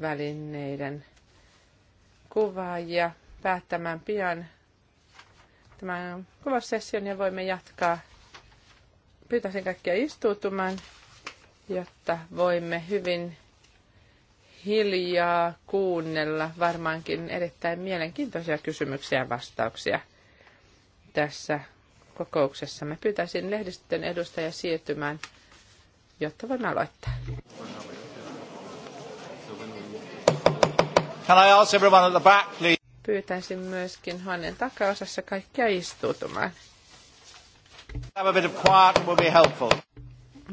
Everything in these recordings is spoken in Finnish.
välineiden kuvaajia päättämään pian tämän kuvaussession ja voimme jatkaa. Pyytäisin kaikkia istuutumaan, jotta voimme hyvin hiljaa kuunnella varmaankin erittäin mielenkiintoisia kysymyksiä ja vastauksia tässä kokouksessa. Me pyytäisin lehdistön edustajia siirtymään, jotta voimme aloittaa. Can I ask everyone at the back, please? Pyytäisin myöskin hänen takaosassa kaikkia istuutumaan. Have a bit of quiet will be helpful.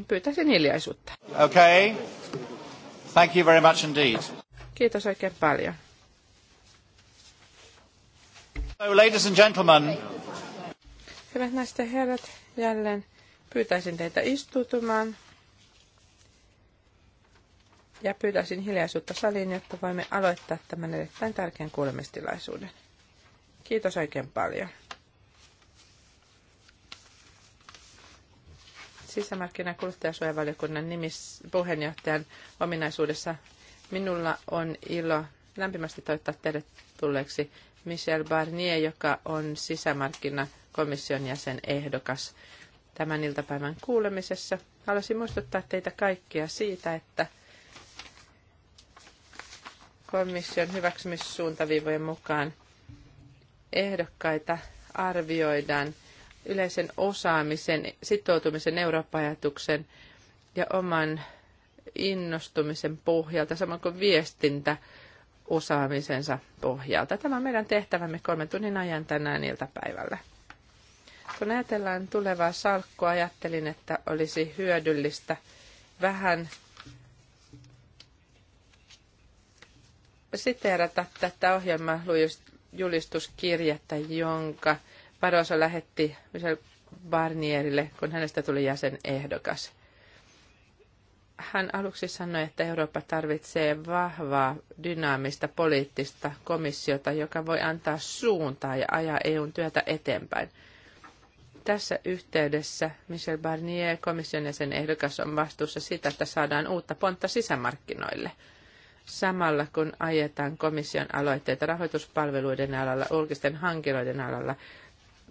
Pyytäisin hiljaisuutta. Okay. Thank you very much indeed. Kiitos oikein paljon. So, ladies and gentlemen. Hyvät naiset ja herrat, jälleen pyytäisin teitä istuutumaan ja pyytäisin hiljaisuutta saliin, jotta voimme aloittaa tämän erittäin tärkeän kuulemistilaisuuden. Kiitos oikein paljon. Sisämarkkina- ja kuluttajasuojavaliokunnan nimis, puheenjohtajan ominaisuudessa minulla on ilo lämpimästi toivottaa tervetulleeksi Michel Barnier, joka on sisämarkkinakomission jäsen ehdokas tämän iltapäivän kuulemisessa. Haluaisin muistuttaa teitä kaikkia siitä, että – komission hyväksymissuuntaviivojen mukaan ehdokkaita arvioidaan yleisen osaamisen, sitoutumisen Eurooppa-ajatuksen ja oman innostumisen pohjalta, samoin kuin viestintä osaamisensa pohjalta. Tämä on meidän tehtävämme kolmen tunnin ajan tänään iltapäivällä. Kun ajatellaan tulevaa salkkua, ajattelin, että olisi hyödyllistä vähän siteerata tätä ohjelmaa julistuskirjettä, jonka Barroso lähetti Michel Barnierille, kun hänestä tuli jäsenehdokas. Hän aluksi sanoi, että Eurooppa tarvitsee vahvaa, dynaamista, poliittista komissiota, joka voi antaa suuntaa ja ajaa EUn työtä eteenpäin. Tässä yhteydessä Michel Barnier, komission jäsen ehdokas, on vastuussa siitä, että saadaan uutta pontta sisämarkkinoille – samalla kun ajetaan komission aloitteita rahoituspalveluiden alalla, julkisten hankiloiden alalla,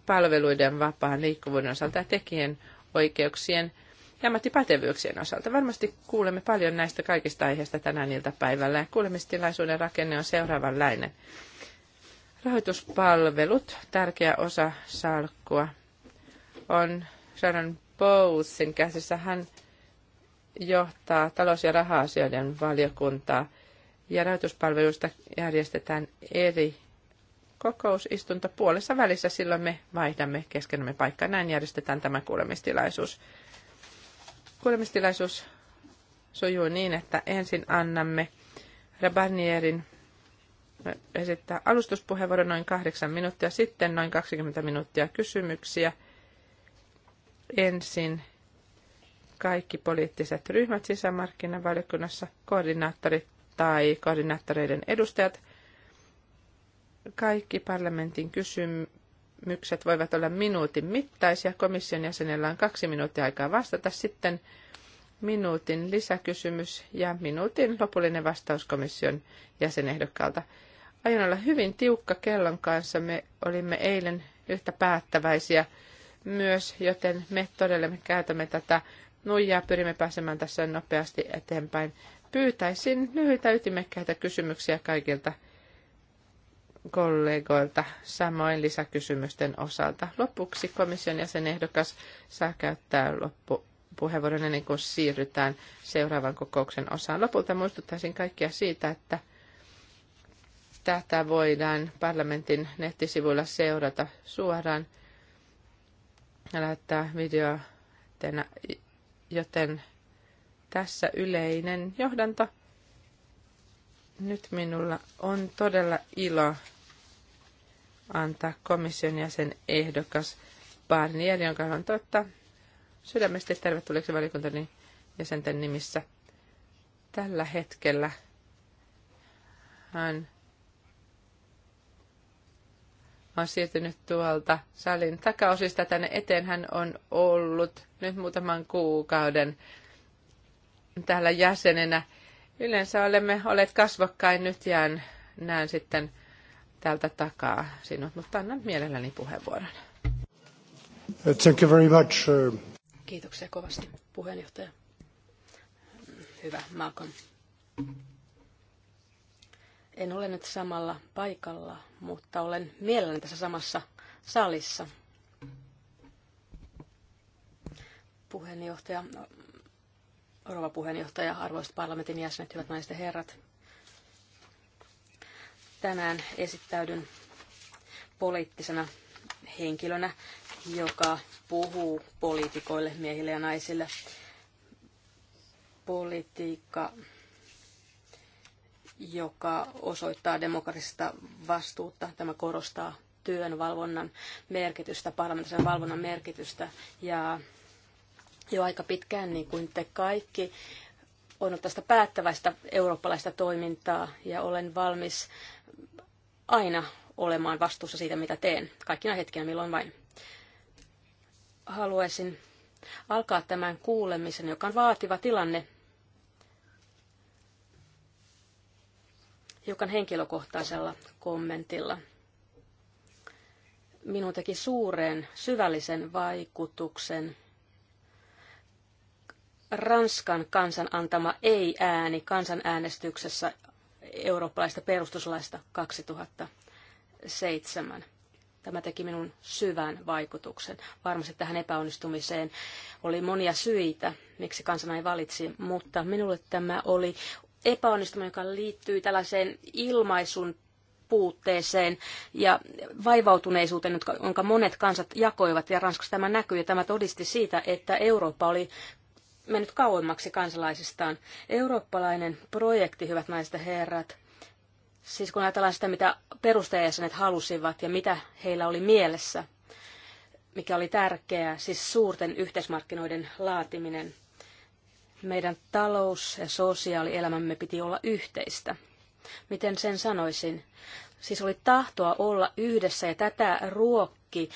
palveluiden vapaan liikkuvuuden osalta ja tekijän oikeuksien ja ammattipätevyyksien osalta. Varmasti kuulemme paljon näistä kaikista aiheista tänään iltapäivällä ja kuulemistilaisuuden rakenne on seuraavanlainen. Rahoituspalvelut, tärkeä osa salkkua, on Sharon Bowlesin käsissä. Hän johtaa talous- ja raha-asioiden valiokuntaa ja rahoituspalveluista järjestetään eri kokousistunto puolessa välissä, silloin me vaihdamme keskenämme paikkaa. Näin järjestetään tämä kuulemistilaisuus. Kuulemistilaisuus sujuu niin, että ensin annamme Rabarnierin esittää alustuspuheenvuoro noin kahdeksan minuuttia, sitten noin 20 minuuttia kysymyksiä. Ensin kaikki poliittiset ryhmät sisämarkkinavaliokunnassa, koordinaattorit tai koordinaattoreiden edustajat. Kaikki parlamentin kysymykset voivat olla minuutin mittaisia. Komission jäsenellä on kaksi minuuttia aikaa vastata. Sitten minuutin lisäkysymys ja minuutin lopullinen vastaus komission jäsenehdokkaalta. Aion olla hyvin tiukka kellon kanssa. Me olimme eilen yhtä päättäväisiä myös, joten me todella me käytämme tätä nuijaa, pyrimme pääsemään tässä nopeasti eteenpäin. Pyytäisin lyhyitä ytimekkäitä kysymyksiä kaikilta kollegoilta samoin lisäkysymysten osalta. Lopuksi komission jäsenehdokas saa käyttää loppu puheenvuoron ennen kuin siirrytään seuraavan kokouksen osaan. Lopulta muistuttaisin kaikkia siitä, että tätä voidaan parlamentin nettisivuilla seurata suoraan ja lähettää video, joten tässä yleinen johdanto. Nyt minulla on todella ilo antaa komission jäsen ehdokas Barnier, jonka on totta sydämesti tervetulleeksi valiokuntani jäsenten nimissä. Tällä hetkellä hän on siirtynyt tuolta salin takaosista tänne eteen. Hän on ollut nyt muutaman kuukauden täällä jäsenenä. Yleensä olemme olleet kasvokkain, nyt jään näen sitten täältä takaa sinut, mutta annan mielelläni puheenvuoron. Thank you very much. Uh, Kiitoksia kovasti puheenjohtaja. Hyvä, Malcolm. En ole nyt samalla paikalla, mutta olen mielelläni tässä samassa salissa. Puheenjohtaja, rouva puheenjohtaja, arvoisat parlamentin jäsenet, hyvät naiset ja herrat. Tänään esittäydyn poliittisena henkilönä, joka puhuu poliitikoille, miehille ja naisille. Politiikka, joka osoittaa demokratista vastuutta. Tämä korostaa työn valvonnan merkitystä, parlamentaarisen valvonnan merkitystä ja jo aika pitkään, niin kuin te kaikki, on tästä päättäväistä eurooppalaista toimintaa ja olen valmis aina olemaan vastuussa siitä, mitä teen, kaikkina hetkinä milloin vain. Haluaisin alkaa tämän kuulemisen, joka on vaativa tilanne, hiukan henkilökohtaisella kommentilla. Minun teki suuren, syvällisen vaikutuksen Ranskan kansan antama ei-ääni kansanäänestyksessä eurooppalaista perustuslaista 2007. Tämä teki minun syvän vaikutuksen. Varmasti tähän epäonnistumiseen oli monia syitä, miksi ei valitsi, mutta minulle tämä oli epäonnistuma, joka liittyy tällaiseen ilmaisun puutteeseen ja vaivautuneisuuteen, jonka monet kansat jakoivat, ja Ranskassa tämä näkyy, ja tämä todisti siitä, että Eurooppa oli mennyt kauemmaksi kansalaisistaan. Eurooppalainen projekti, hyvät naiset ja herrat, siis kun ajatellaan sitä, mitä perustajajäsenet halusivat ja mitä heillä oli mielessä, mikä oli tärkeää, siis suurten yhteismarkkinoiden laatiminen. Meidän talous- ja sosiaalielämämme piti olla yhteistä. Miten sen sanoisin? Siis oli tahtoa olla yhdessä ja tätä ruokki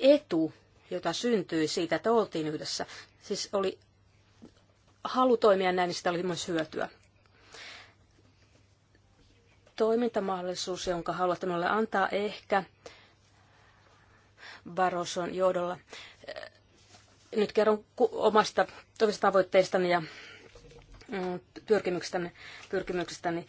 etu, jota syntyi siitä, että oltiin yhdessä. Siis oli halu toimia näin, niin sitä oli myös hyötyä. Toimintamahdollisuus, jonka haluatte minulle antaa ehkä Baroson johdolla. Nyt kerron omasta tavoitteistani ja mm, pyrkimyksestäni, pyrkimyksestäni.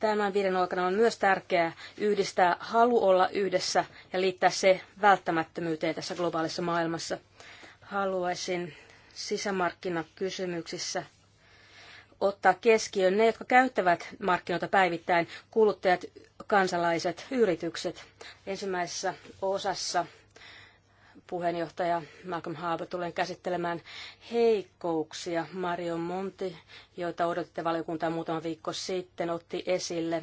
Tämän viiden aikana on myös tärkeää yhdistää halu olla yhdessä ja liittää se välttämättömyyteen tässä globaalissa maailmassa. Haluaisin sisämarkkinakysymyksissä ottaa keskiöön ne, jotka käyttävät markkinoita päivittäin, kuluttajat, kansalaiset, yritykset. Ensimmäisessä osassa puheenjohtaja Malcolm Harbour tulee käsittelemään heikkouksia. Mario Monti, joita odotitte valiokuntaa muutama viikko sitten, otti esille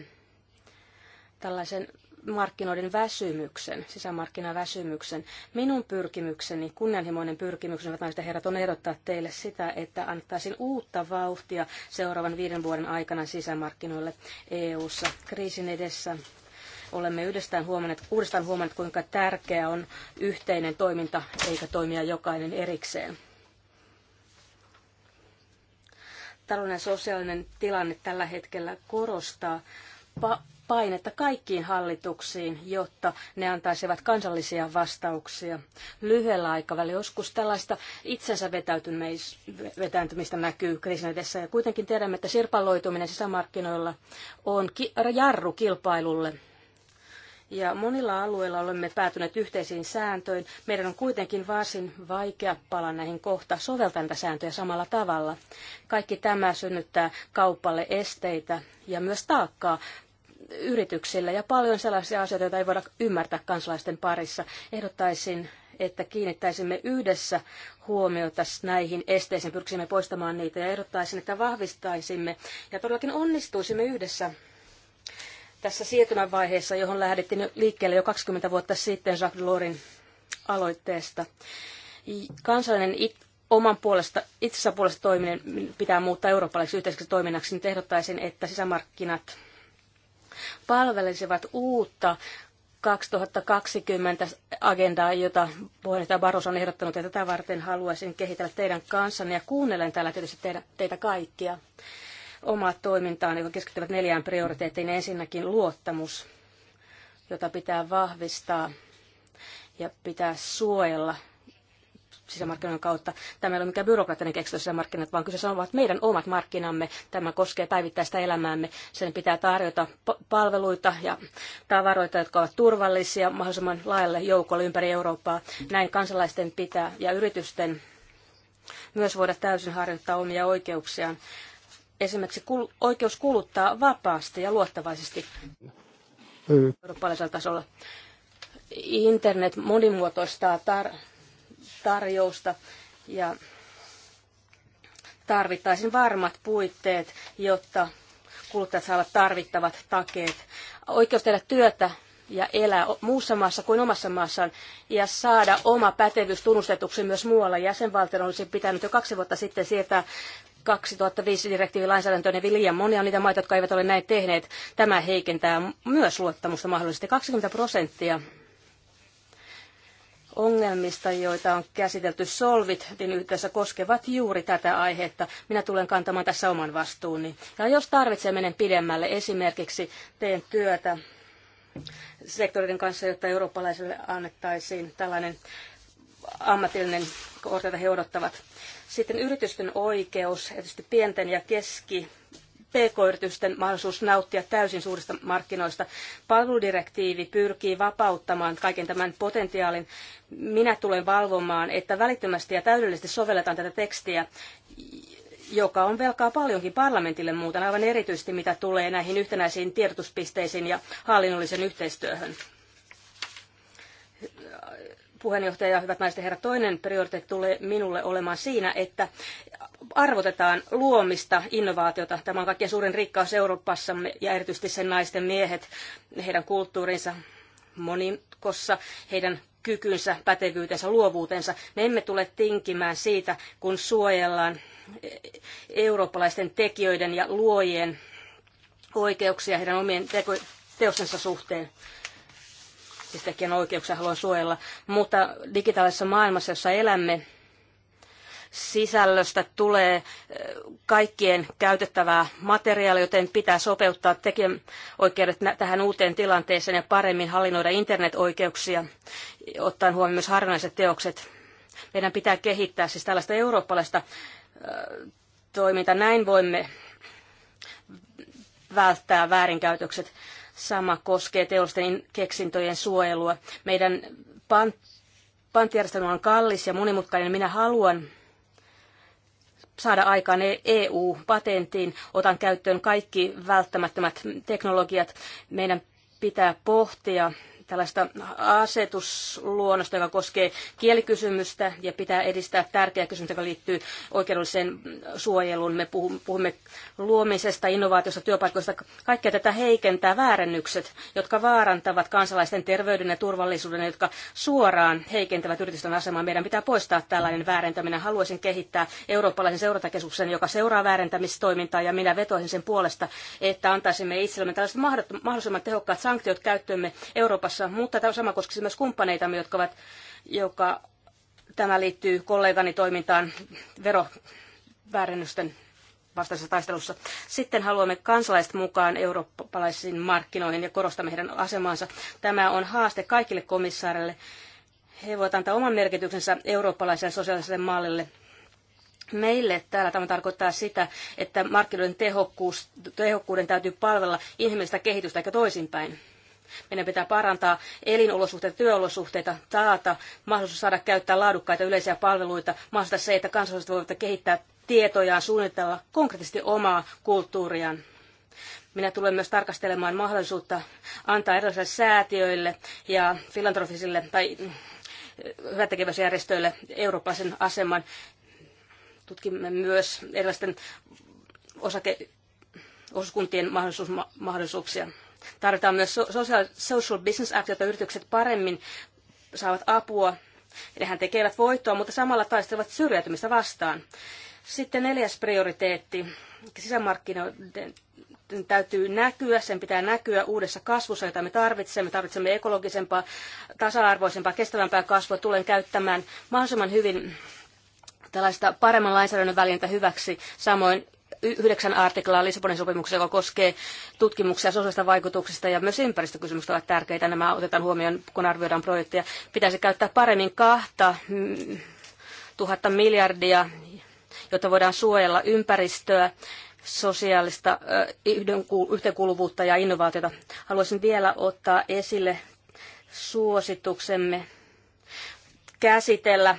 tällaisen markkinoiden väsymyksen, sisämarkkinaväsymyksen. Minun pyrkimykseni, kunnianhimoinen pyrkimykseni, hyvät naiset ja herrat, on ehdottaa teille sitä, että annettaisiin uutta vauhtia seuraavan viiden vuoden aikana sisämarkkinoille EU-ssa kriisin edessä. Olemme yhdestään huomanneet, uudestaan huomanneet, kuinka tärkeää on yhteinen toiminta eikä toimia jokainen erikseen. Taloudellinen ja sosiaalinen tilanne tällä hetkellä korostaa pa- painetta kaikkiin hallituksiin, jotta ne antaisivat kansallisia vastauksia lyhyellä aikavälillä. Joskus tällaista itsensä vetäytymistä näkyy kriisin edessä. Ja kuitenkin tiedämme, että sirpaloituminen sisämarkkinoilla on jarru kilpailulle ja monilla alueilla olemme päätyneet yhteisiin sääntöihin. Meidän on kuitenkin varsin vaikea palaa näihin kohta soveltaa näitä sääntöjä samalla tavalla. Kaikki tämä synnyttää kaupalle esteitä ja myös taakkaa yrityksille ja paljon sellaisia asioita, joita ei voida ymmärtää kansalaisten parissa. Ehdottaisin, että kiinnittäisimme yhdessä huomiota näihin esteisiin, pyrkisimme poistamaan niitä ja ehdottaisin, että vahvistaisimme ja todellakin onnistuisimme yhdessä tässä siirtymävaiheessa, johon lähdettiin liikkeelle jo 20 vuotta sitten Jacques Delorsin aloitteesta. Kansallinen it- oman puolesta, itsensä puolesta toiminen pitää muuttaa eurooppalaiseksi yhteiseksi toiminnaksi, niin ehdottaisin, että sisämarkkinat palvelisivat uutta 2020 agendaa, jota puheenjohtaja Barros on ehdottanut, ja tätä varten haluaisin kehitellä teidän kanssanne ja kuunnellen täällä tietysti teitä, teitä kaikkia omaa toimintaan, joka keskittyvät neljään prioriteettiin. Ensinnäkin luottamus, jota pitää vahvistaa ja pitää suojella sisämarkkinoiden kautta. Tämä ei ole mikään byrokraattinen keksintö sisämarkkinat, vaan kyseessä ovat meidän omat markkinamme. Tämä koskee päivittäistä elämäämme. Sen pitää tarjota palveluita ja tavaroita, jotka ovat turvallisia mahdollisimman laajalle joukolle ympäri Eurooppaa. Näin kansalaisten pitää ja yritysten myös voida täysin harjoittaa omia oikeuksiaan. Esimerkiksi kul- oikeus kuluttaa vapaasti ja luottavaisesti eurooppalaisella tasolla. Internet monimuotoistaa tar- tarjousta ja tarvittaisiin varmat puitteet, jotta kuluttajat saavat tarvittavat takeet. Oikeus tehdä työtä ja elää muussa maassa kuin omassa maassaan ja saada oma pätevyys tunnustetuksi myös muualla. Jäsenvaltion olisi pitänyt jo kaksi vuotta sitten siirtää 2005 direktiivin lainsäädäntöön, eli liian monia on niitä maita, jotka eivät ole näin tehneet. Tämä heikentää myös luottamusta mahdollisesti 20 prosenttia ongelmista, joita on käsitelty niin yhdessä koskevat juuri tätä aihetta. Minä tulen kantamaan tässä oman vastuuni. Ja jos tarvitsee, menen pidemmälle. Esimerkiksi teen työtä sektoreiden kanssa, jotta eurooppalaisille annettaisiin tällainen ammatillinen kortti, jota he odottavat. Sitten yritysten oikeus, tietysti pienten ja keski pk-yritysten mahdollisuus nauttia täysin suurista markkinoista. Palveludirektiivi pyrkii vapauttamaan kaiken tämän potentiaalin. Minä tulen valvomaan, että välittömästi ja täydellisesti sovelletaan tätä tekstiä joka on velkaa paljonkin parlamentille muuten, aivan erityisesti mitä tulee näihin yhtenäisiin tiedotuspisteisiin ja hallinnollisen yhteistyöhön puheenjohtaja ja hyvät naiset ja herrat, toinen prioriteetti tulee minulle olemaan siinä, että arvotetaan luomista, innovaatiota. Tämä on kaikkein suurin rikkaus Euroopassamme ja erityisesti sen naisten miehet, heidän kulttuurinsa monikossa, heidän kykynsä, pätevyytensä, luovuutensa. Me emme tule tinkimään siitä, kun suojellaan eurooppalaisten tekijöiden ja luojien oikeuksia heidän omien teko- teostensa suhteen tekijän oikeuksia haluaa suojella, mutta digitaalisessa maailmassa, jossa elämme, sisällöstä tulee eh, kaikkien käytettävää materiaalia, joten pitää sopeuttaa tekijänoikeudet tähän uuteen tilanteeseen ja paremmin hallinnoida internetoikeuksia, ottaen huomioon myös harvinaiset teokset. Meidän pitää kehittää siis tällaista eurooppalaista eh, toimintaa. Näin voimme välttää väärinkäytökset. Sama koskee teollisten keksintöjen suojelua. Meidän panttijärjestelmä on kallis ja monimutkainen. Minä haluan saada aikaan e- EU-patentin. Otan käyttöön kaikki välttämättömät teknologiat. Meidän pitää pohtia tällaista asetusluonnosta, joka koskee kielikysymystä ja pitää edistää tärkeää kysymystä, joka liittyy oikeudelliseen suojeluun. Me puhumme luomisesta, innovaatiosta, työpaikoista. Kaikkea tätä heikentää väärennykset, jotka vaarantavat kansalaisten terveyden ja turvallisuuden, jotka suoraan heikentävät yritysten asemaa. Meidän pitää poistaa tällainen väärentäminen. Haluaisin kehittää eurooppalaisen seurantakeskuksen, joka seuraa väärentämistoimintaa ja minä vetoisin sen puolesta, että antaisimme itsellemme tällaiset mahdollisimman tehokkaat sanktiot käyttöömme Euroopassa kanssa, mutta tämä sama koskisi myös kumppaneita, jotka ovat, joka, tämä liittyy kollegani toimintaan veroväärennysten vastaisessa taistelussa. Sitten haluamme kansalaiset mukaan eurooppalaisiin markkinoihin ja korostamme heidän asemansa. Tämä on haaste kaikille komissaarille. He voivat antaa oman merkityksensä eurooppalaiselle sosiaaliselle mallille. Meille täällä tämä tarkoittaa sitä, että markkinoiden tehokkuus, tehokkuuden täytyy palvella inhimillistä kehitystä eikä toisinpäin. Meidän pitää parantaa elinolosuhteita, työolosuhteita, taata mahdollisuus saada käyttää laadukkaita yleisiä palveluita, mahdollistaa se, että kansalaiset voivat kehittää tietojaan, suunnitella konkreettisesti omaa kulttuuriaan. Minä tulen myös tarkastelemaan mahdollisuutta antaa erilaisille säätiöille ja filantrofisille tai mm, hyväntekeväisjärjestöille eurooppalaisen aseman. Tutkimme myös erilaisten osake, osuuskuntien mahdollisuuksia. Tarvitaan myös social, social Business Act, jotta yritykset paremmin saavat apua. Nehän tekevät voittoa, mutta samalla taistelevat syrjäytymistä vastaan. Sitten neljäs prioriteetti. Sisämarkkinoiden täytyy näkyä, sen pitää näkyä uudessa kasvussa, jota me tarvitsemme. Tarvitsemme ekologisempaa, tasa-arvoisempaa, kestävämpää kasvua. Tulen käyttämään mahdollisimman hyvin tällaista paremman lainsäädännön väljentä hyväksi, samoin yhdeksän artiklaa Lissabonin sopimuksessa, joka koskee tutkimuksia sosiaalista vaikutuksista ja myös ympäristökysymykset ovat tärkeitä. Nämä otetaan huomioon, kun arvioidaan projekteja. Pitäisi käyttää paremmin kahta mm, tuhatta miljardia, jotta voidaan suojella ympäristöä sosiaalista yhteenkuuluvuutta ja innovaatiota. Haluaisin vielä ottaa esille suosituksemme käsitellä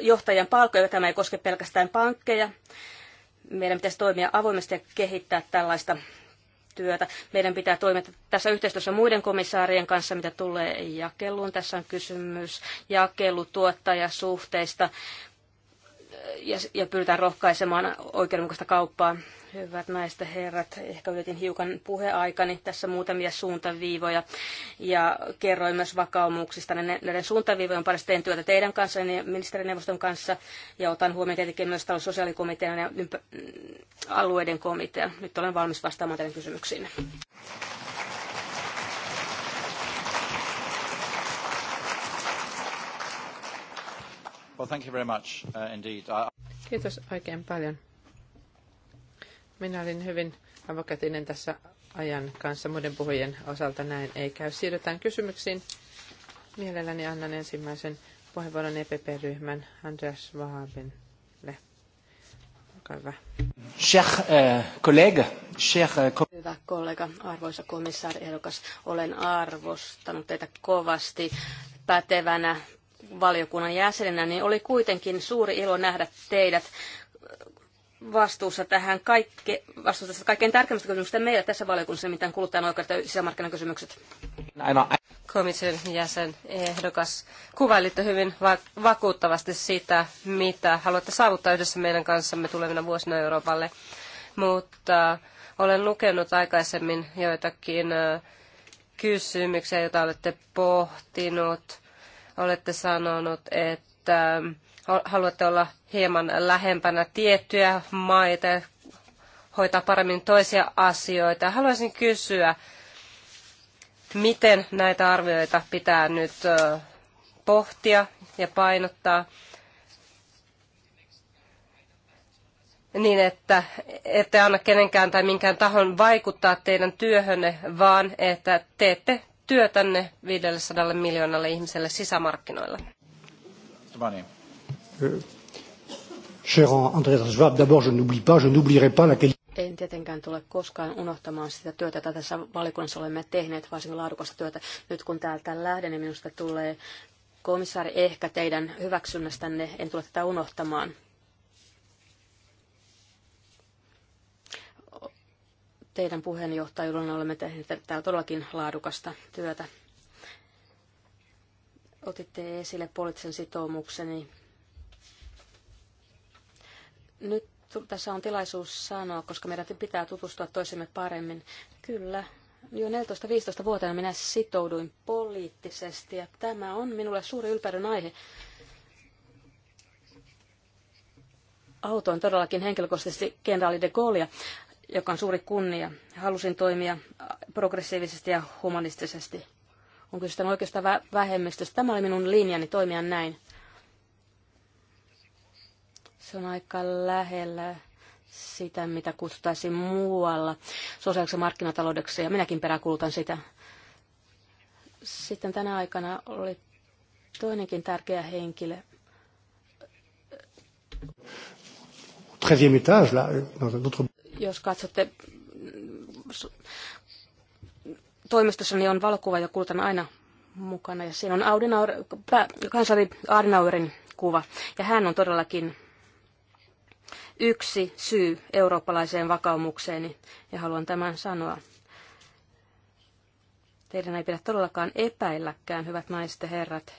johtajien palkkoja. Tämä ei koske pelkästään pankkeja, meidän pitäisi toimia avoimesti ja kehittää tällaista työtä. Meidän pitää toimia tässä yhteistyössä muiden komissaarien kanssa, mitä tulee jakeluun. Tässä on kysymys jakelutuottajasuhteista ja, ja pyritään rohkaisemaan oikeudenmukaista kauppaa. Hyvät naiset ja herrat, ehkä yritin hiukan puheaikani tässä muutamia suuntaviivoja ja kerroin myös vakaumuksista. Näiden suuntaviivojen parissa teen työtä teidän kanssa ja niin ministerineuvoston kanssa ja otan huomioon tietenkin myös talous- sosiaalikomitean ja mm, alueiden komitean. Nyt olen valmis vastaamaan teidän kysymyksiinne. Well, thank you very much, uh, indeed. Kiitos oikein paljon. Minä olin hyvin avokätinen tässä ajan kanssa muiden puhujien osalta näin ei käy. Siirrytään kysymyksiin. Mielelläni annan ensimmäisen puheenvuoron EPP-ryhmän Andreas Wahabinille. Olkaa hyvä. Cher, uh, kollega, cher, äh, hyvä kollega, arvoisa komissaari ehdokas, olen arvostanut teitä kovasti pätevänä valiokunnan jäsenenä, niin oli kuitenkin suuri ilo nähdä teidät vastuussa tähän kaikke, vastuussa tässä kaikkein tärkeimmistä kysymyksistä meillä tässä valiokunnassa, mitään kuluttajan oikeudet ja sisämarkkinakysymykset. Komission jäsen ehdokas, kuvailitte hyvin vakuuttavasti sitä, mitä haluatte saavuttaa yhdessä meidän kanssamme tulevina vuosina Euroopalle. Mutta olen lukenut aikaisemmin joitakin kysymyksiä, joita olette pohtinut. Olette sanonut, että että haluatte olla hieman lähempänä tiettyjä maita, hoitaa paremmin toisia asioita. Haluaisin kysyä, miten näitä arvioita pitää nyt pohtia ja painottaa niin, että ette anna kenenkään tai minkään tahon vaikuttaa teidän työhönne, vaan että teette työtänne 500 miljoonalle ihmiselle sisämarkkinoilla. Vani. Euh, cher Andreas Schwab, d'abord je n'oublie pas, je n'oublierai pas la qualité. En tietenkään tule koskaan unohtamaan sitä työtä, jota tässä valikunnassa olemme tehneet, varsinkin laadukasta työtä. Nyt kun täältä lähden, niin minusta tulee komissaari ehkä teidän hyväksynnästänne, en tule tätä unohtamaan. Teidän puheenjohtajuudella olemme tehneet täällä todellakin laadukasta työtä. Otitte esille poliittisen sitoumukseni nyt tässä on tilaisuus sanoa, koska meidän pitää tutustua toisemme paremmin. Kyllä, jo 14 15 vuotena minä sitouduin poliittisesti ja tämä on minulle suuri ylpeyden aihe. Autoin todellakin henkilökohtaisesti kenraali de Gaullia, joka on suuri kunnia. Halusin toimia progressiivisesti ja humanistisesti. On kyse oikeastaan vähemmistöstä. Tämä oli minun linjani toimia näin. Se on aika lähellä sitä, mitä kutsuttaisiin muualla sosiaaliseksi markkinataloudeksi, ja minäkin peräkulutan sitä. Sitten tänä aikana oli toinenkin tärkeä henkilö. Jos katsotte toimistossa, niin on valokuva ja kulutan aina mukana. Ja siinä on Adenauer, kansari Adenauerin kuva. Ja hän on todellakin yksi syy eurooppalaiseen vakaumukseeni, ja haluan tämän sanoa. Teidän ei pidä todellakaan epäilläkään, hyvät naiset ja herrat,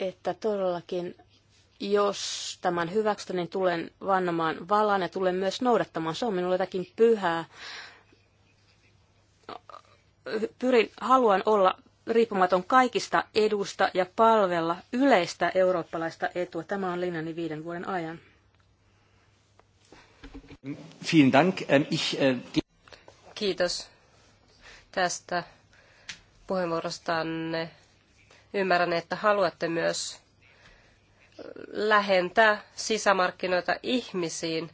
että todellakin jos tämän hyväksytän, niin tulen vannomaan valan ja tulen myös noudattamaan. Se on minulle jotakin pyhää. Pyrin, haluan olla riippumaton kaikista edusta ja palvella yleistä eurooppalaista etua. Tämä on linjani viiden vuoden ajan. Ähm, äh, Kiitos tästä puheenvuorostanne. Ymmärrän, että haluatte myös lähentää sisämarkkinoita ihmisiin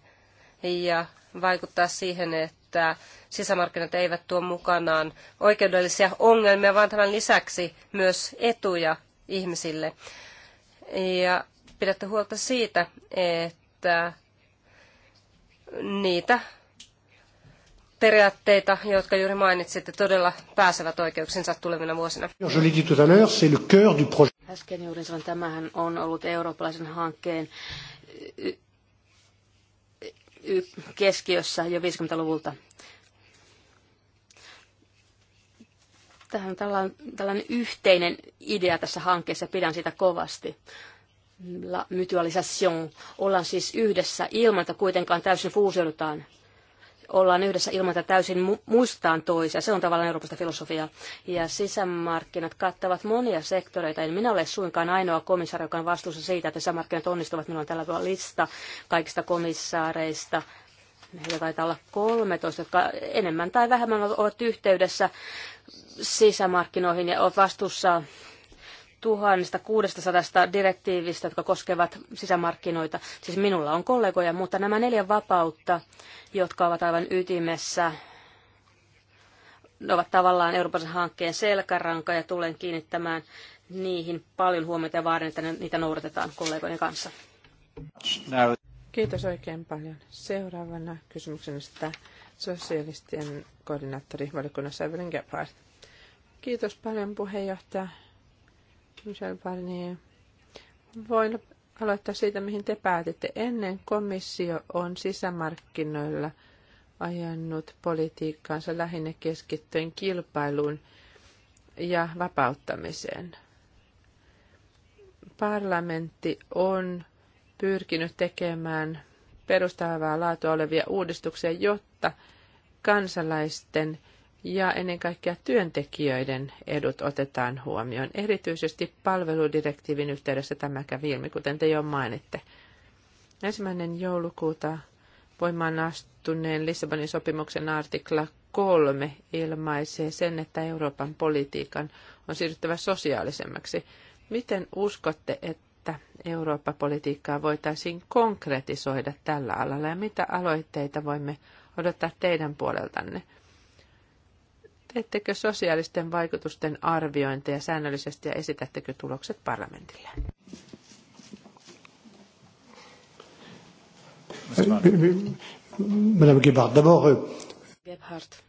ja vaikuttaa siihen, että että sisämarkkinat eivät tuo mukanaan oikeudellisia ongelmia, vaan tämän lisäksi myös etuja ihmisille. Ja pidätte huolta siitä, että niitä periaatteita, jotka juuri mainitsitte, todella pääsevät oikeuksinsa tulevina vuosina. Äsken juuri sanoin, tämähän on ollut eurooppalaisen hankkeen keskiössä jo 50-luvulta. Tähän on tällainen, tällainen yhteinen idea tässä hankkeessa, pidän sitä kovasti. La mutualisation. Ollaan siis yhdessä ilman, että kuitenkaan täysin fuusioidutaan ollaan yhdessä ilman, että täysin muistaan toisia. Se on tavallaan Euroopasta filosofia. Ja sisämarkkinat kattavat monia sektoreita. En minä ole suinkaan ainoa komissaari, joka on vastuussa siitä, että sisämarkkinat onnistuvat. Minulla on tällä lista kaikista komissaareista. Heitä taitaa olla 13, jotka enemmän tai vähemmän ovat yhteydessä sisämarkkinoihin ja ovat vastuussa 1600 direktiivistä, jotka koskevat sisämarkkinoita. Siis minulla on kollegoja, mutta nämä neljä vapautta, jotka ovat aivan ytimessä, ne ovat tavallaan Euroopan hankkeen selkäranka ja tulen kiinnittämään niihin paljon huomiota ja vaadin, että niitä noudatetaan kollegoiden kanssa. Kiitos oikein paljon. Seuraavana kysymyksestä sosialistien koordinaattori valiokunnassa Evelyn Gebhardt. Kiitos paljon puheenjohtaja. Michel Barnier. Voin aloittaa siitä, mihin te päätitte. Ennen komissio on sisämarkkinoilla ajanut politiikkaansa lähinnä keskittyen kilpailuun ja vapauttamiseen. Parlamentti on pyrkinyt tekemään perustavaa laatua olevia uudistuksia, jotta kansalaisten – ja ennen kaikkea työntekijöiden edut otetaan huomioon. Erityisesti palveludirektiivin yhteydessä tämä kävi ilmi, kuten te jo mainitte. Ensimmäinen joulukuuta voimaan astuneen Lissabonin sopimuksen artikla 3 ilmaisee sen, että Euroopan politiikan on siirryttävä sosiaalisemmaksi. Miten uskotte, että Eurooppa-politiikkaa voitaisiin konkretisoida tällä alalla ja mitä aloitteita voimme odottaa teidän puoleltanne? Teettekö sosiaalisten vaikutusten arviointeja säännöllisesti ja esitättekö tulokset parlamentille? Madame Gebhardt, d'abord. Euh, Gebhardt.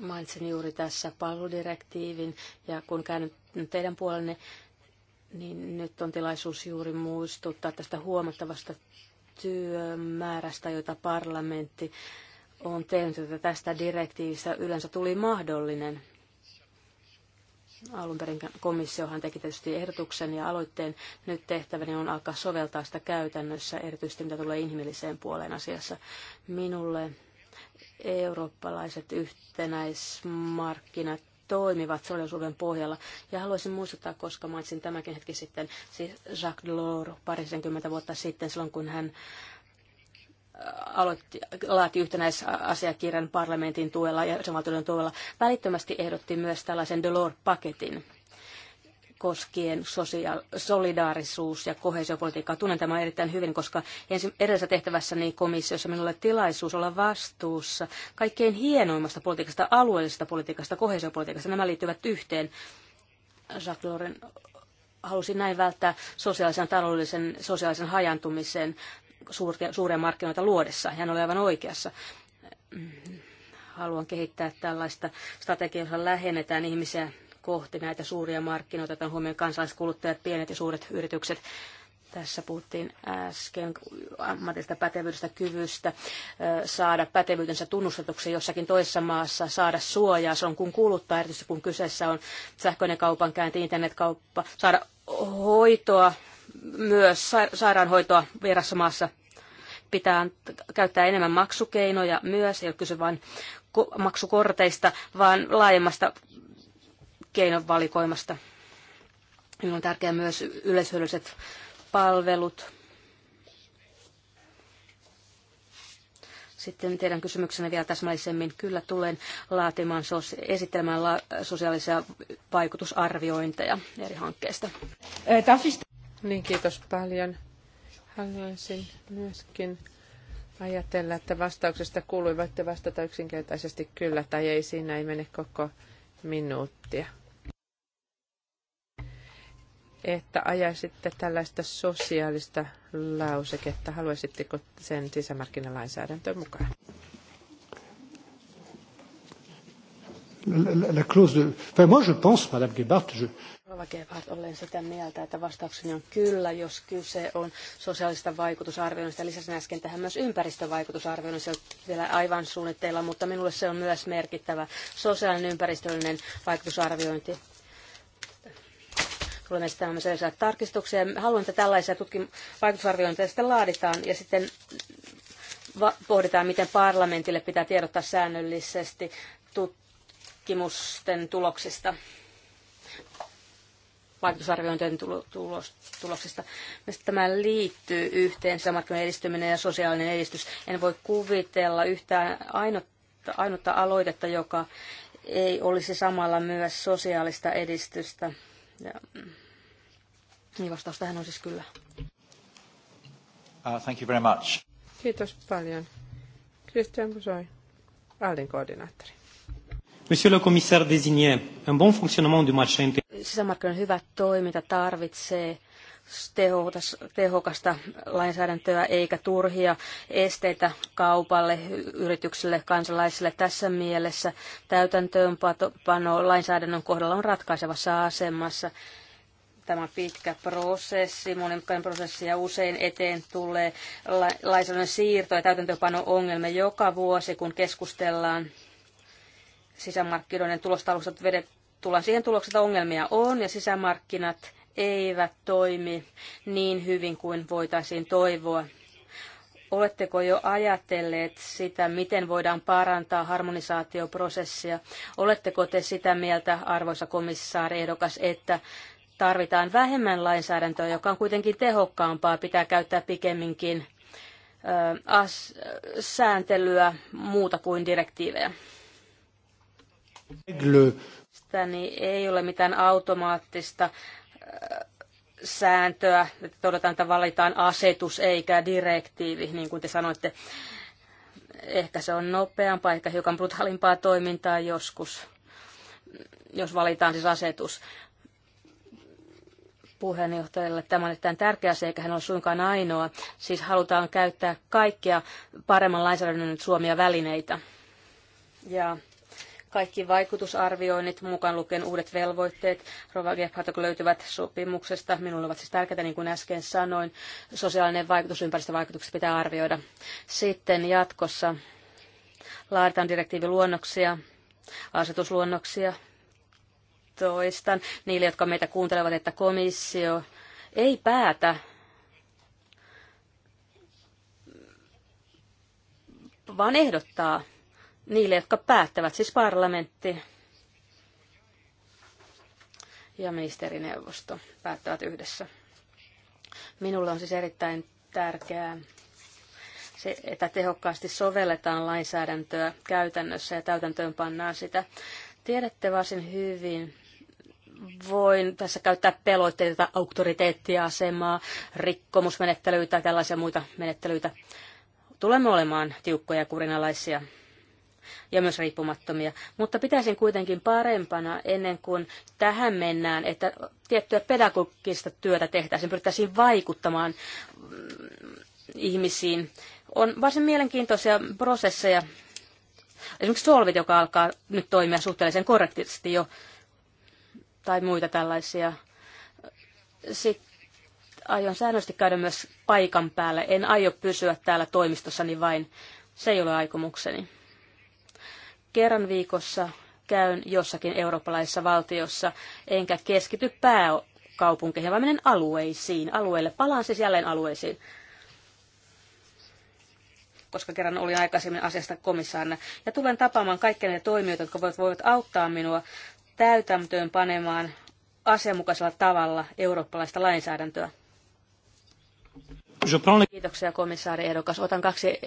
Mainitsin juuri tässä palveludirektiivin ja kun käyn teidän puolenne, niin nyt on tilaisuus juuri muistuttaa tästä huomattavasta työmäärästä, jota parlamentti on tehnyt, että tästä direktiivistä yleensä tuli mahdollinen. Alun perin komissiohan teki tietysti ehdotuksen ja aloitteen. Nyt tehtäväni on alkaa soveltaa sitä käytännössä, erityisesti mitä tulee inhimilliseen puoleen asiassa. Minulle eurooppalaiset yhtenäismarkkinat toimivat solidaisuuden pohjalla. Ja haluaisin muistuttaa, koska mainitsin tämäkin hetki sitten, siis Jacques Delors parisenkymmentä vuotta sitten, silloin kun hän aloitti, laati yhtenäisasiakirjan parlamentin tuella ja jäsenvaltioiden tuella. Välittömästi ehdotti myös tällaisen Delors-paketin koskien sosiaal- solidaarisuus- ja kohesiopolitiikkaa. Tunnen tämän erittäin hyvin, koska edellisessä tehtävässäni komissiossa minulla oli tilaisuus olla vastuussa kaikkein hienoimmasta politiikasta, alueellisesta politiikasta, kohesiopolitiikasta. Nämä liittyvät yhteen. Jacques halusi näin välttää sosiaalisen taloudellisen sosiaalisen hajantumisen suuria, suuria markkinoita luodessa. Hän oli aivan oikeassa. Haluan kehittää tällaista strategiaa, jossa lähennetään ihmisiä kohti näitä suuria markkinoita, otan huomioon kansalaiskuluttajat, pienet ja suuret yritykset. Tässä puhuttiin äsken ammatista pätevyydestä, kyvystä saada pätevyytensä tunnustetuksi jossakin toisessa maassa, saada suojaa. Se on kun kuluttaa, erityisesti kun kyseessä on sähköinen kaupankäynti, internetkauppa, saada hoitoa myös sairaanhoitoa vierassa maassa. Pitää käyttää enemmän maksukeinoja myös, ei ole kyse vain maksukorteista, vaan laajemmasta keinovalikoimasta. Minulla on tärkeää myös yleishyödylliset palvelut. Sitten teidän kysymyksenne vielä täsmällisemmin. Kyllä tulen laatimaan, esittelemään sosiaalisia vaikutusarviointeja eri hankkeista. Tafista. Äh, niin, kiitos paljon. Haluaisin myöskin ajatella, että vastauksesta kuului, voitte vastata yksinkertaisesti kyllä tai ei, siinä ei mene koko minuuttia. Että ajaisitte tällaista sosiaalista lauseketta, haluaisitteko sen sisämarkkinalainsäädäntöön mukaan? la, la clause de... Enfin, moi, je pense, Madame Gebhardt, je... olen sitä mieltä, että vastaukseni on kyllä, jos kyse on sosiaalista vaikutusarvioinnista. Lisäsin äsken tähän myös ympäristövaikutusarvioinnista, vielä aivan suunnitteilla, mutta minulle se on myös merkittävä sosiaalinen ympäristöllinen vaikutusarviointi tulemme esittämään myös tarkistuksia. Haluan, että tällaisia tutkim- vaikutusarviointeja sitten laaditaan ja sitten pohditaan, miten parlamentille pitää tiedottaa säännöllisesti tut- tutkimusten tuloksista, vaikutusarviointien tuloksista. Mistä tämä liittyy yhteen, sisämarkkinoiden edistyminen ja sosiaalinen edistys. En voi kuvitella yhtään ainutta, ainutta aloitetta, joka ei olisi samalla myös sosiaalista edistystä. Ja, mm, niin vastaus tähän on siis kyllä. Uh, thank you very much. Kiitos paljon. Christian Busoi, Aldin koordinaattori. Monsieur le commissaire désigné, un bon fonctionnement du marché intérieur. Sisämarkkinoiden hyvä toiminta tarvitsee tehokasta lainsäädäntöä eikä turhia esteitä kaupalle, yrityksille, kansalaisille. Tässä mielessä täytäntöönpano lainsäädännön kohdalla on ratkaisevassa asemassa. Tämä on pitkä prosessi, monimutkainen prosessi ja usein eteen tulee lainsäädännön siirto- ja täytäntöönpano-ongelmia joka vuosi, kun keskustellaan sisämarkkinoiden tulostalustat vedet, tullaan siihen tulokseen, että ongelmia on ja sisämarkkinat eivät toimi niin hyvin kuin voitaisiin toivoa. Oletteko jo ajatelleet sitä, miten voidaan parantaa harmonisaatioprosessia? Oletteko te sitä mieltä, arvoisa komissaari ehdokas, että tarvitaan vähemmän lainsäädäntöä, joka on kuitenkin tehokkaampaa, pitää käyttää pikemminkin ö, as, sääntelyä muuta kuin direktiivejä? Mielestäni ei ole mitään automaattista äh, sääntöä, että todetaan, että valitaan asetus eikä direktiivi, niin kuin te sanoitte. Ehkä se on nopeampaa, ehkä hiukan brutaalimpaa toimintaa joskus, jos valitaan siis asetus puheenjohtajalle. Tämä on erittäin tärkeä asia, eikä hän ole suinkaan ainoa. Siis halutaan käyttää kaikkia paremman lainsäädännön Suomia välineitä. Ja kaikki vaikutusarvioinnit, mukaan lukien uudet velvoitteet, Rova Gebhardt, löytyvät sopimuksesta. Minulle ovat siis tärkeitä, niin kuin äsken sanoin. Sosiaalinen vaikutus, ympäristövaikutukset pitää arvioida. Sitten jatkossa laaditaan direktiiviluonnoksia, asetusluonnoksia. Toistan niille, jotka meitä kuuntelevat, että komissio ei päätä vaan ehdottaa niille, jotka päättävät, siis parlamentti ja ministerineuvosto päättävät yhdessä. Minulle on siis erittäin tärkeää se, että tehokkaasti sovelletaan lainsäädäntöä käytännössä ja täytäntöön pannaan sitä. Tiedätte varsin hyvin, voin tässä käyttää peloitteita, auktoriteettiasemaa, rikkomusmenettelyitä ja tällaisia muita menettelyitä. Tulemme olemaan tiukkoja ja kurinalaisia ja myös riippumattomia. Mutta pitäisin kuitenkin parempana ennen kuin tähän mennään, että tiettyä pedagogista työtä tehtäisiin, pyrittäisiin vaikuttamaan mm, ihmisiin. On varsin mielenkiintoisia prosesseja. Esimerkiksi Solvit, joka alkaa nyt toimia suhteellisen korrektisesti jo, tai muita tällaisia. Sitten aion säännöllisesti käydä myös paikan päällä. En aio pysyä täällä toimistossani vain. Se ei ole aikomukseni. Kerran viikossa käyn jossakin eurooppalaisessa valtiossa, enkä keskity pääkaupunkeihin, vaan menen alueisiin, alueelle. Palaan siis jälleen alueisiin koska kerran olin aikaisemmin asiasta komissaarina. Ja tulen tapaamaan kaikkia ne toimijoita, jotka voivat, voivat auttaa minua täytäntöön panemaan asianmukaisella tavalla eurooppalaista lainsäädäntöä. Kiitoksia komissaari ehdokas. Otan kaksi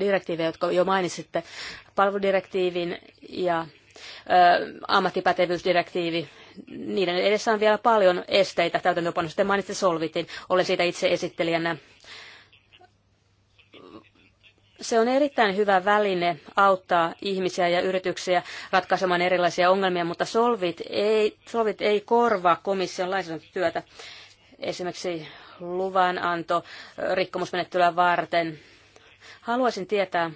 direktiiviä, jotka jo mainitsitte. Palveludirektiivin ja ammattipätevyysdirektiivi, niiden edessä on vielä paljon esteitä täytäntöönpanossa. Te mainitsitte Solvitin, olen siitä itse esittelijänä. Se on erittäin hyvä väline auttaa ihmisiä ja yrityksiä ratkaisemaan erilaisia ongelmia, mutta Solvit ei, Solvit ei korvaa komission lainsäädäntötyötä. Esimerkiksi luvananto rikkomusmenettelyä varten. Haluaisin tietää,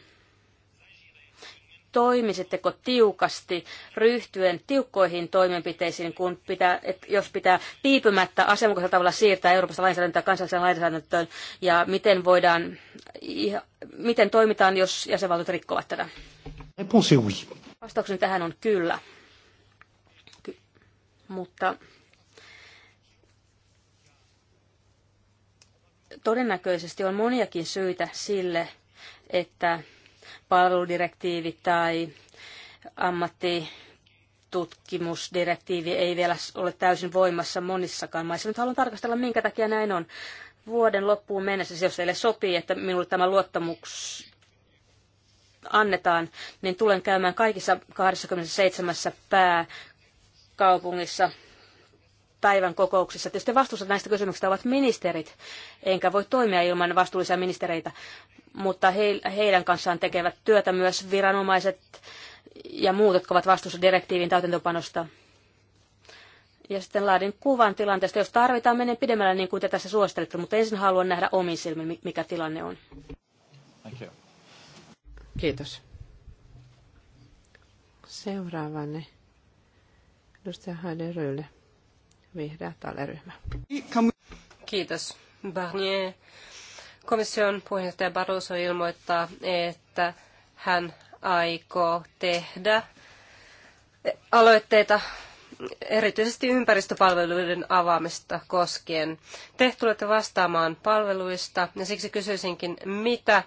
toimisitteko tiukasti ryhtyen tiukkoihin toimenpiteisiin, kun pitää, et jos pitää piipymättä asianmukaisella tavalla siirtää Euroopasta lainsäädäntöä kansalliseen lainsäädäntöön, ja miten, voidaan, miten toimitaan, jos jäsenvaltiot rikkovat tätä? Vastaukseni tähän on kyllä. Ky- mutta todennäköisesti on moniakin syitä sille, että palveludirektiivi tai ammattitutkimusdirektiivi ei vielä ole täysin voimassa monissakaan maissa. Nyt haluan tarkastella, minkä takia näin on. Vuoden loppuun mennessä, jos teille sopii, että minulle tämä luottamus annetaan, niin tulen käymään kaikissa 27 pääkaupungissa päivän kokouksissa. Tietysti vastuussa näistä kysymyksistä ovat ministerit, enkä voi toimia ilman vastuullisia ministereitä, mutta he, heidän kanssaan tekevät työtä myös viranomaiset ja muut, jotka ovat vastuussa direktiivin täytäntöpanosta. Ja sitten laadin kuvan tilanteesta. Jos tarvitaan, menen pidemmälle niin kuin te tässä suosittelette, mutta ensin haluan nähdä omin silmin, mikä tilanne on. Thank you. Kiitos. Seuraavanne. Edustaja Haide Röyle vihreä taleryhmä. Kiitos, Barnier. Komission puheenjohtaja Barroso ilmoittaa, että hän aikoo tehdä aloitteita erityisesti ympäristöpalveluiden avaamista koskien. Te tulette vastaamaan palveluista ja siksi kysyisinkin, mitä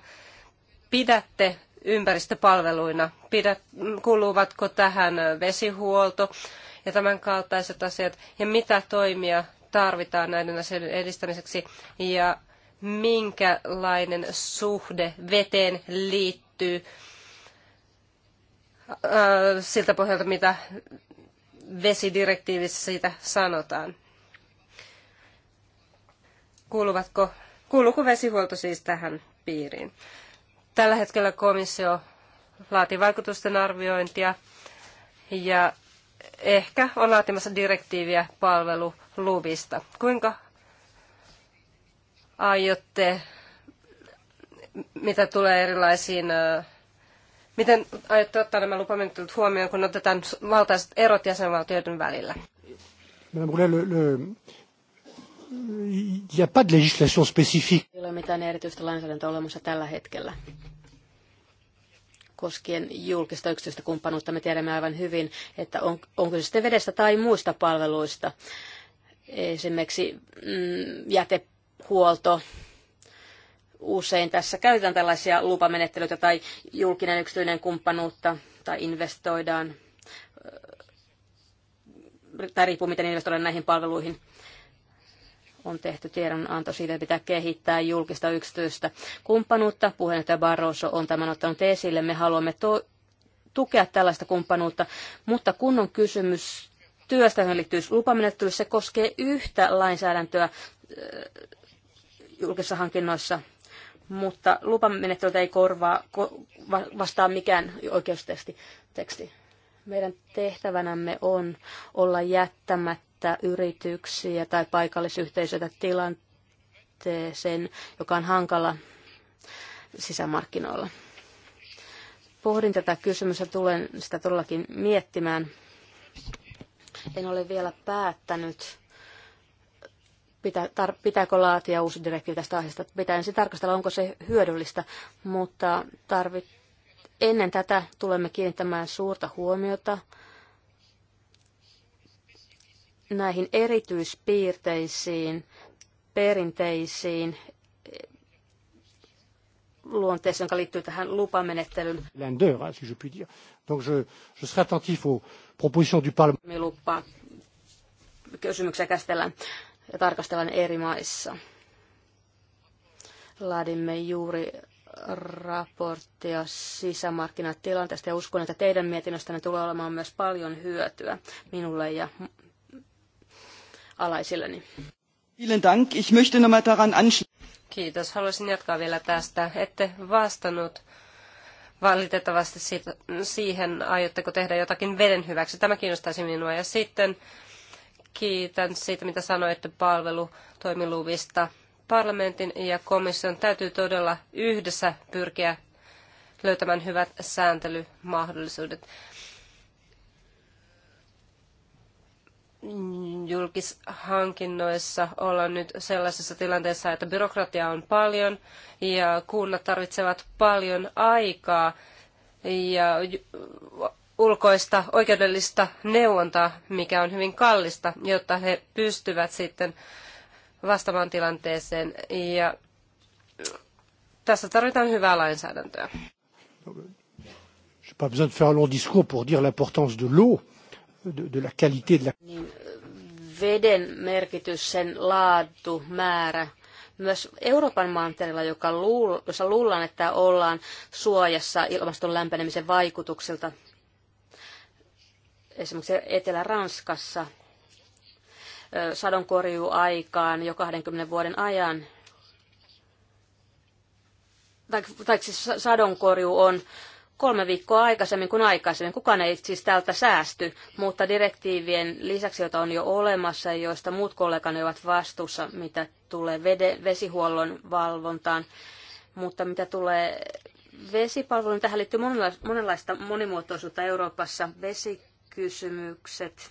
pidätte ympäristöpalveluina? Pidät, kuuluvatko tähän vesihuolto, ja tämän kaltaiset asiat ja mitä toimia tarvitaan näiden asioiden edistämiseksi ja minkälainen suhde veteen liittyy siltä pohjalta, mitä vesidirektiivissä siitä sanotaan. Kuuluvatko, kuuluuko vesihuolto siis tähän piiriin? Tällä hetkellä komissio laati vaikutusten arviointia ja ehkä on laatimassa direktiiviä palveluluvista. Kuinka aiotte, mitä tulee erilaisiin, miten aiotte ottaa nämä lupamenettelyt huomioon, kun otetaan valtaiset erot jäsenvaltioiden välillä? Ei ole mitään erityistä lainsäädäntöä olemassa tällä hetkellä koskien julkista yksityistä kumppanuutta. Me tiedämme aivan hyvin, että on, onko se sitten vedestä tai muista palveluista, esimerkiksi mm, jätehuolto. Usein tässä käytetään tällaisia lupamenettelyitä tai julkinen yksityinen kumppanuutta tai investoidaan, tai riippuu miten investoidaan näihin palveluihin on tehty tiedonanto siitä, että pitää kehittää julkista yksityistä kumppanuutta. Puheenjohtaja Barroso on tämän ottanut esille. Me haluamme tukea tällaista kumppanuutta, mutta kun on kysymys työstä, johon liittyy lupamenettely, se koskee yhtä lainsäädäntöä äh, julkisissa hankinnoissa, mutta lupamenettelytä ei korvaa, vastaa mikään oikeustesti. Teksti. Meidän tehtävänämme on olla jättämättä että yrityksiä tai paikallisyhteisöitä tilanteeseen, joka on hankala sisämarkkinoilla. Pohdin tätä kysymystä, tulen sitä todellakin miettimään. En ole vielä päättänyt, pitä, tar, pitääkö laatia uusi direktiivi tästä aiheesta. Pitää ensin tarkastella, onko se hyödyllistä, mutta tarvit, ennen tätä tulemme kiinnittämään suurta huomiota näihin erityispiirteisiin, perinteisiin luonteeseen, joka liittyy tähän lupamenettelyyn. Ländeur, si je puis dire. Donc je, je serai attentif aux propositions du Parlement. Lupa kysymyksiä käsitellään ja tarkastellaan eri maissa. Laadimme juuri raporttia sisämarkkinatilanteesta ja uskon, että teidän mietinnöstänne tulee olemaan myös paljon hyötyä minulle ja alaisilleni. Kiitos. Haluaisin jatkaa vielä tästä. Ette vastannut valitettavasti siitä, siihen, aiotteko tehdä jotakin veden hyväksi. Tämä kiinnostaisi minua. Ja sitten kiitän siitä, mitä sanoitte palvelutoimiluvista. Parlamentin ja komission täytyy todella yhdessä pyrkiä löytämään hyvät sääntelymahdollisuudet. julkishankinnoissa ollaan nyt sellaisessa tilanteessa, että byrokratia on paljon ja kunnat tarvitsevat paljon aikaa ja ulkoista oikeudellista neuvontaa, mikä on hyvin kallista, jotta he pystyvät sitten vastaamaan tilanteeseen. Ja tässä tarvitaan hyvää lainsäädäntöä. J'ai pas besoin de faire un long discours pour dire l'importance de l'eau de la qualité de la... Niin, veden merkitys, sen laatu, määrä, myös Euroopan mantereella, joka luul, jossa luullaan, että ollaan suojassa ilmaston lämpenemisen vaikutuksilta. Esimerkiksi Etelä-Ranskassa sadonkorjuaikaan jo 20 vuoden ajan. Tai, tai siis sadonkorjuu on kolme viikkoa aikaisemmin kuin aikaisemmin. Kukaan ei siis tältä säästy, mutta direktiivien lisäksi, joita on jo olemassa ja joista muut kollegani ovat vastuussa, mitä tulee vede, vesihuollon valvontaan, mutta mitä tulee vesipalveluun, tähän liittyy monenlaista monimuotoisuutta Euroopassa. Vesikysymykset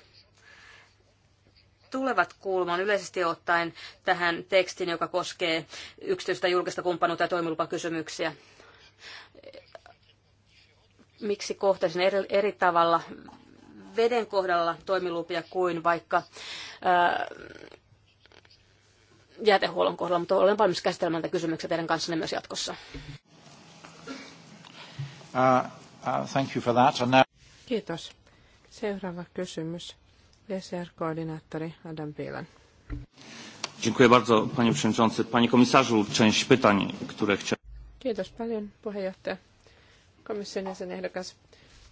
tulevat kulman yleisesti ottaen tähän tekstiin, joka koskee yksityistä julkista kumppanuutta ja toimilupakysymyksiä miksi kohtaisin eri, eri tavalla veden kohdalla toimilupia kuin vaikka ää, jätehuollon kohdalla, mutta olen valmis käsittelemään tätä kysymyksiä teidän kanssanne myös jatkossa. Uh, uh, thank you for that. And now... Kiitos. Seuraava kysymys. DSR-koordinaattori Adam Pilan. Dziękuję bardzo, panie przewodniczący. Panie komisarzu, część pytań, które chciałem... Kiitos paljon, puheenjohtaja komission jäsenehdokas,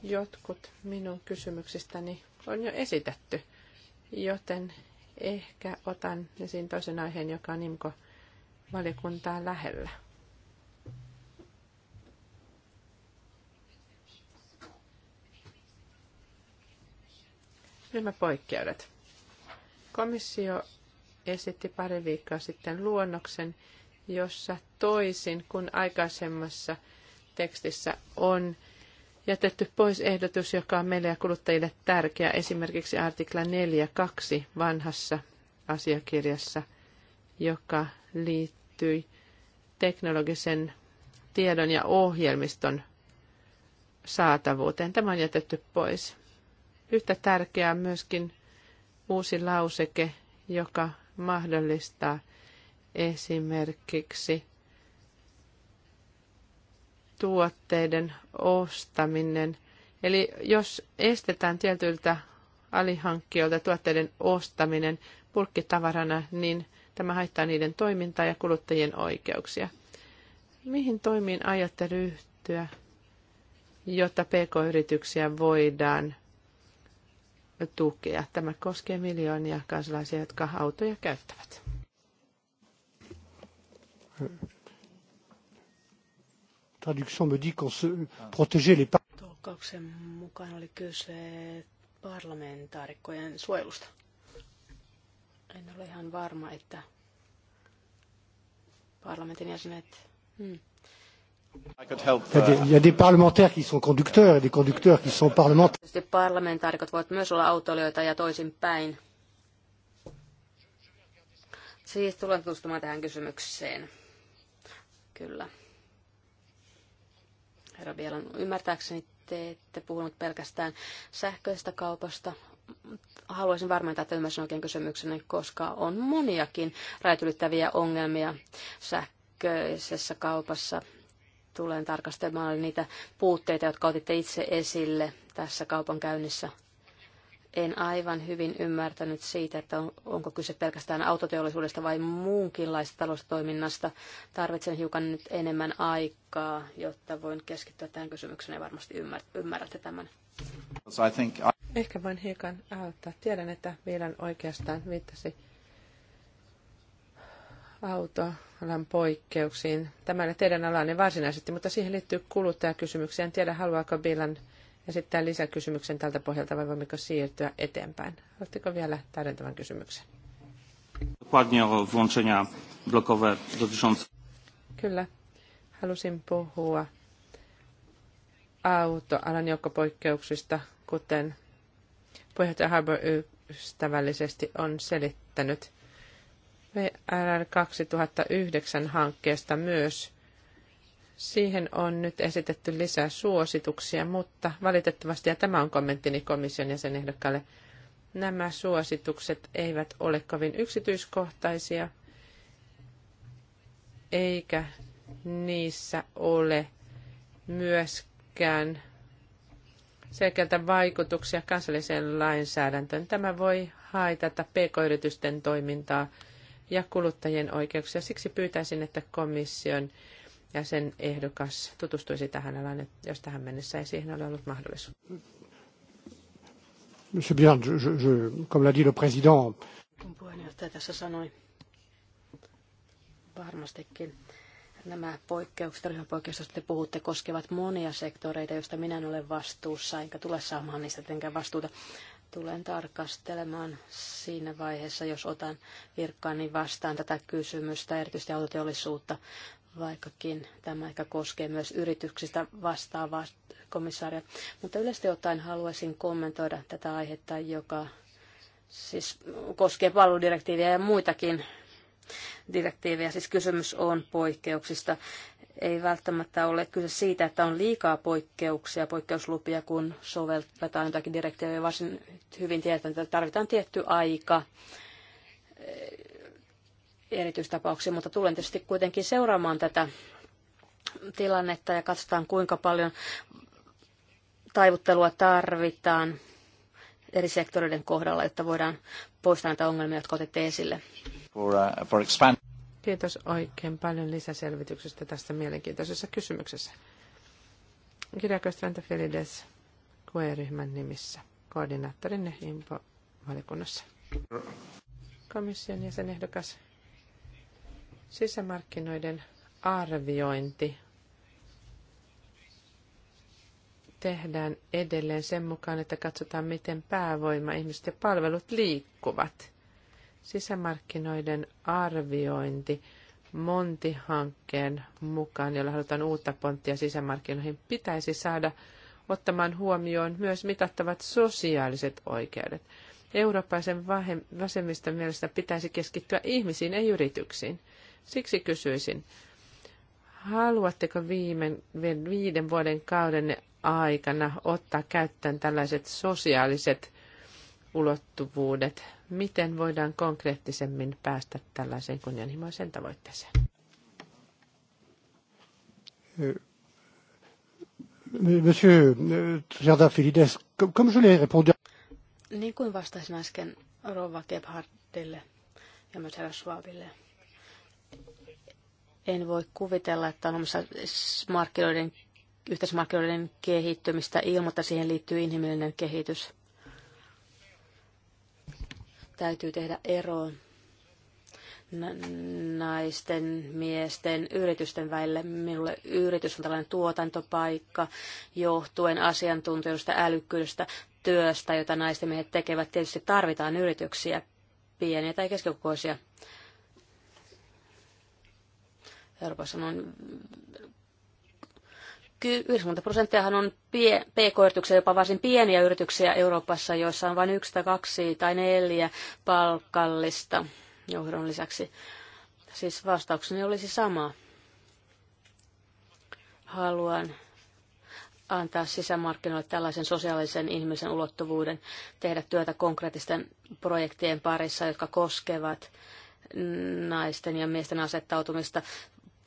jotkut minun kysymyksistäni on jo esitetty, joten ehkä otan esiin toisen aiheen, joka on IMKO valiokuntaa lähellä. Ryhmäpoikkeudet. Komissio esitti pari viikkoa sitten luonnoksen, jossa toisin kuin aikaisemmassa – tekstissä on jätetty pois ehdotus, joka on meille ja kuluttajille tärkeä, esimerkiksi artikla 4.2 vanhassa asiakirjassa, joka liittyi teknologisen tiedon ja ohjelmiston saatavuuteen. Tämä on jätetty pois. Yhtä tärkeää on myöskin uusi lauseke, joka mahdollistaa esimerkiksi tuotteiden ostaminen. Eli jos estetään tietyiltä alihankkijoilta tuotteiden ostaminen purkkitavarana, niin tämä haittaa niiden toimintaa ja kuluttajien oikeuksia. Mihin toimiin aiotte ryhtyä, jotta pk-yrityksiä voidaan tukea? Tämä koskee miljoonia kansalaisia, jotka autoja käyttävät traduction me dit qu'on se protégeait les Tulkkauksen mukaan oli kyse parlamentaarikkojen suojelusta. En ole ihan varma, että parlamentin jäsenet... Ja hmm. des parlementaires qui sont conducteurs et des conducteurs qui sont parlementaires. Parlamentaarikot voivat myös olla autoilijoita ja toisinpäin. Siis tulen tutustumaan tähän kysymykseen. Kyllä. Herra Bielan, ymmärtääkseni te ette puhunut pelkästään sähköisestä kaupasta. Haluaisin varmentaa, että ymmärsin oikein kysymyksenne, koska on moniakin rajatylittäviä ongelmia sähköisessä kaupassa. Tulen tarkastelemaan niitä puutteita, jotka otitte itse esille tässä kaupan käynnissä en aivan hyvin ymmärtänyt siitä, että on, onko kyse pelkästään autoteollisuudesta vai muunkinlaista taloustoiminnasta. Tarvitsen hiukan nyt enemmän aikaa, jotta voin keskittyä tähän kysymykseen ja varmasti ymmär, ymmärrätte tämän. Ehkä voin hiukan auttaa. Tiedän, että Viilan oikeastaan viittasi autoalan poikkeuksiin. Tämä ei teidän alanne varsinaisesti, mutta siihen liittyy kuluttajakysymyksiä. En tiedä, haluaako Bilan ja sitten tämä lisäkysymyksen tältä pohjalta vai voimmeko siirtyä eteenpäin? Oletteko vielä täydentävän kysymyksen? Kyllä, halusin puhua autoalan joukkopoikkeuksista, kuten puheenjohtaja Harbour ystävällisesti on selittänyt. VRR 2009 hankkeesta myös Siihen on nyt esitetty lisää suosituksia, mutta valitettavasti, ja tämä on kommenttini komission jäsenehdokkaalle, nämä suositukset eivät ole kovin yksityiskohtaisia, eikä niissä ole myöskään selkeitä vaikutuksia kansalliseen lainsäädäntöön. Tämä voi haitata pk-yritysten toimintaa ja kuluttajien oikeuksia. Siksi pyytäisin, että komission ja sen ehdokas tutustuisi tähän alaan, jos tähän mennessä ei siihen ole ollut mahdollisuus. Monsieur Björn, je, je, comme l'a dit le président. puheenjohtaja tässä sanoi, varmastikin nämä poikkeukset, ryhmäpoikkeukset, joista te puhutte, koskevat monia sektoreita, joista minä en ole vastuussa, enkä tule saamaan niistä tietenkään vastuuta. Tulen tarkastelemaan siinä vaiheessa, jos otan virkkaani vastaan tätä kysymystä, erityisesti autoteollisuutta, vaikkakin tämä ehkä koskee myös yrityksistä vastaavaa komissaaria. Mutta yleisesti ottaen haluaisin kommentoida tätä aihetta, joka siis koskee palveludirektiiviä ja muitakin direktiivejä. Siis kysymys on poikkeuksista. Ei välttämättä ole kyse siitä, että on liikaa poikkeuksia, poikkeuslupia, kun sovelletaan jotakin direktiiviä. Varsin hyvin tietää, että tarvitaan tietty aika erityistapauksia, mutta tulen tietysti kuitenkin seuraamaan tätä tilannetta ja katsotaan kuinka paljon taivuttelua tarvitaan eri sektoreiden kohdalla, jotta voidaan poistaa näitä ongelmia, jotka otitte esille. For, uh, for Kiitos oikein paljon lisäselvityksestä tästä mielenkiintoisessa kysymyksessä. Kirjakoistranta Felides, QE-ryhmän nimissä, koordinaattorinne info valikunnassa Komission jäsenehdokas sisämarkkinoiden arviointi tehdään edelleen sen mukaan, että katsotaan, miten päävoima, ihmiset ja palvelut liikkuvat. Sisämarkkinoiden arviointi Monti-hankkeen mukaan, jolla halutaan uutta ponttia sisämarkkinoihin, pitäisi saada ottamaan huomioon myös mitattavat sosiaaliset oikeudet. Eurooppaisen vasemmiston mielestä pitäisi keskittyä ihmisiin, ei yrityksiin. Siksi kysyisin, haluatteko viime, viiden vuoden kauden aikana ottaa käyttöön tällaiset sosiaaliset ulottuvuudet? Miten voidaan konkreettisemmin päästä tällaiseen kunnianhimoiseen tavoitteeseen? Euh, monsieur euh, Filides, Niin kuin vastasin äsken Rova Gebhardille ja myös herra Schwabille, en voi kuvitella, että on olemassa markkinoiden, yhteismarkkinoiden kehittymistä ilman, että siihen liittyy inhimillinen kehitys. Täytyy tehdä ero naisten, miesten, yritysten välillä. Minulle yritys on tällainen tuotantopaikka johtuen asiantuntijoista, älykkyydestä, työstä, jota naisten miehet tekevät. Tietysti tarvitaan yrityksiä, pieniä tai keskikokoisia Euroopassa noin 90 prosenttia on pk-yrityksiä, jopa varsin pieniä yrityksiä Euroopassa, joissa on vain yksi tai kaksi tai neljä palkallista johdon lisäksi. Siis vastaukseni olisi sama. Haluan antaa sisämarkkinoille tällaisen sosiaalisen ihmisen ulottuvuuden, tehdä työtä konkreettisten projektien parissa, jotka koskevat naisten ja miesten asettautumista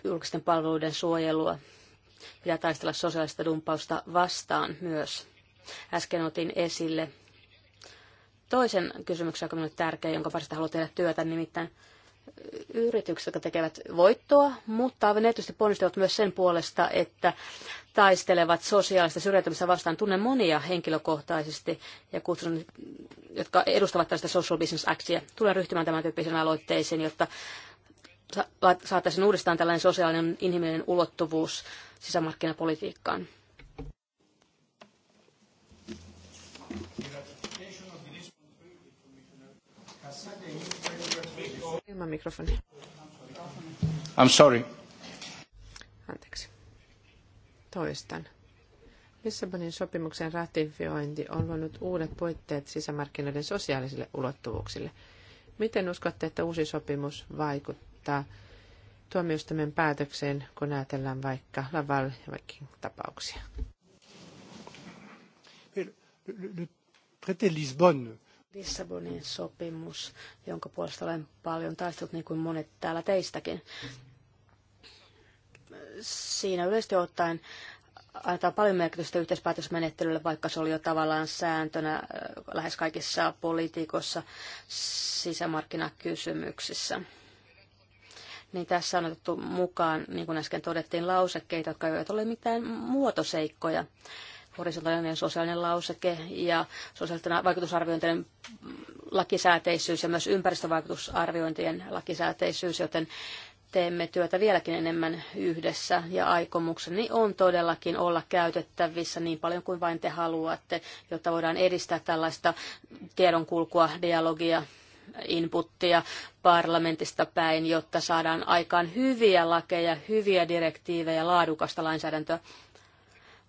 julkisten palveluiden suojelua. Pitää taistella sosiaalista dumpausta vastaan myös. Äsken otin esille toisen kysymyksen, joka on minulle tärkeä, jonka parista haluan tehdä työtä, nimittäin yritykset, jotka tekevät voittoa, mutta aivan erityisesti ponnistavat myös sen puolesta, että taistelevat sosiaalista syrjäytymistä vastaan. Tunnen monia henkilökohtaisesti ja kutsun, jotka edustavat tällaista Social Business Actia. Tulen ryhtymään tämän tyyppisen aloitteeseen, jotta saataisiin uudestaan tällainen sosiaalinen inhimillinen ulottuvuus sisämarkkinapolitiikkaan. Ilman mikrofoni. I'm sorry. Anteeksi. Toistan. Lissabonin sopimuksen ratifiointi on luonut uudet puitteet sisämarkkinoiden sosiaalisille ulottuvuuksille. Miten uskotte, että uusi sopimus vaikuttaa? viittaa tuomioistuimen päätökseen, kun ajatellaan vaikka Laval ja Vakin tapauksia? Lissabonin sopimus, jonka puolesta olen paljon taistellut, niin kuin monet täällä teistäkin. Siinä yleisesti ottaen antaa paljon merkitystä yhteispäätösmenettelylle, vaikka se oli jo tavallaan sääntönä äh, lähes kaikissa politiikossa sisämarkkinakysymyksissä niin tässä on otettu mukaan, niin kuin äsken todettiin, lausekkeita, jotka eivät ole mitään muotoseikkoja. Horisontaalinen sosiaalinen lauseke ja sosiaalisten vaikutusarviointien lakisääteisyys ja myös ympäristövaikutusarviointien lakisääteisyys, joten teemme työtä vieläkin enemmän yhdessä ja aikomukseni on todellakin olla käytettävissä niin paljon kuin vain te haluatte, jotta voidaan edistää tällaista tiedonkulkua, dialogia inputtia parlamentista päin, jotta saadaan aikaan hyviä lakeja, hyviä direktiivejä, laadukasta lainsäädäntöä.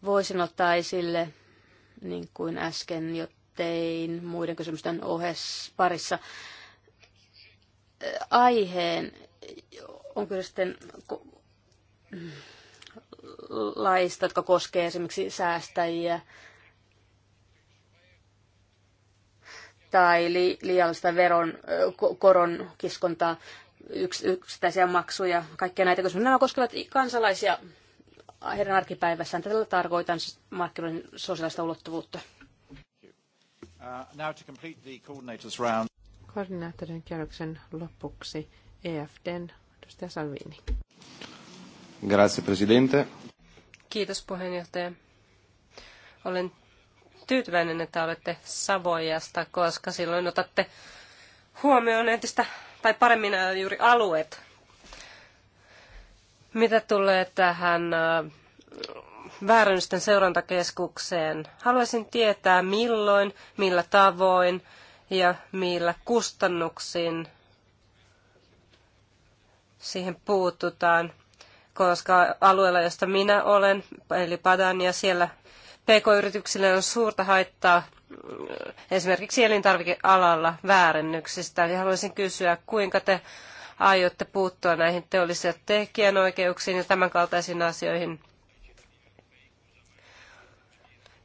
Voisin ottaa esille, niin kuin äsken jo tein muiden kysymysten ohessa parissa, aiheen, on kyllä sitten laista, jotka koskee esimerkiksi säästäjiä, tai li, liiallista veron koron kiskontaa, yks, yksittäisiä maksuja, kaikkia näitä, koska nämä koskevat kansalaisia heidän arkipäivässään. Tällä tarkoitan siis markkinoiden sosiaalista ulottuvuutta. Koordinaattorien uh, Koordinaattorin kierroksen lopuksi EFDn edustaja Salvini. Grazie, presidente. Kiitos puheenjohtaja. Olen tyytyväinen, että olette Savojasta, koska silloin otatte huomioon entistä tai paremmin juuri alueet. Mitä tulee tähän väärännysten seurantakeskukseen, haluaisin tietää milloin, millä tavoin ja millä kustannuksiin siihen puututaan, koska alueella, josta minä olen, eli Padania, siellä PK-yrityksille on suurta haittaa äh, esimerkiksi elintarvikealalla väärennyksistä. Ja haluaisin kysyä, kuinka te aiotte puuttua näihin teollisiin tekijänoikeuksiin ja tämän kaltaisiin asioihin?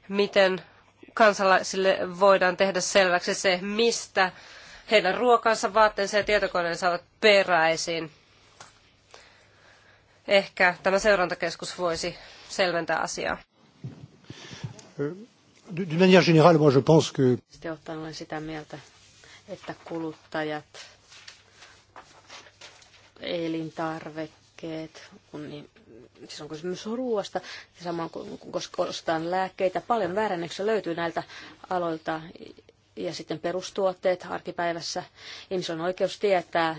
Miten kansalaisille voidaan tehdä selväksi se, mistä heidän ruokansa, vaatteensa ja tietokoneensa ovat peräisin? Ehkä tämä seurantakeskus voisi selventää asiaa. Euh, d'une manière générale, moi je pense que... olen sitä mieltä, että kuluttajat, elintarvikkeet, kun niin, siis on kysymys ruoasta, ja samoin kun, kun ostetaan lääkkeitä, paljon väärännöksiä löytyy näiltä aloilta, ja sitten perustuotteet arkipäivässä. Ihmisillä on oikeus tietää,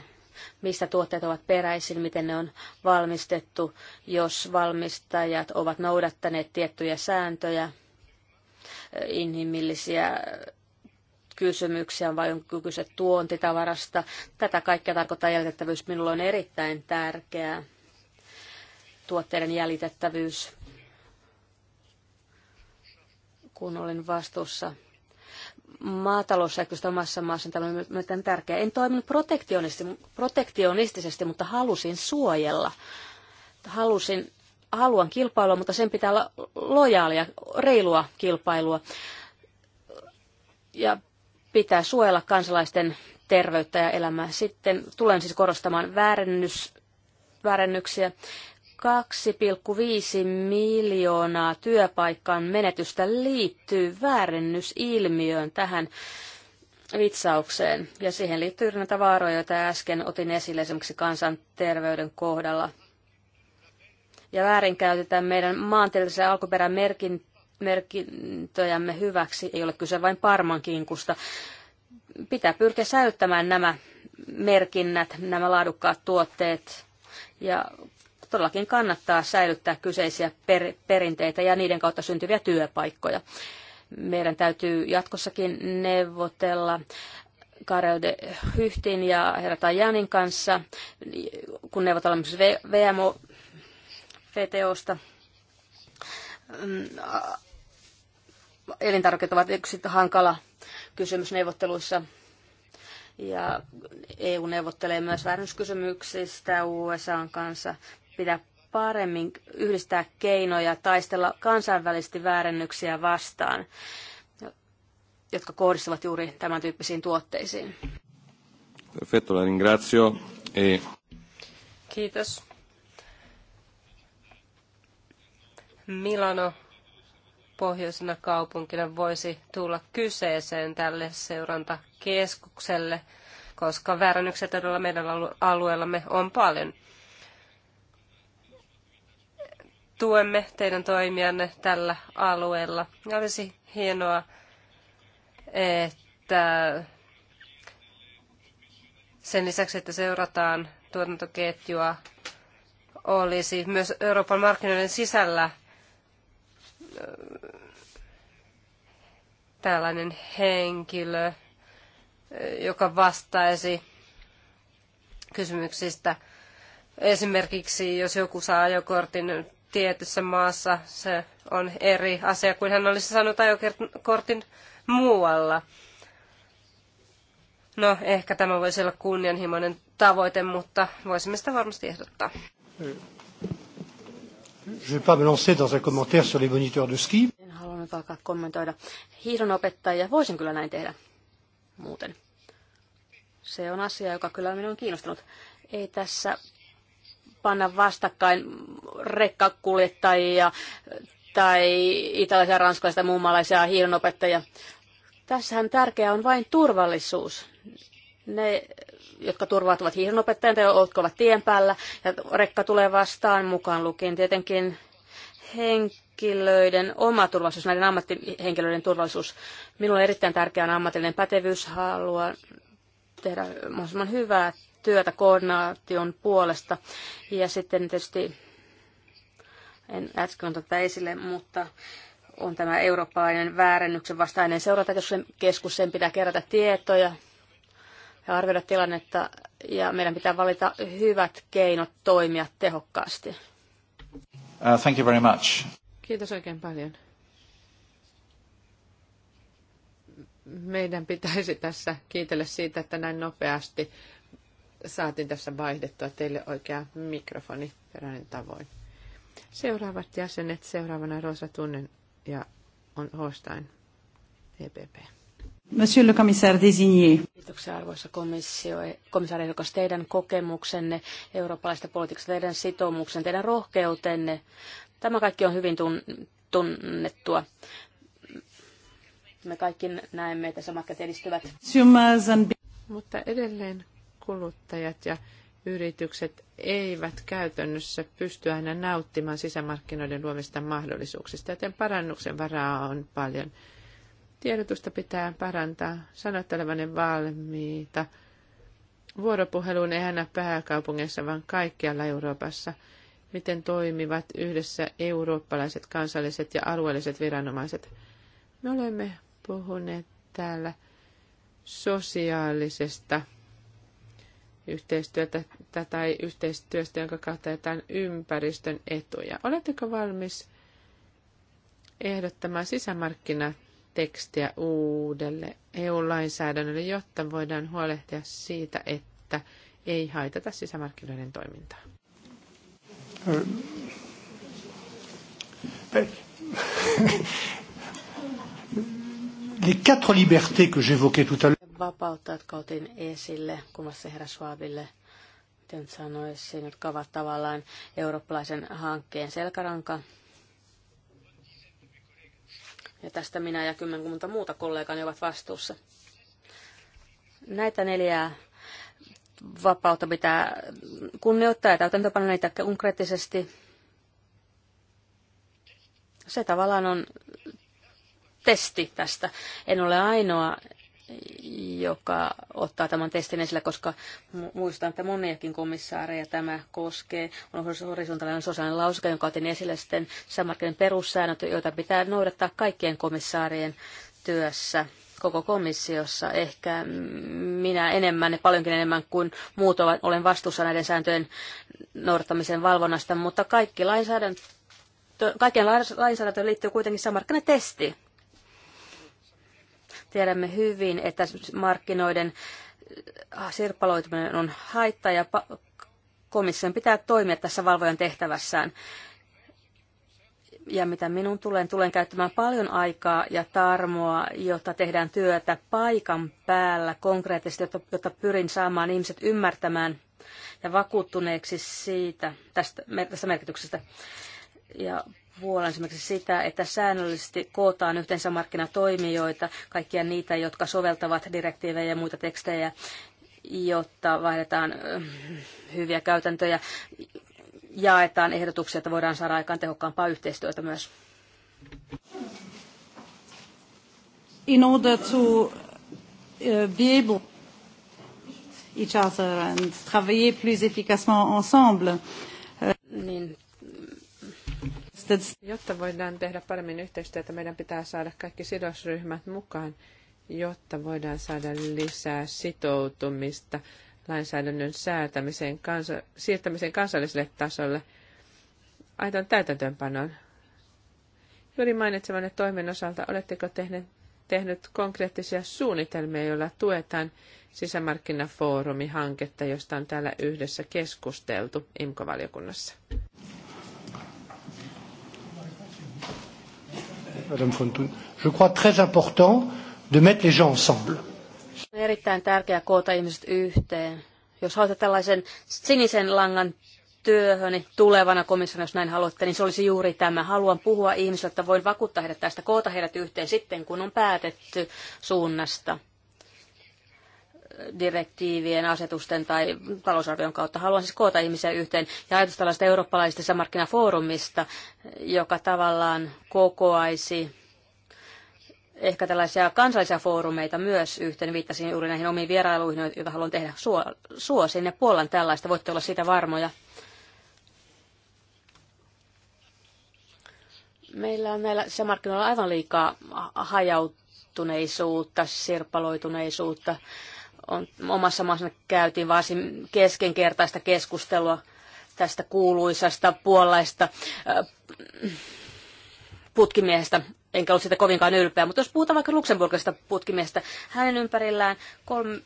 mistä tuotteet ovat peräisin, miten ne on valmistettu, jos valmistajat ovat noudattaneet tiettyjä sääntöjä – inhimillisiä kysymyksiä, vai onko kyse tuontitavarasta. Tätä kaikkea tarkoittaa jäljitettävyys. Minulla on erittäin tärkeää tuotteiden jäljitettävyys, kun olin vastuussa maataloussäkköstä omassa maassa, tämä on myöten tärkeää. En toiminut protektionistisesti, protektionistisesti, mutta halusin suojella. Halusin haluan kilpailua, mutta sen pitää olla lojaalia, reilua kilpailua ja pitää suojella kansalaisten terveyttä ja elämää. Sitten tulen siis korostamaan väärennys, väärennyksiä. 2,5 miljoonaa työpaikan menetystä liittyy väärennysilmiöön tähän vitsaukseen. Ja siihen liittyy näitä vaaroja, joita äsken otin esille esimerkiksi kansanterveyden kohdalla ja väärinkäytetään meidän maantieteellisiä alkuperämerkintöjämme hyväksi. Ei ole kyse vain Parman kinkusta. Pitää pyrkiä säilyttämään nämä merkinnät, nämä laadukkaat tuotteet ja todellakin kannattaa säilyttää kyseisiä per, perinteitä ja niiden kautta syntyviä työpaikkoja. Meidän täytyy jatkossakin neuvotella Karel de Hyhtin ja herra Tajanin kanssa, kun neuvotellaan VMO VTOsta. Elintarvikkeet ovat yksi hankala kysymys neuvotteluissa. Ja EU neuvottelee myös väärennyskysymyksistä USAn kanssa. Pitää paremmin yhdistää keinoja taistella kansainvälisesti väärennyksiä vastaan, jotka kohdistuvat juuri tämän tyyppisiin tuotteisiin. Perfetto, la ringrazio. E... Kiitos. Milano pohjoisena kaupunkina voisi tulla kyseeseen tälle seurantakeskukselle, koska väärännykset todella meidän alueellamme on paljon. Tuemme teidän toimijanne tällä alueella. olisi hienoa, että sen lisäksi, että seurataan tuotantoketjua, olisi myös Euroopan markkinoiden sisällä tällainen henkilö, joka vastaisi kysymyksistä. Esimerkiksi jos joku saa ajokortin tietyssä maassa, se on eri asia kuin hän olisi saanut ajokortin muualla. No, ehkä tämä voisi olla kunnianhimoinen tavoite, mutta voisimme sitä varmasti ehdottaa. Je vais pas me lancer dans un commentaire sur les moniteurs de ski. En halua nyt alkaa kommentoida hiihdonopettajia. Voisin kyllä näin tehdä muuten. Se on asia, joka kyllä minua on kiinnostanut. Ei tässä panna vastakkain rekkakuljettajia tai italaisia, ranskalaisia ja muunmaalaisia hiihdonopettajia. Tässähän tärkeää on vain turvallisuus ne, jotka turvautuvat hiihdonopettajan tai jotka ovat tien päällä, ja rekka tulee vastaan mukaan lukien tietenkin henkilöiden oma turvallisuus, näiden ammattihenkilöiden turvallisuus. Minulla on erittäin tärkeä on ammatillinen pätevyys, haluan tehdä mahdollisimman hyvää työtä koordinaation puolesta. Ja sitten tietysti, en äsken tätä esille, mutta on tämä eurooppalainen väärennyksen vastainen seurantakeskus, sen pitää kerätä tietoja ja arvioida tilannetta ja meidän pitää valita hyvät keinot toimia tehokkaasti. Uh, thank you very much. Kiitos oikein paljon. Meidän pitäisi tässä kiitellä siitä, että näin nopeasti saatiin tässä vaihdettua teille oikea mikrofoni peräinen tavoin. Seuraavat jäsenet, seuraavana Rosa Tunnen ja on Hostain, EPP. Monsieur le commissaire désigné. Kiitoksia arvoisa komissio, komissaari ehdokas teidän kokemuksenne eurooppalaisesta politiikasta, teidän sitoumuksen, teidän rohkeutenne. Tämä kaikki on hyvin tunnettua. Me kaikki näemme, että samat edistyvät. Mutta edelleen kuluttajat ja yritykset eivät käytännössä pysty aina nauttimaan sisämarkkinoiden luomista mahdollisuuksista, joten parannuksen varaa on paljon Tiedotusta pitää parantaa, sanottelevainen valmiita. Vuoropuheluun ei aina pääkaupungissa, vaan kaikkialla Euroopassa. Miten toimivat yhdessä eurooppalaiset, kansalliset ja alueelliset viranomaiset? Me olemme puhuneet täällä sosiaalisesta yhteistyötä tai yhteistyöstä, jonka kautta jätetään ympäristön etuja. Oletteko valmis ehdottamaan sisämarkkinat tekstiä uudelle EU-lainsäädännölle, jotta voidaan huolehtia siitä, että ei haitata sisämarkkinoiden toimintaa. Äh, äh, Les quatre libertés que j'évoquais tout à l'heure. Vapautta, jotka otin esille kuvassa herra Schwabille, miten sanoisin, jotka ovat tavallaan eurooppalaisen hankkeen selkäranka, ja tästä minä ja kymmenkunta muuta kollegani ovat vastuussa. Näitä neljää vapautta pitää kunnioittaa ja täytäntöpanna niitä konkreettisesti. Se tavallaan on testi tästä. En ole ainoa, joka ottaa tämän testin esille, koska muistan, että moniakin komissaareja tämä koskee. On horisontaalinen sosiaalinen lauseke, jonka otin esille sitten sisämarkkinoiden perussäännöt, joita pitää noudattaa kaikkien komissaarien työssä koko komissiossa. Ehkä minä enemmän ja paljonkin enemmän kuin muut olen vastuussa näiden sääntöjen noudattamisen valvonnasta, mutta kaikki lainsäädäntö, kaiken lainsäädäntöön liittyy kuitenkin testi. Tiedämme hyvin, että markkinoiden sirpaloituminen on haitta ja komission pitää toimia tässä valvojan tehtävässään. Ja mitä minun tulen, tulen käyttämään paljon aikaa ja tarmoa, jotta tehdään työtä paikan päällä konkreettisesti, jotta, jotta pyrin saamaan ihmiset ymmärtämään ja vakuuttuneeksi siitä, tästä, tästä merkityksestä. Ja puolella esimerkiksi sitä, että säännöllisesti kootaan yhteensä markkinatoimijoita, kaikkia niitä, jotka soveltavat direktiivejä ja muita tekstejä, jotta vaihdetaan äh, hyviä käytäntöjä, jaetaan ehdotuksia, että voidaan saada aikaan tehokkaampaa yhteistyötä myös. In order to uh, be able each other and travailler plus efficacement ensemble. Uh, niin Jotta voidaan tehdä paremmin yhteistyötä, meidän pitää saada kaikki sidosryhmät mukaan, jotta voidaan saada lisää sitoutumista lainsäädännön säätämiseen, kansa- siirtämiseen kansalliselle tasolle aitan täytäntöönpanoon. Juuri mainitsemanne toimen osalta, oletteko tehneet, tehnyt konkreettisia suunnitelmia, joilla tuetaan sisämarkkinafoorumi-hanketta, josta on täällä yhdessä keskusteltu IMKO-valiokunnassa? Madame Kontun, je crois très important de mettre les gens ensemble. On erittäin tärkeää koota ihmiset yhteen. Jos haluatte tällaisen sinisen langan työhöni tulevana komissiona, jos näin haluatte, niin se olisi juuri tämä. Haluan puhua ihmisille, että voin vakuuttaa heidät tästä, koota heidät yhteen sitten, kun on päätetty suunnasta direktiivien, asetusten tai talousarvion kautta. Haluan siis koota ihmisiä yhteen ja ajatus tällaista eurooppalaisesta sisämarkkinafoorumista, joka tavallaan kokoaisi ehkä tällaisia kansallisia foorumeita myös yhteen. Viittasin juuri näihin omiin vierailuihin, joita haluan tehdä. Suosin ja puolan tällaista, voitte olla siitä varmoja. Meillä on näillä sisämarkkinoilla aivan liikaa hajautuneisuutta, sirpaloituneisuutta on, omassa maassa käytiin varsin keskenkertaista keskustelua tästä kuuluisasta puolaista äh, putkimiehestä, enkä ollut sitä kovinkaan ylpeä, mutta jos puhutaan vaikka Luxemburgista putkimiehestä, hänen ympärillään kolme,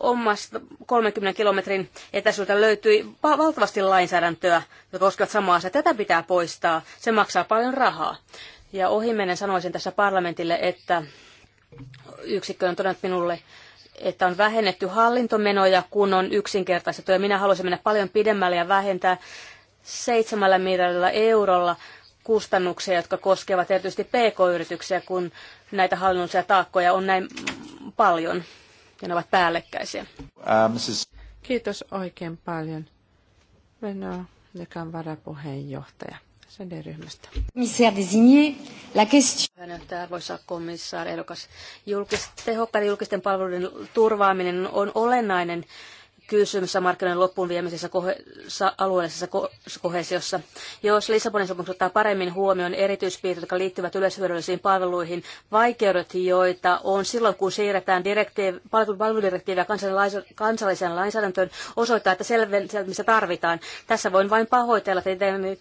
omasta 30 kilometrin etäisyydeltä löytyi va- valtavasti lainsäädäntöä, jotka koskevat samaa asiaa. Tätä pitää poistaa. Se maksaa paljon rahaa. Ja ohimennen sanoisin tässä parlamentille, että yksikkö on todennut minulle, että on vähennetty hallintomenoja, kun on yksinkertaistettu. Ja minä haluaisin mennä paljon pidemmälle ja vähentää seitsemällä miljardilla eurolla kustannuksia, jotka koskevat erityisesti pk-yrityksiä, kun näitä hallinnollisia taakkoja on näin paljon ja ne ovat päällekkäisiä. Ähm, Kiitos oikein paljon. Venäjä, joka on varapuheenjohtaja. SND-ryhmästä. Arvoisa komissaari ehdokas, julkis, tehokkaiden julkisten palveluiden turvaaminen on olennainen kysymys markkinoiden loppuun viemisessä kohe, alueellisessa ko, kohesiossa. Jos Lissabonin sopimus ottaa paremmin huomioon erityispiirteet, jotka liittyvät yleishyödyllisiin palveluihin, vaikeudet, joita on silloin, kun siirretään palveludirektiiviä kansalliseen lainsäädäntöön, osoittaa, että missä tarvitaan. Tässä voin vain pahoitella, että teemme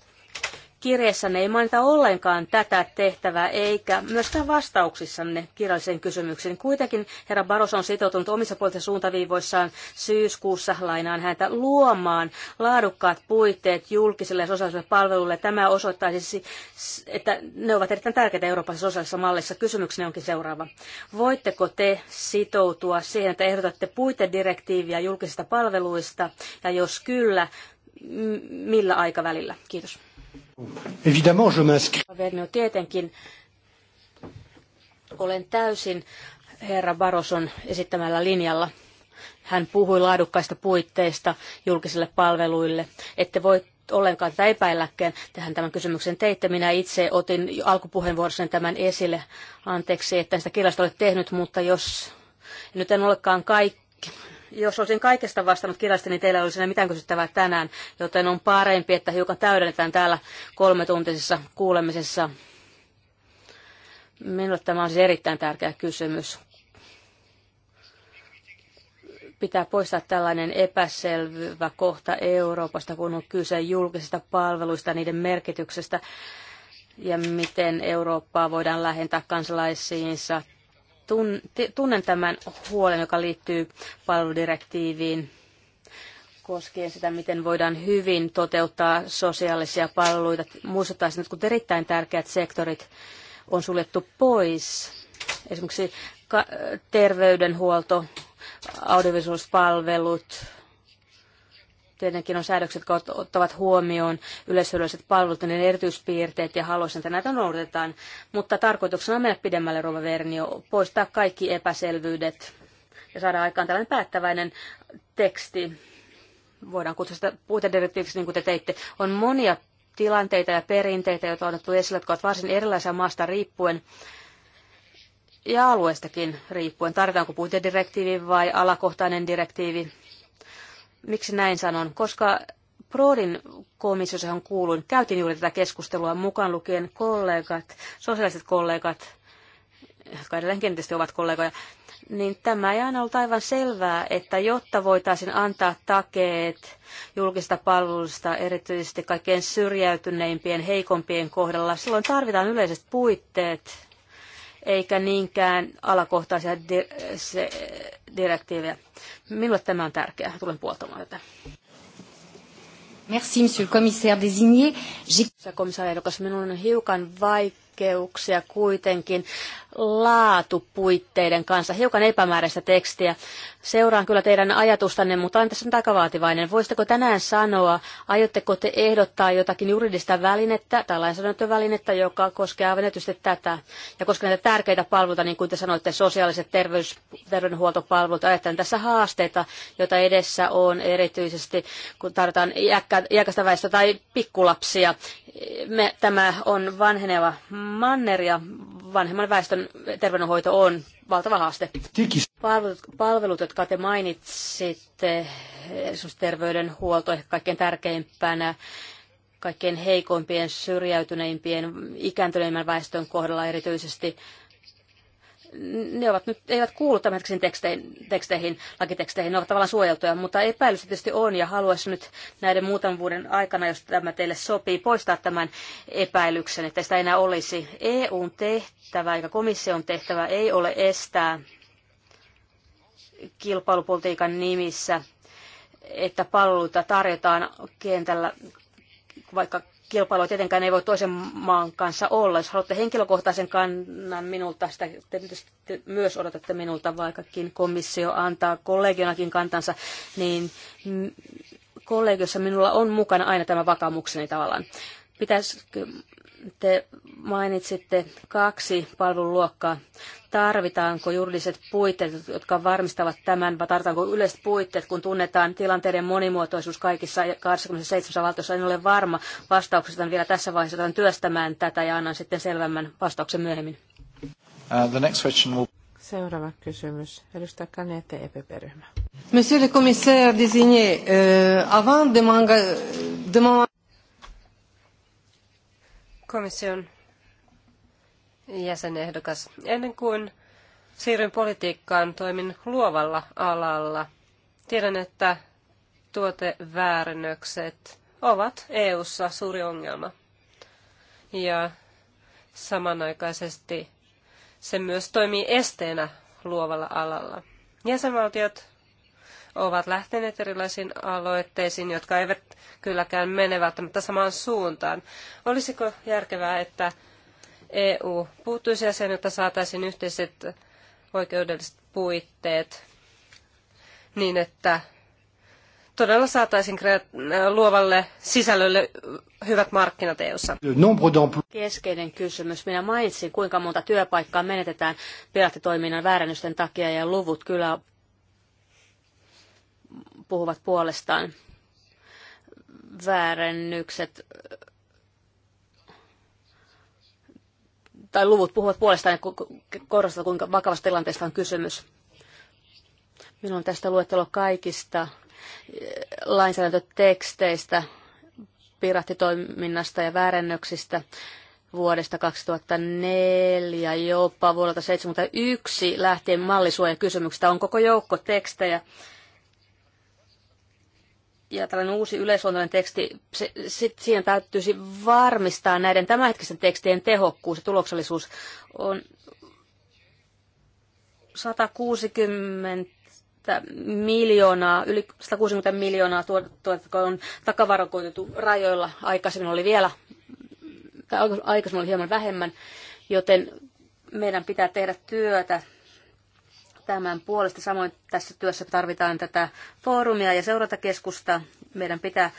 kirjeessänne ei mainita ollenkaan tätä tehtävää, eikä myöskään vastauksissanne kirjalliseen kysymykseen. Kuitenkin herra Baros on sitoutunut omissa poliittisissa suuntaviivoissaan syyskuussa, lainaan häntä, luomaan laadukkaat puitteet julkisille ja palveluille palvelulle. Tämä osoittaisi, että ne ovat erittäin tärkeitä Euroopan sosiaalisessa mallissa. Kysymykseni onkin seuraava. Voitteko te sitoutua siihen, että ehdotatte puitedirektiiviä julkisista palveluista, ja jos kyllä, millä aikavälillä? Kiitos. Évidemment, je No, tietenkin olen täysin herra Baroson esittämällä linjalla. Hän puhui laadukkaista puitteista julkisille palveluille. Ette voi ollenkaan tätä epäilläkään. Tähän tämän kysymyksen teitte. Minä itse otin alkupuheenvuorossani tämän esille. Anteeksi, että sitä kirjasta ole tehnyt, mutta jos nyt en olekaan kaikki jos olisin kaikesta vastannut kirjallisesti, niin teillä olisi mitään kysyttävää tänään, joten on parempi, että hiukan täydennetään täällä kolmetuntisessa kuulemisessa. Minulle tämä on siis erittäin tärkeä kysymys. Pitää poistaa tällainen epäselvä kohta Euroopasta, kun on kyse julkisista palveluista, niiden merkityksestä ja miten Eurooppaa voidaan lähentää kansalaisiinsa tunnen tämän huolen, joka liittyy palveludirektiiviin koskien sitä, miten voidaan hyvin toteuttaa sosiaalisia palveluita. Muistuttaisin, että kun erittäin tärkeät sektorit on suljettu pois, esimerkiksi terveydenhuolto, audiovisuaaliset palvelut, tietenkin on säädökset, jotka ottavat huomioon yleisölliset palvelut ja niin erityispiirteet, ja haluaisin, että näitä noudatetaan. Mutta tarkoituksena on mennä pidemmälle, Rova Vernio, poistaa kaikki epäselvyydet ja saada aikaan tällainen päättäväinen teksti. Voidaan kutsua sitä puitedirektiiviksi, niin kuin te teitte. On monia tilanteita ja perinteitä, joita on otettu esille, jotka ovat varsin erilaisia maasta riippuen ja alueestakin riippuen. Tarvitaanko puitedirektiivi vai alakohtainen direktiivi? Miksi näin sanon? Koska Prodin johon kuuluin, käytiin juuri tätä keskustelua mukaan lukien kollegat, sosiaaliset kollegat, jotka edelleenkin tietysti ovat kollegoja, niin tämä ei aina ollut aivan selvää, että jotta voitaisiin antaa takeet julkista palvelusta erityisesti kaikkein syrjäytyneimpien, heikompien kohdalla, silloin tarvitaan yleiset puitteet eikä niinkään alakohtaisia di- se, direktiivejä. Minulle tämä on tärkeää. Tulen puoltamaan tätä. Merci, monsieur le commissaire désigné. Komissaari minulla on hiukan vaikeuksia kuitenkin laatupuitteiden kanssa. Hiukan epämääräistä tekstiä. Seuraan kyllä teidän ajatustanne, mutta olen tässä vaativainen. Voisitteko tänään sanoa, aiotteko te ehdottaa jotakin juridista välinettä tai lainsäädäntövälinettä, joka koskee aivan erityisesti tätä, ja koska näitä tärkeitä palveluita, niin kuin te sanoitte, sosiaaliset terveys, terveydenhuoltopalvelut. Ajattelen tässä haasteita, joita edessä on erityisesti, kun tarvitaan iäkkä, iäkästä väestöä tai pikkulapsia. Me, tämä on vanheneva manner ja vanhemman väestön terveydenhoito on valtava haaste. Palvelut, palvelut jotka te mainitsitte, esimerkiksi terveydenhuolto ehkä kaikkein tärkeimpänä, kaikkein heikoimpien, syrjäytyneimpien, ikääntyneimmän väestön kohdalla erityisesti – ne ovat nyt, eivät kuulu tämänhetkisiin teksteihin, teksteihin, lakiteksteihin, ne ovat tavallaan suojeltuja, mutta epäilys tietysti on ja haluaisin nyt näiden muutaman vuoden aikana, jos tämä teille sopii, poistaa tämän epäilyksen, että sitä enää olisi. EUn tehtävä eikä komission tehtävä ei ole estää kilpailupolitiikan nimissä, että palveluita tarjotaan kentällä vaikka kilpailua tietenkään ei voi toisen maan kanssa olla. Jos haluatte henkilökohtaisen kannan minulta, sitä te myös odotatte minulta, vaikkakin komissio antaa kollegionakin kantansa, niin kollegiossa minulla on mukana aina tämä vakaumukseni tavallaan. Pitäisikö te mainitsitte kaksi palveluluokkaa. Tarvitaanko juridiset puitteet, jotka varmistavat tämän, vai tarvitaanko yleiset puitteet, kun tunnetaan tilanteiden monimuotoisuus kaikissa 27 valtiossa? En ole varma vastauksesta vielä tässä vaiheessa. Otan työstämään tätä ja annan sitten selvemmän vastauksen myöhemmin. Uh, the next question will... Seuraava kysymys. Edustaja Kanete, EPP-ryhmä. Monsieur le commissaire désigné, euh, avant de, manga, de komission jäsenehdokas. Ennen kuin siirryn politiikkaan, toimin luovalla alalla. Tiedän, että tuoteväärennökset ovat EU:ssa suuri ongelma. Ja samanaikaisesti se myös toimii esteenä luovalla alalla. Jäsenvaltiot ovat lähteneet erilaisiin aloitteisiin, jotka eivät kylläkään mene välttämättä samaan suuntaan. Olisiko järkevää, että EU puuttuisi asiaan, jotta saataisiin yhteiset oikeudelliset puitteet niin, että todella saataisiin luovalle sisällölle hyvät markkinat EU:ssa. Keskeinen kysymys. Minä mainitsin, kuinka monta työpaikkaa menetetään piraattitoiminnan väärännysten takia ja luvut kyllä puhuvat puolestaan. Väärennykset tai luvut puhuvat puolestaan ja korostavat, kuinka vakavasta tilanteesta on kysymys. Minulla on tästä luettelo kaikista lainsäädäntöteksteistä, piraattitoiminnasta ja väärennöksistä vuodesta 2004 jopa vuodelta 1971 lähtien mallisuojakysymyksistä on koko joukko tekstejä, ja tällainen uusi yleisluontoinen teksti, se, sit siihen täytyisi varmistaa näiden tämänhetkisten tekstien tehokkuus ja tuloksellisuus on 160 miljoonaa, yli 160 miljoonaa tuotantoa on takavarakoitettu rajoilla. Aikaisemmin oli vielä, tai aikaisemmin oli hieman vähemmän, joten meidän pitää tehdä työtä tämän puolesta. Samoin tässä työssä tarvitaan tätä foorumia ja seurantakeskusta. Meidän pitää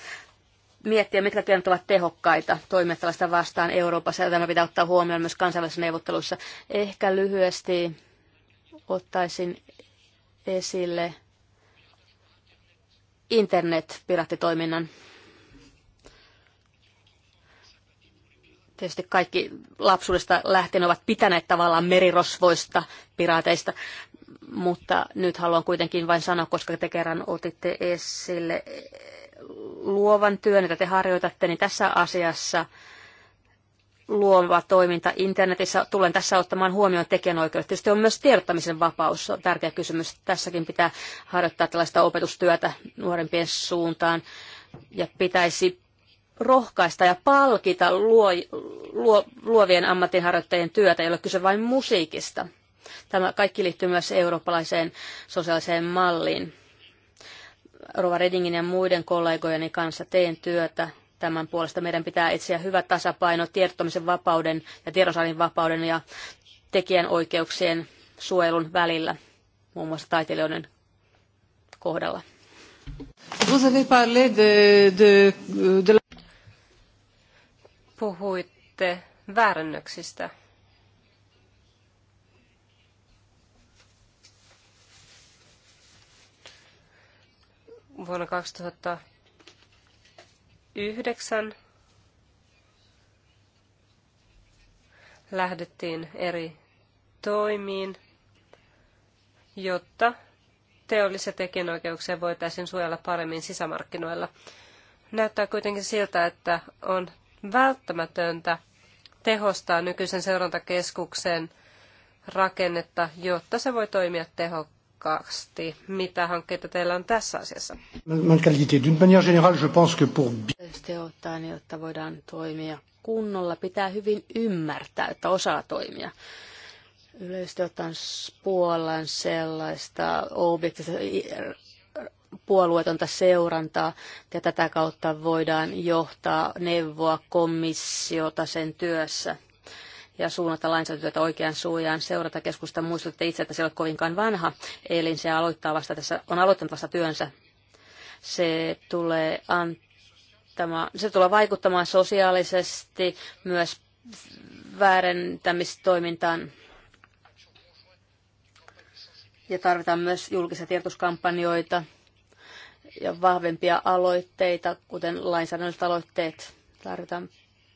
miettiä, mitkä keinot ovat tehokkaita toimia tällaista vastaan Euroopassa. Ja tämä pitää ottaa huomioon myös kansainvälisissä neuvotteluissa. Ehkä lyhyesti ottaisin esille internet-piraattitoiminnan. Tietysti kaikki lapsuudesta lähtien ovat pitäneet tavallaan merirosvoista, piraateista mutta nyt haluan kuitenkin vain sanoa, koska te kerran otitte esille luovan työn, jota te harjoitatte, niin tässä asiassa luova toiminta internetissä. Tulen tässä ottamaan huomioon tekijänoikeudet. Tietysti on myös tiedottamisen vapaus, on tärkeä kysymys. Tässäkin pitää harjoittaa tällaista opetustyötä nuorempien suuntaan ja pitäisi rohkaista ja palkita luo, luo, luovien ammatinharjoittajien työtä, ei ole kyse vain musiikista. Tämä kaikki liittyy myös eurooppalaiseen sosiaaliseen malliin. Rova Redingin ja muiden kollegojeni kanssa teen työtä tämän puolesta. Meidän pitää etsiä hyvä tasapaino tiedottamisen vapauden ja tiedonsaannin vapauden ja tekijänoikeuksien suojelun välillä, muun muassa taiteilijoiden kohdalla. Vous avez parlé de, de, de... Puhuitte väärännöksistä. vuonna 2009 lähdettiin eri toimiin, jotta teollisia tekijänoikeuksia voitaisiin suojella paremmin sisämarkkinoilla. Näyttää kuitenkin siltä, että on välttämätöntä tehostaa nykyisen seurantakeskuksen rakennetta, jotta se voi toimia tehokkaasti tehokkaasti. mitä hankkeita teillä on tässä asiassa? Yleisesti ottaen, jotta voidaan toimia kunnolla, pitää hyvin ymmärtää, että osaa toimia. Yleisesti ottaen Puolan sellaista objektista puolueetonta seurantaa ja tätä kautta voidaan johtaa neuvoa komissiota sen työssä ja suunnata lainsäädäntöä oikeaan suojaan. Seurata keskusta muistutte itse, että se ei ole kovinkaan vanha, eli se aloittaa vasta tässä, on aloittanut vasta työnsä. Se tulee, antama, se tulee vaikuttamaan sosiaalisesti myös väärentämistoimintaan ja tarvitaan myös julkisia tiedotuskampanjoita ja vahvempia aloitteita, kuten lainsäädännölliset aloitteet. Tarvitaan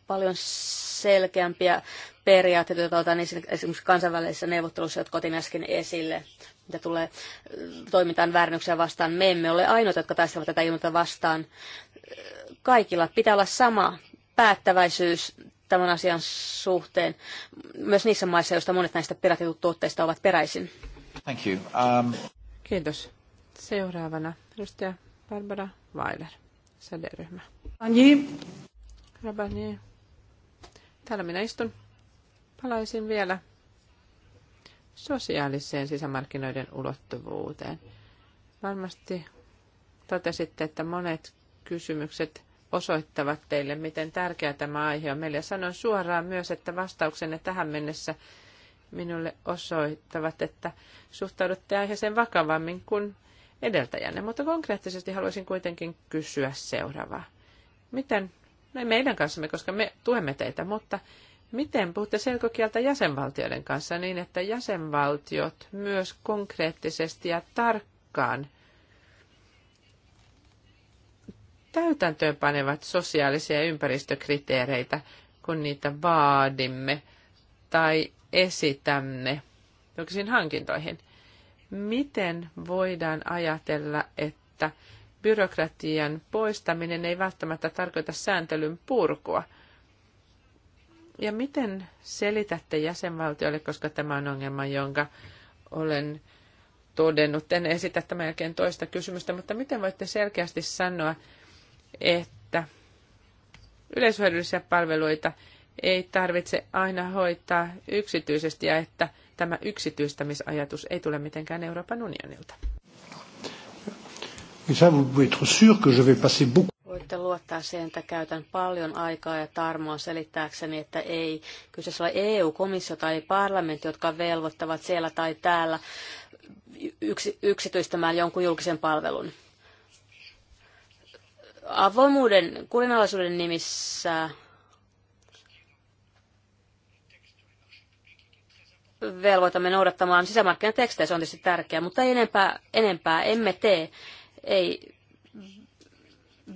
paljon selkeämpiä periaatteet, joita otan esimerkiksi kansainvälisissä neuvotteluissa, jotka otin äsken esille, mitä tulee toimintaan väärännyksiä vastaan. Me emme ole ainoita, jotka taistelevat tätä ilmiötä vastaan. Kaikilla pitää olla sama päättäväisyys tämän asian suhteen, myös niissä maissa, joista monet näistä piratitut tuotteista ovat peräisin. Thank you. Um... Kiitos. Seuraavana edustaja Barbara Weiler, säderyhmä. Anji. Rabani. Täällä minä istun. Palaisin vielä sosiaaliseen sisämarkkinoiden ulottuvuuteen. Varmasti totesitte, että monet kysymykset osoittavat teille, miten tärkeä tämä aihe on meille. sanon suoraan myös, että vastauksenne tähän mennessä minulle osoittavat, että suhtaudutte aiheeseen vakavammin kuin edeltäjänne. Mutta konkreettisesti haluaisin kuitenkin kysyä seuraavaa. Miten, no ei meidän kanssamme, koska me tuemme teitä, mutta Miten puhutte selkokieltä jäsenvaltioiden kanssa niin, että jäsenvaltiot myös konkreettisesti ja tarkkaan täytäntöön panevat sosiaalisia ympäristökriteereitä, kun niitä vaadimme tai esitämme jokaisiin hankintoihin? Miten voidaan ajatella, että byrokratian poistaminen ei välttämättä tarkoita sääntelyn purkua – ja miten selitätte jäsenvaltioille, koska tämä on ongelma, jonka olen todennut, en esitä tämän jälkeen toista kysymystä, mutta miten voitte selkeästi sanoa, että yleishyödyllisiä palveluita ei tarvitse aina hoitaa yksityisesti ja että tämä yksityistämisajatus ei tule mitenkään Euroopan unionilta. Voitte luottaa siihen, että käytän paljon aikaa ja tarmoa selittääkseni, että ei kyseessä ole EU-komissio tai parlamentti, jotka velvoittavat siellä tai täällä yksi, yksityistämään jonkun julkisen palvelun. Avoimuuden, kurinalaisuuden nimissä velvoitamme noudattamaan sisämarkkinatekstejä, se on tietysti tärkeää, mutta ei enempää, enempää emme tee. Ei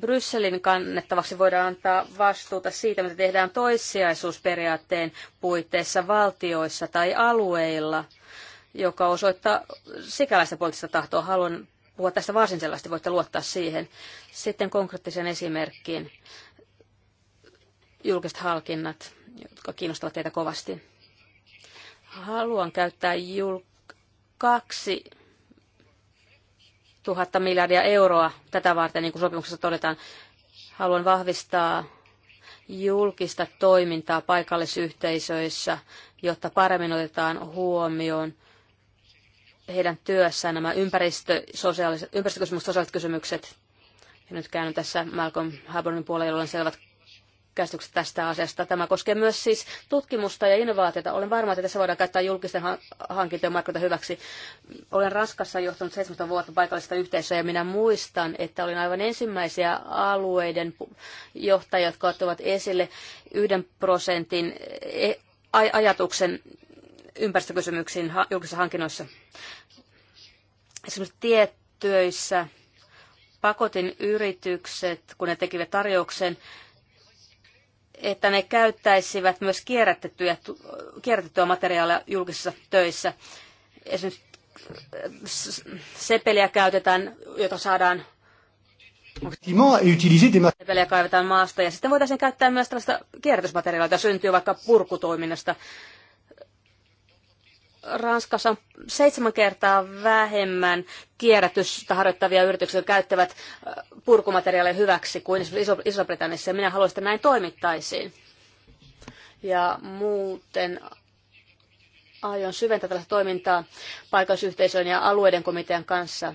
Brysselin kannettavaksi voidaan antaa vastuuta siitä, mitä tehdään toissijaisuusperiaatteen puitteissa valtioissa tai alueilla, joka osoittaa sikäläistä poliittista tahtoa. Haluan puhua tästä varsin selvästi, voitte luottaa siihen. Sitten konkreettisen esimerkkiin julkiset halkinnat, jotka kiinnostavat teitä kovasti. Haluan käyttää jul- kaksi 000 miljardia euroa tätä varten, niin kuin sopimuksessa todetaan. Haluan vahvistaa julkista toimintaa paikallisyhteisöissä, jotta paremmin otetaan huomioon heidän työssään nämä ympäristö, ympäristökysymykset, sosiaaliset kysymykset. Ja nyt käyn tässä Malcolm Habermin puolella, jolla on selvät käsitykset tästä asiasta. Tämä koskee myös siis tutkimusta ja innovaatiota. Olen varma, että tässä voidaan käyttää julkisten hankintojen markkinoita hyväksi. Olen Ranskassa johtanut 17 vuotta paikallista yhteisöä ja minä muistan, että olin aivan ensimmäisiä alueiden johtajia, jotka ottivat esille yhden prosentin e, ajatuksen ympäristökysymyksiin julkisissa hankinnoissa. Esimerkiksi tiettyissä pakotin yritykset, kun ne tekivät tarjouksen, että ne käyttäisivät myös kierrätettyä, kierrätettyä materiaalia julkisissa töissä. Esimerkiksi sepeliä käytetään, jota saadaan Sepeliä kaivetaan maasta ja sitten voitaisiin käyttää myös tällaista kierrätysmateriaalia, jota syntyy vaikka purkutoiminnasta. Ranskassa on seitsemän kertaa vähemmän kierrätystä harjoittavia yrityksiä, jotka käyttävät purkumateriaaleja hyväksi kuin esimerkiksi Iso-Britanniassa. Ja minä haluaisin, että näin toimittaisiin. Ja muuten aion syventää tällaista toimintaa paikallisyhteisöjen ja alueiden komitean kanssa.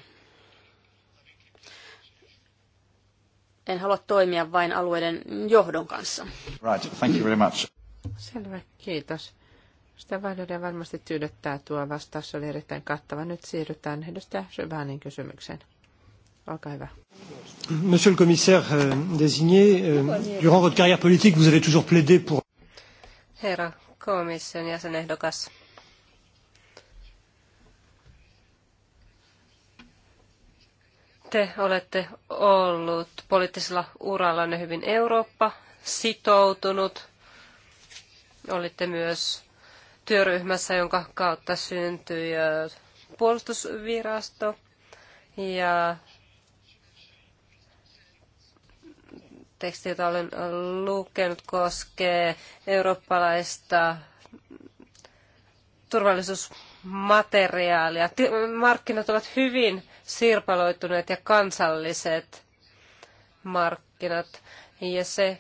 En halua toimia vain alueiden johdon kanssa. Right, thank you very much. Selvä, kiitos. Sitä vaihdoidaan varmasti tyydyttää tuo vastaus, oli erittäin kattava. Nyt siirrytään edustaja Syvänin kysymykseen. Olkaa hyvä. Monsieur le commissaire euh, désigné, euh, durant votre carrière politique, vous avez toujours plaidé pour... Herra komission jäsenehdokas. Te olette ollut poliittisella urallanne hyvin Eurooppa sitoutunut. Olitte myös työryhmässä, jonka kautta syntyi puolustusvirasto ja teksti, jota olen lukenut, koskee eurooppalaista turvallisuusmateriaalia. Markkinat ovat hyvin sirpaloituneet ja kansalliset markkinat. Ja se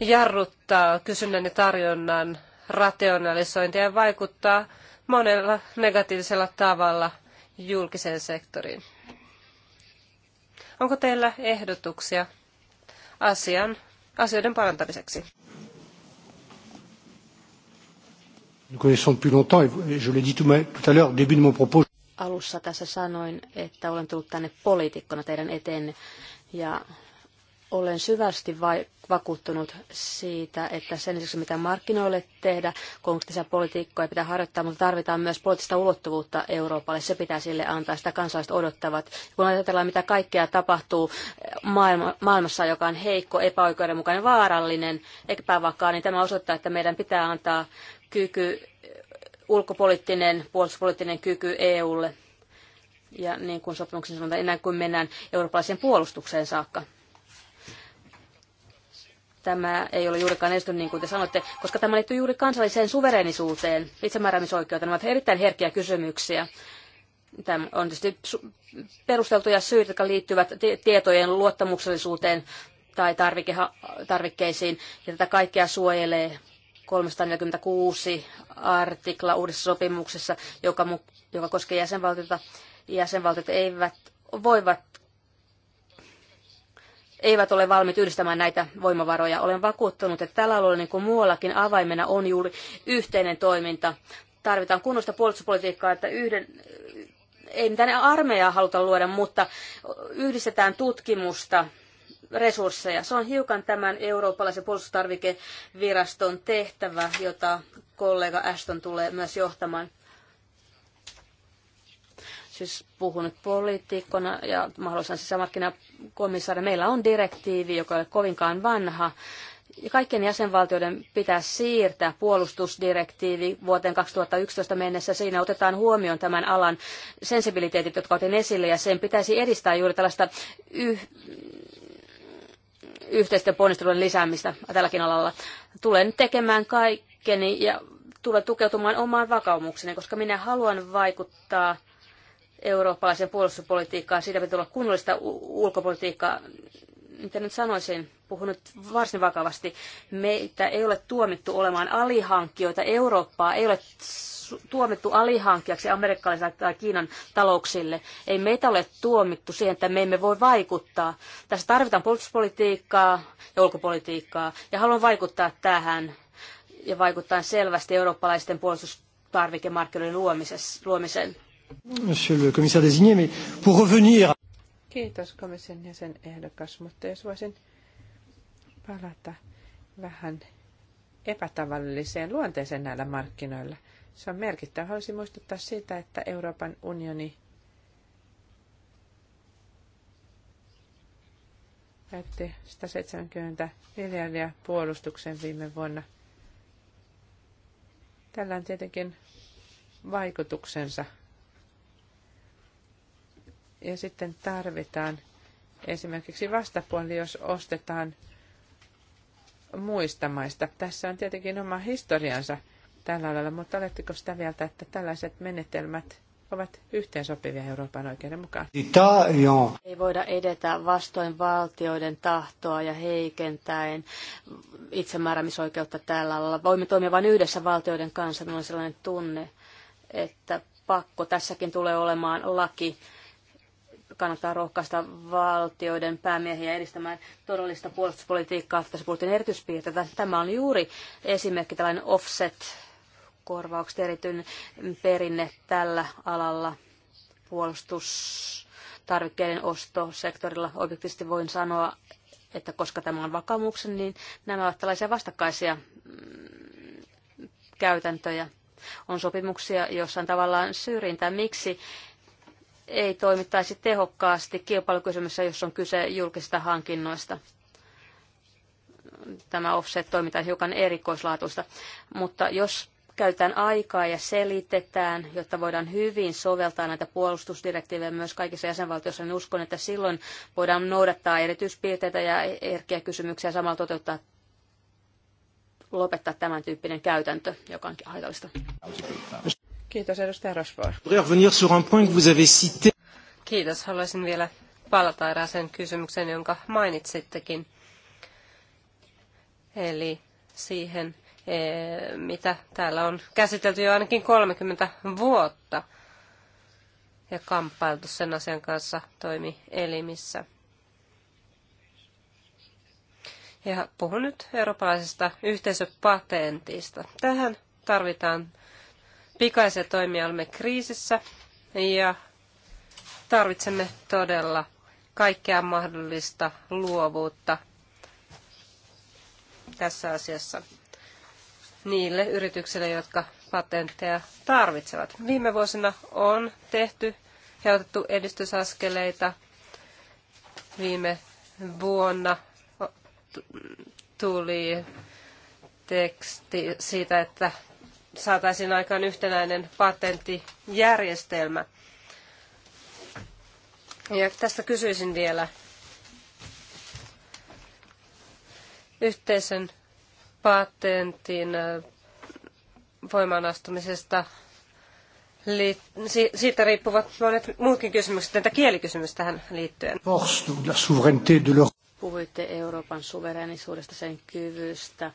jarruttaa kysynnän ja tarjonnan rationalisointia ja vaikuttaa monella negatiivisella tavalla julkiseen sektoriin. Onko teillä ehdotuksia asian, asioiden parantamiseksi? Alussa tässä sanoin, että olen tullut tänne poliitikkona teidän eteen ja olen syvästi vai, vakuuttunut siitä, että sen lisäksi mitä markkinoille tehdä, konkreettisia politiikkoja pitää harjoittaa, mutta tarvitaan myös poliittista ulottuvuutta Euroopalle. Se pitää sille antaa, sitä kansalaiset odottavat. Kun ajatellaan, mitä kaikkea tapahtuu maailma, maailmassa, joka on heikko, epäoikeudenmukainen, vaarallinen, epävakaa, niin tämä osoittaa, että meidän pitää antaa kyky, ulkopoliittinen, puolustuspoliittinen kyky EUlle. Ja niin kuin sopimuksen sanotaan, ennen kuin mennään eurooppalaiseen puolustukseen saakka tämä ei ole juurikaan estynyt, niin kuin te sanoitte, koska tämä liittyy juuri kansalliseen suvereenisuuteen, itsemääräämisoikeuteen. Nämä ovat erittäin herkkiä kysymyksiä. Tämä on tietysti perusteltuja syitä, jotka liittyvät tietojen luottamuksellisuuteen tai tarvikkeisiin, ja tätä kaikkea suojelee 346 artikla uudessa sopimuksessa, joka, joka koskee jäsenvaltiota. Jäsenvaltiot eivät voivat eivät ole valmiit yhdistämään näitä voimavaroja. Olen vakuuttunut, että tällä alueella niin kuin muuallakin avaimena on juuri yhteinen toiminta. Tarvitaan kunnosta puolustuspolitiikkaa, että yhden, ei mitään armeijaa haluta luoda, mutta yhdistetään tutkimusta, resursseja. Se on hiukan tämän eurooppalaisen puolustustarvikeviraston tehtävä, jota kollega Ashton tulee myös johtamaan siis puhun nyt poliitikkona ja mahdollisen sisämarkkinakomissaari, meillä on direktiivi, joka ei ole kovinkaan vanha, ja kaikkien jäsenvaltioiden pitää siirtää puolustusdirektiivi vuoteen 2011 mennessä. Siinä otetaan huomioon tämän alan sensibiliteetit, jotka otin esille, ja sen pitäisi edistää juuri tällaista yh- yhteisten ponnistelujen lisäämistä tälläkin alalla. Tulen tekemään kaikkeni ja tulen tukeutumaan omaan vakaumukseni, koska minä haluan vaikuttaa eurooppalaiseen puolustuspolitiikkaan. Siitä pitää tulla kunnollista ulkopolitiikkaa. Mitä nyt sanoisin, puhun nyt varsin vakavasti. Meitä ei ole tuomittu olemaan alihankkijoita. Eurooppaa ei ole tuomittu alihankkijaksi amerikkalaisille tai Kiinan talouksille. Ei meitä ole tuomittu siihen, että me emme voi vaikuttaa. Tässä tarvitaan puolustuspolitiikkaa ja ulkopolitiikkaa. Ja haluan vaikuttaa tähän ja vaikuttaa selvästi eurooppalaisten puolustustarvikemarkkinoiden tarvikemarkkinoiden luomiseen. Monsieur le commissaire désigné, mais pour revenir... Kiitos komission jäsen ehdokas, mutta jos voisin palata vähän epätavalliseen luonteeseen näillä markkinoilla. Se on merkittävä. Haluaisin muistuttaa siitä, että Euroopan unioni käytti 170 miljardia puolustuksen viime vuonna. Tällä on tietenkin vaikutuksensa – ja sitten tarvitaan esimerkiksi vastapuoli, jos ostetaan muista maista. Tässä on tietenkin oma historiansa tällä alalla, mutta oletteko sitä mieltä, että tällaiset menetelmät ovat yhteensopivia Euroopan oikeuden mukaan. Ei voida edetä vastoin valtioiden tahtoa ja heikentäen itsemääräämisoikeutta tällä alalla. Voimme toimia vain yhdessä valtioiden kanssa. Minulla on sellainen tunne, että pakko tässäkin tulee olemaan laki kannattaa rohkaista valtioiden päämiehiä edistämään todellista puolustuspolitiikkaa. Tässä puhuttiin erityispiirteitä. Tämä on juuri esimerkki tällainen offset korvaukset erityinen perinne tällä alalla puolustustarvikkeiden ostosektorilla. Objektiivisesti voin sanoa, että koska tämä on vakaumuksen, niin nämä ovat tällaisia vastakkaisia mm, käytäntöjä. On sopimuksia, joissa on tavallaan syrjintää. Miksi ei toimittaisi tehokkaasti kilpailukysymyksessä, jos on kyse julkisista hankinnoista. Tämä offset toimittaisi hiukan erikoislaatuista, mutta jos käytetään aikaa ja selitetään, jotta voidaan hyvin soveltaa näitä puolustusdirektiivejä myös kaikissa jäsenvaltioissa, niin uskon, että silloin voidaan noudattaa erityispiirteitä ja erkeä kysymyksiä ja samalla toteuttaa lopettaa tämän tyyppinen käytäntö, joka onkin haitallista. Kiitos edustaja Rosvoor. Kiitos. Haluaisin vielä palata erääseen kysymykseen, jonka mainitsittekin. Eli siihen, e, mitä täällä on käsitelty jo ainakin 30 vuotta ja kamppailtu sen asian kanssa toimielimissä. Ja puhun nyt eurooppalaisesta yhteisöpatentista. Tähän tarvitaan pikaisia toimia olemme kriisissä ja tarvitsemme todella kaikkea mahdollista luovuutta tässä asiassa niille yrityksille, jotka patentteja tarvitsevat. Viime vuosina on tehty ja otettu edistysaskeleita. Viime vuonna tuli teksti siitä, että saataisiin aikaan yhtenäinen patenttijärjestelmä. Ja tästä kysyisin vielä yhteisen patentin voimaanastumisesta siitä riippuvat monet muutkin kysymykset, entä kielikysymys tähän liittyen? Puhuitte Euroopan suverenisuudesta, sen kyvystä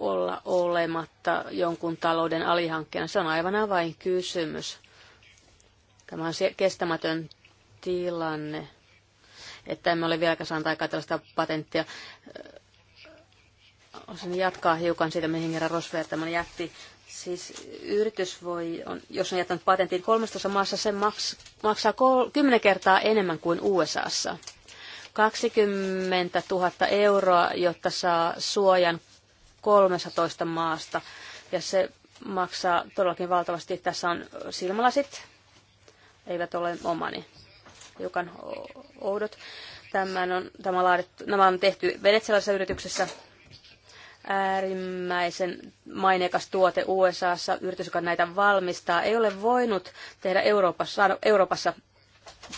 olla olematta jonkun talouden alihankkeena. Se on aivan avain kysymys. Tämä on se kestämätön tilanne, että emme ole vieläkään saanut aikaa tällaista patenttia. Osin jatkaa hiukan siitä, mihin herra Rosver tämän jätti. Siis yritys voi, on, jos on jättänyt patentin 13 maassa, se maks, maksaa kol, 10 kertaa enemmän kuin USAssa. 20 000 euroa, jotta saa suojan 13 maasta. Ja se maksaa todellakin valtavasti. Tässä on silmälasit, eivät ole omani, hiukan oudot. Tämän on, tämä laadittu, nämä on tehty venetsialaisessa yrityksessä äärimmäisen maineikas tuote USAssa. Yritys, joka näitä valmistaa, ei ole voinut tehdä Euroopassa, saada Euroopassa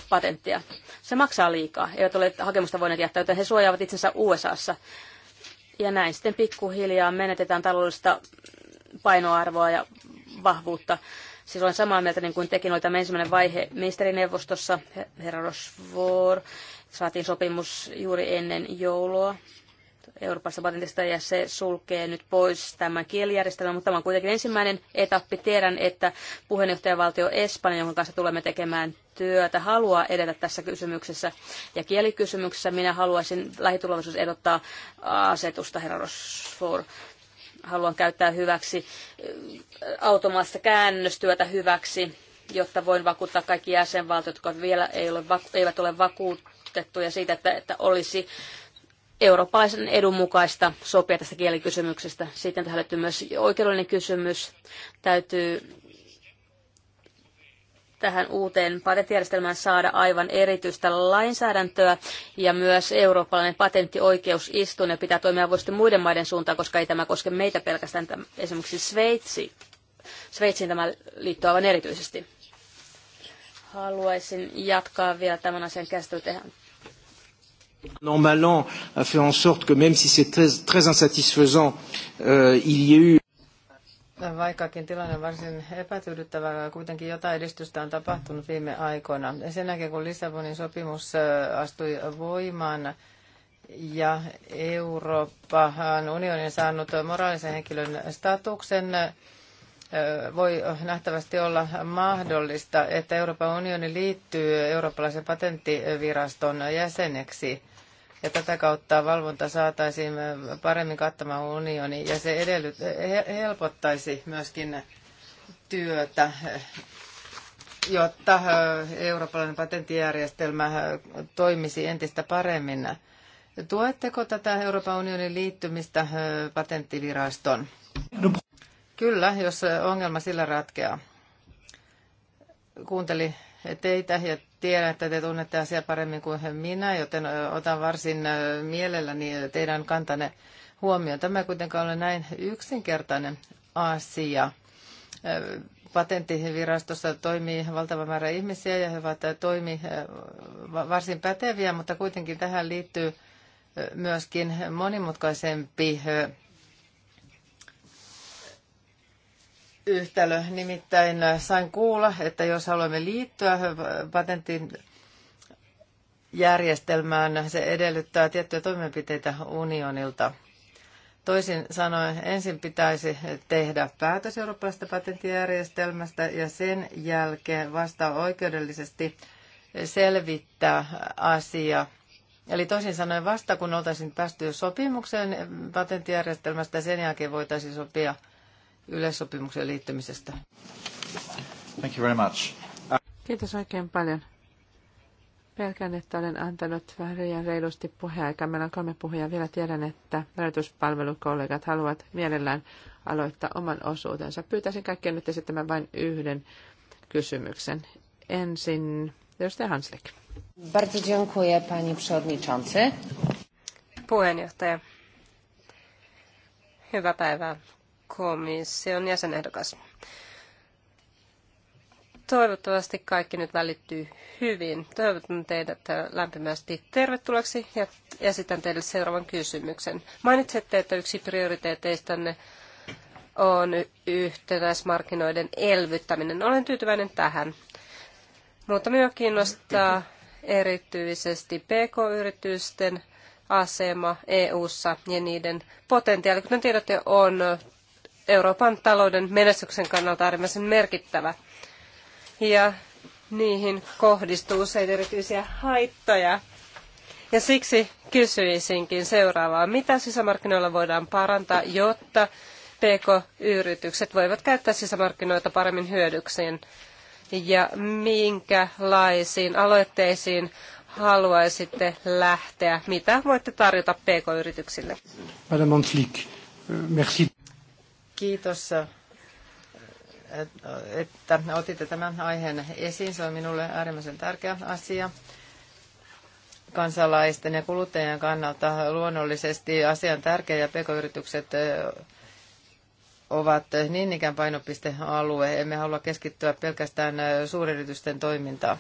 patenttia. Se maksaa liikaa, eivät ole hakemusta voineet jättää, joten he suojaavat itsensä USAssa. Ja näin sitten pikkuhiljaa menetetään taloudellista painoarvoa ja vahvuutta. Siis olen samaa mieltä niin kuin tekin, oli tämä ensimmäinen vaihe ministerineuvostossa, herra Rosvor, saatiin sopimus juuri ennen joulua Euroopassa patentista ja se sulkee nyt pois tämän kielijärjestelmän, mutta tämä on kuitenkin ensimmäinen etappi. Tiedän, että puheenjohtajavaltio Espanja, jonka kanssa tulemme tekemään työtä, haluaa edetä tässä kysymyksessä. Ja kielikysymyksessä minä haluaisin lähitulevaisuus ehdottaa asetusta, herra Rosfor haluan käyttää hyväksi äh, automaattista käännöstyötä hyväksi, jotta voin vakuuttaa kaikki jäsenvaltiot, jotka vielä ei ole, eivät ole vakuutettuja siitä, että, että olisi eurooppalaisen edun mukaista sopia tästä kielikysymyksestä. Sitten tähän löytyy myös oikeudellinen kysymys. Täytyy tähän uuteen patenttijärjestelmään saada aivan erityistä lainsäädäntöä ja myös eurooppalainen istuu ja pitää toimia voisi muiden maiden suuntaan, koska ei tämä koske meitä pelkästään. Esimerkiksi Sveitsi. Sveitsiin tämä liittyy aivan erityisesti. Haluaisin jatkaa vielä tämän asian käsittelyä. Normalan a fait en sorte que même si c'est très, très insatisfaisant, euh, il y a eu Vaikkakin tilanne on varsin epätyydyttävä, kuitenkin jotain edistystä on tapahtunut viime aikoina. Sen jälkeen kun Lissabonin sopimus astui voimaan ja Euroopan unionin saanut moraalisen henkilön statuksen, voi nähtävästi olla mahdollista, että Euroopan unioni liittyy eurooppalaisen patenttiviraston jäseneksi ja tätä kautta valvonta saataisiin paremmin kattamaan unioni ja se edellyt, helpottaisi myöskin työtä, jotta eurooppalainen patenttijärjestelmä toimisi entistä paremmin. Tuetteko tätä Euroopan unionin liittymistä patenttiviraston? Kyllä, jos ongelma sillä ratkeaa. Kuunteli teitä ja Tiedän, että te tunnette asia paremmin kuin minä, joten otan varsin mielelläni teidän kantanne huomioon. Tämä ei kuitenkaan ole näin yksinkertainen asia. Patenttivirastossa toimii valtava määrä ihmisiä ja he ovat toimi varsin päteviä, mutta kuitenkin tähän liittyy myöskin monimutkaisempi yhtälö. Nimittäin sain kuulla, että jos haluamme liittyä patentin järjestelmään, se edellyttää tiettyjä toimenpiteitä unionilta. Toisin sanoen, ensin pitäisi tehdä päätös eurooppalaisesta patenttijärjestelmästä ja sen jälkeen vasta oikeudellisesti selvittää asia. Eli toisin sanoen vasta kun oltaisiin päästy sopimukseen patenttijärjestelmästä, sen jälkeen voitaisiin sopia – yleissopimukseen liittymisestä. Thank you very much. Kiitos oikein paljon. Pelkään, että olen antanut vähän liian reilusti puheaikaa. Meillä on kolme puhujaa. Vielä tiedän, että verotuspalvelukollegat haluavat mielellään aloittaa oman osuutensa. Pyytäisin kaikkia nyt esittämään vain yhden kysymyksen. Ensin edustaja Hanslik. Bardzo dziękuję, pani przewodniczący. Puheenjohtaja. Hyvää päivää komission jäsenehdokas. Toivottavasti kaikki nyt välittyy hyvin. Toivotan teidät lämpimästi tervetulleeksi ja esitän teille seuraavan kysymyksen. Mainitsette, että yksi prioriteeteistanne on yhtenäismarkkinoiden elvyttäminen. Olen tyytyväinen tähän. Mutta minua kiinnostaa erityisesti PK-yritysten asema EU-ssa ja niiden potentiaali. Kuten tiedätte, on Euroopan talouden menestyksen kannalta äärimmäisen merkittävä. Ja niihin kohdistuu usein erityisiä haittoja. Ja siksi kysyisinkin seuraavaa. Mitä sisämarkkinoilla voidaan parantaa, jotta PK-yritykset voivat käyttää sisämarkkinoita paremmin hyödykseen? Ja minkälaisiin aloitteisiin haluaisitte lähteä? Mitä voitte tarjota PK-yrityksille? Madame Flick, merci. Kiitos, että otitte tämän aiheen esiin. Se on minulle äärimmäisen tärkeä asia kansalaisten ja kuluttajien kannalta luonnollisesti asian tärkeä ja pk eh, ovat niin ikään painopistealue. Emme halua keskittyä pelkästään eh, suuryritysten toimintaan.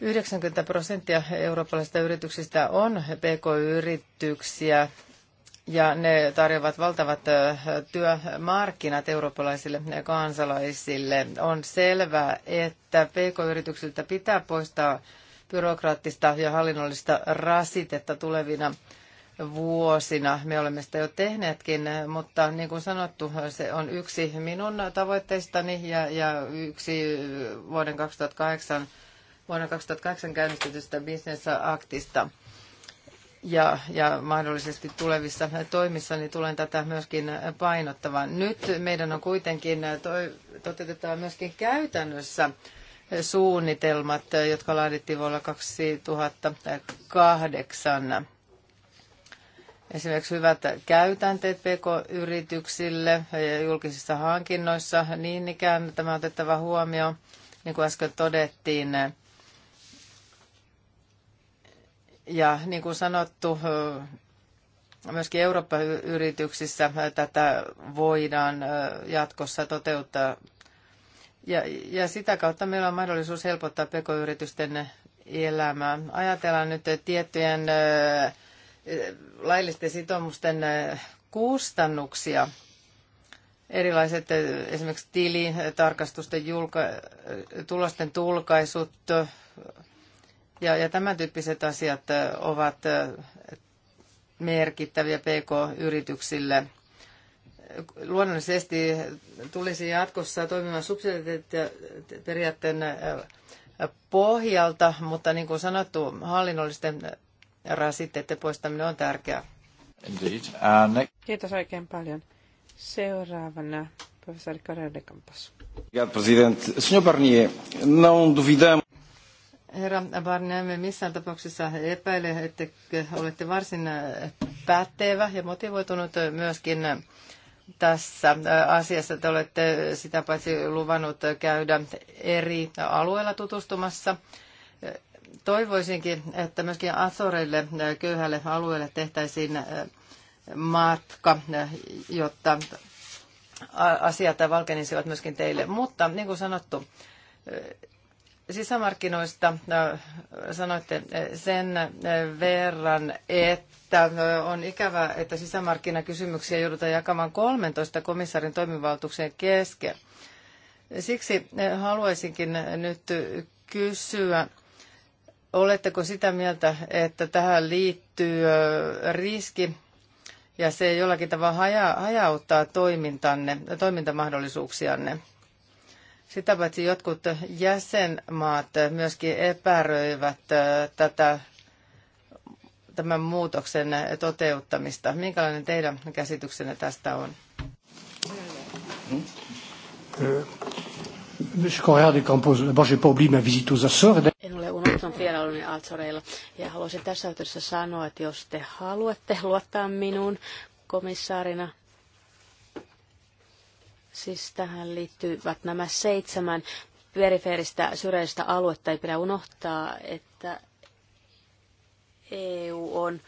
90 prosenttia eurooppalaisista yrityksistä on pk-yrityksiä ja ne tarjoavat valtavat työmarkkinat eurooppalaisille kansalaisille. On selvää, että pk-yrityksiltä pitää poistaa byrokraattista ja hallinnollista rasitetta tulevina vuosina. Me olemme sitä jo tehneetkin, mutta niin kuin sanottu, se on yksi minun tavoitteistani ja, ja yksi vuoden 2008, vuonna 2008 käynnistetystä Business Actista – ja, ja mahdollisesti tulevissa toimissa, niin tulen tätä myöskin painottamaan. Nyt meidän on kuitenkin toi, toteutettava myöskin käytännössä suunnitelmat, jotka laadittiin vuonna 2008. Esimerkiksi hyvät käytänteet PK-yrityksille ja julkisissa hankinnoissa, niin ikään tämä otettava huomio, niin kuin äsken todettiin, ja niin kuin sanottu, myöskin Euroopan yrityksissä tätä voidaan jatkossa toteuttaa. Ja, ja sitä kautta meillä on mahdollisuus helpottaa pekoyritysten elämää. Ajatellaan nyt tiettyjen laillisten sitoumusten kustannuksia. Erilaiset esimerkiksi tilitarkastusten julka- tulosten tulkaisut, ja, ja tämän tyyppiset asiat ovat merkittäviä PK-yrityksille. Luonnollisesti tulisi jatkossa toimimaan subsidiariteettiperiaatteen pohjalta, mutta niin kuin sanottu, hallinnollisten rasitteiden poistaminen on tärkeää. Uh, Kiitos oikein paljon. Seuraavana professori Karel de Campos. Signor Barnier, non duvidamos... Herra Barnemme, missä missään tapauksessa epäile, että olette varsin päättevä ja motivoitunut myöskin tässä asiassa. Te olette sitä paitsi luvannut käydä eri alueilla tutustumassa. Toivoisinkin, että myöskin Azoreille, köyhälle alueelle tehtäisiin matka, jotta asiat valkenisivat myöskin teille. Mutta niin kuin sanottu, sisämarkkinoista no, sanoitte sen verran, että on ikävää, että sisämarkkinakysymyksiä joudutaan jakamaan 13 komissarin toimivaltuuksien kesken. Siksi haluaisinkin nyt kysyä, oletteko sitä mieltä, että tähän liittyy riski ja se jollakin tavalla haja, hajauttaa toimintanne, toimintamahdollisuuksianne? Sitä paitsi jotkut jäsenmaat myöskin epäröivät tätä, tämän muutoksen toteuttamista. Minkälainen teidän käsityksenne tästä on? Euh, en ole unohtanut vierailuni Azoreilla ja haluaisin tässä yhteydessä sanoa, että jos te haluatte luottaa minuun komissaarina, Siis tähän liittyvät nämä seitsemän perifeeristä syrjäistä aluetta. Ei pidä unohtaa, että EU on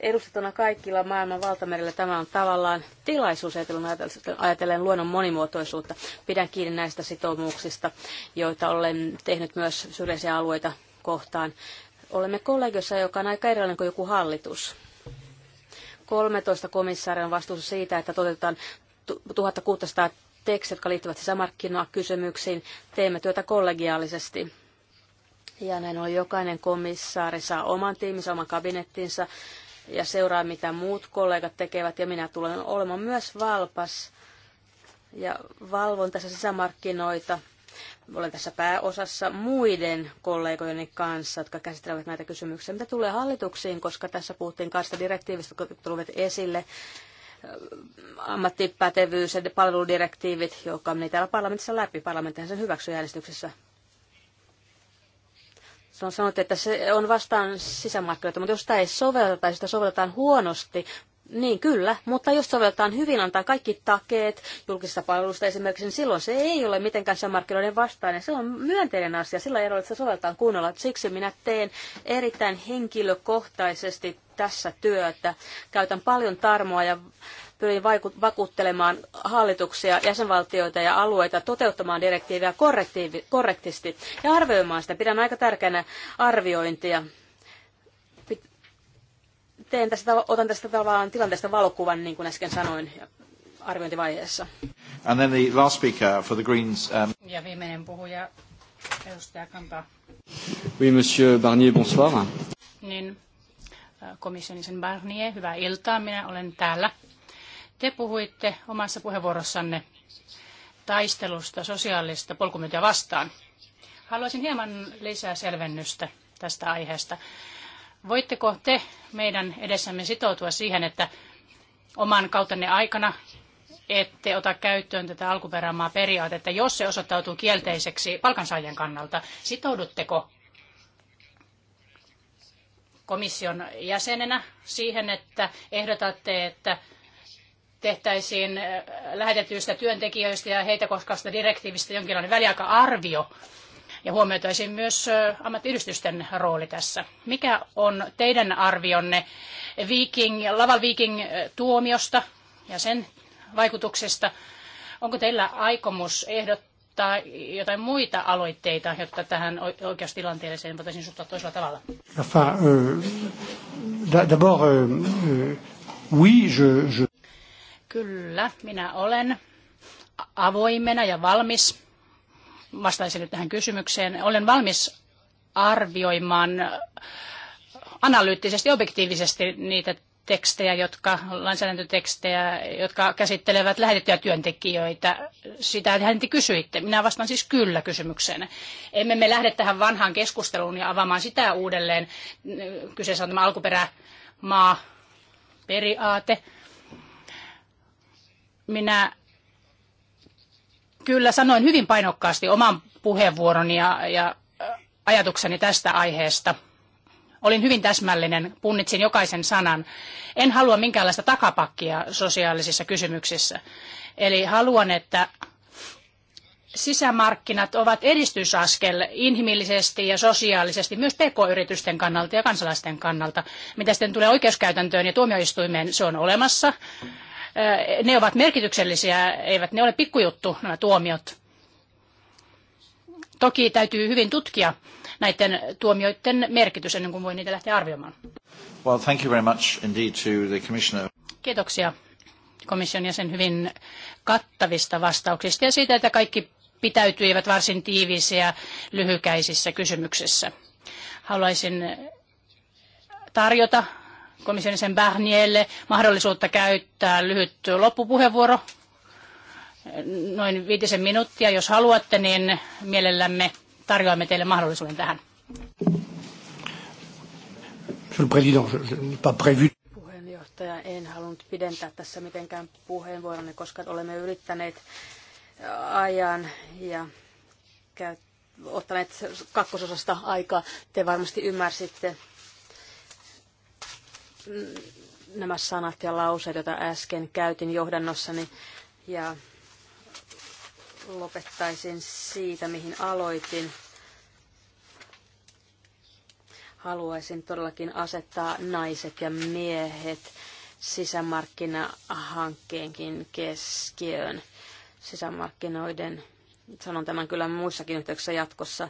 edustettuna kaikilla maailman valtamerillä. Tämä on tavallaan tilaisuus ajatellen luonnon monimuotoisuutta. Pidän kiinni näistä sitoumuksista, joita olen tehnyt myös syrjäisiä alueita kohtaan. Olemme kollegiossa, joka on aika erilainen kuin joku hallitus. 13 komissaari on vastuussa siitä, että toteutetaan 1600 tekstit, jotka liittyvät sisämarkkinakysymyksiin. Teemme työtä kollegiaalisesti. Ja näin on jokainen komissaari saa oman tiiminsä, oman kabinettinsa ja seuraa, mitä muut kollegat tekevät. Ja minä tulen olemaan myös valpas ja valvon tässä sisämarkkinoita. Olen tässä pääosassa muiden kollegojeni kanssa, jotka käsittelevät näitä kysymyksiä, mitä tulee hallituksiin, koska tässä puhuttiin kahdesta direktiivistä, jotka tulivat esille ammattipätevyys ja palveludirektiivit, jotka meni täällä parlamentissa läpi. Parlamenttihan sen hyväksyi äänestyksessä. Se on sanottu, että se on vastaan sisämarkkinoita, mutta jos sitä ei sovelleta tai sitä sovelletaan huonosti, niin kyllä, mutta jos sovelletaan hyvin, antaa kaikki takeet julkisesta palvelusta esimerkiksi, niin silloin se ei ole mitenkään markkinoiden vastainen. Se on myönteinen asia sillä erolla, että se sovelletaan kunnolla. Siksi minä teen erittäin henkilökohtaisesti tässä työtä. Käytän paljon tarmoa ja pyrin vaikut- vakuuttelemaan hallituksia, jäsenvaltioita ja alueita toteuttamaan direktiiviä korrektiivi- korrektisti ja arvioimaan sitä. Pidän aika tärkeänä arviointia teen tästä, otan tästä tavallaan tilanteesta valokuvan, niin kuin äsken sanoin, arviointivaiheessa. And then the last speaker for the Greens. Um... Ja viimeinen puhuja, edustaja Kampaa. Oui, monsieur Barnier, bonsoir. Niin, äh, komissionisen Barnier, hyvää iltaa, minä olen täällä. Te puhuitte omassa puheenvuorossanne taistelusta sosiaalista polkumyyntiä vastaan. Haluaisin hieman lisää selvennystä tästä aiheesta. Voitteko te meidän edessämme sitoutua siihen, että oman kautenne aikana ette ota käyttöön tätä alkuperämaa periaatetta, jos se osoittautuu kielteiseksi palkansaajien kannalta? Sitoudutteko komission jäsenenä siihen, että ehdotatte, että tehtäisiin äh, lähetetyistä työntekijöistä ja heitä koskevasta direktiivistä jonkinlainen väliaika-arvio ja huomioitaisiin myös ammattiyhdistysten rooli tässä. Mikä on teidän arvionne Viking, Laval Viking tuomiosta ja sen vaikutuksesta? Onko teillä aikomus ehdottaa jotain muita aloitteita, jotta tähän oikeustilanteeseen voitaisiin suhtautua toisella tavalla? Euh, euh, euh, Kyllä, minä olen avoimena ja valmis vastaisin nyt tähän kysymykseen. Olen valmis arvioimaan analyyttisesti, objektiivisesti niitä tekstejä, jotka, lainsäädäntötekstejä, jotka käsittelevät lähetettyjä työntekijöitä. Sitä hän te kysyitte. Minä vastaan siis kyllä kysymykseen. Emme me lähde tähän vanhaan keskusteluun ja avaamaan sitä uudelleen. Kyseessä on tämä alkuperämaa periaate. Minä kyllä sanoin hyvin painokkaasti oman puheenvuoroni ja, ja ajatukseni tästä aiheesta. Olin hyvin täsmällinen, punnitsin jokaisen sanan. En halua minkäänlaista takapakkia sosiaalisissa kysymyksissä. Eli haluan, että sisämarkkinat ovat edistysaskel inhimillisesti ja sosiaalisesti myös pk-yritysten kannalta ja kansalaisten kannalta. Mitä sitten tulee oikeuskäytäntöön ja tuomioistuimeen, se on olemassa ne ovat merkityksellisiä, eivät ne ole pikkujuttu, nämä tuomiot. Toki täytyy hyvin tutkia näiden tuomioiden merkitys ennen kuin voi niitä lähteä arvioimaan. Well, thank you very much indeed to the commissioner. Kiitoksia komission jäsen hyvin kattavista vastauksista ja siitä, että kaikki pitäytyivät varsin tiiviissä ja lyhykäisissä kysymyksissä. Haluaisin tarjota komission sen Barnielle mahdollisuutta käyttää lyhyt loppupuheenvuoro, noin viitisen minuuttia. Jos haluatte, niin mielellämme tarjoamme teille mahdollisuuden tähän. Puheenjohtaja, en halunnut pidentää tässä mitenkään puheenvuoroni, koska olemme yrittäneet äh, ajan ja ottaneet kakkososasta aikaa. Te varmasti ymmärsitte, nämä sanat ja lauseet, joita äsken käytin johdannossani. Ja lopettaisin siitä, mihin aloitin. Haluaisin todellakin asettaa naiset ja miehet sisämarkkinahankkeenkin keskiöön. Sisämarkkinoiden, sanon tämän kyllä muissakin yhteyksissä jatkossa,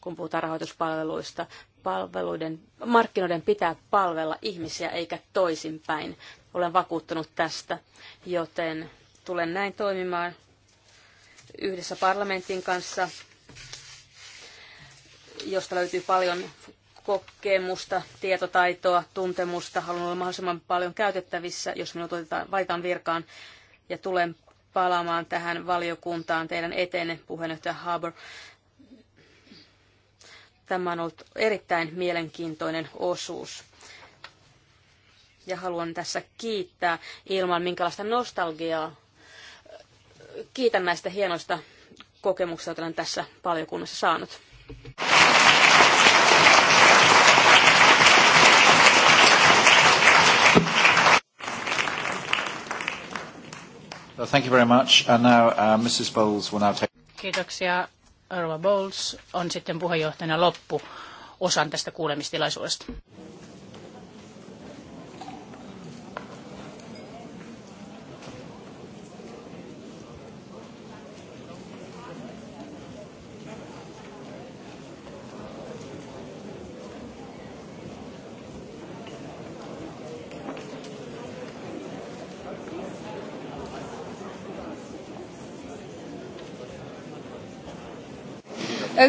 kun puhutaan rahoituspalveluista palveluiden, markkinoiden pitää palvella ihmisiä eikä toisinpäin. Olen vakuuttunut tästä, joten tulen näin toimimaan yhdessä parlamentin kanssa, josta löytyy paljon kokemusta, tietotaitoa, tuntemusta. Haluan olla mahdollisimman paljon käytettävissä, jos minut otetaan, valitaan virkaan ja tulen palaamaan tähän valiokuntaan teidän eteenne, puheenjohtaja Haber. Tämä on ollut erittäin mielenkiintoinen osuus. Ja haluan tässä kiittää ilman minkälaista nostalgiaa. Kiitän näistä hienoista kokemuksista, joita olen tässä valiokunnassa saanut. Thank you very much. And now, uh, Mrs. Bowles will now take... Kiitoksia. Rova Bowles on sitten puheenjohtajana loppu osan tästä kuulemistilaisuudesta.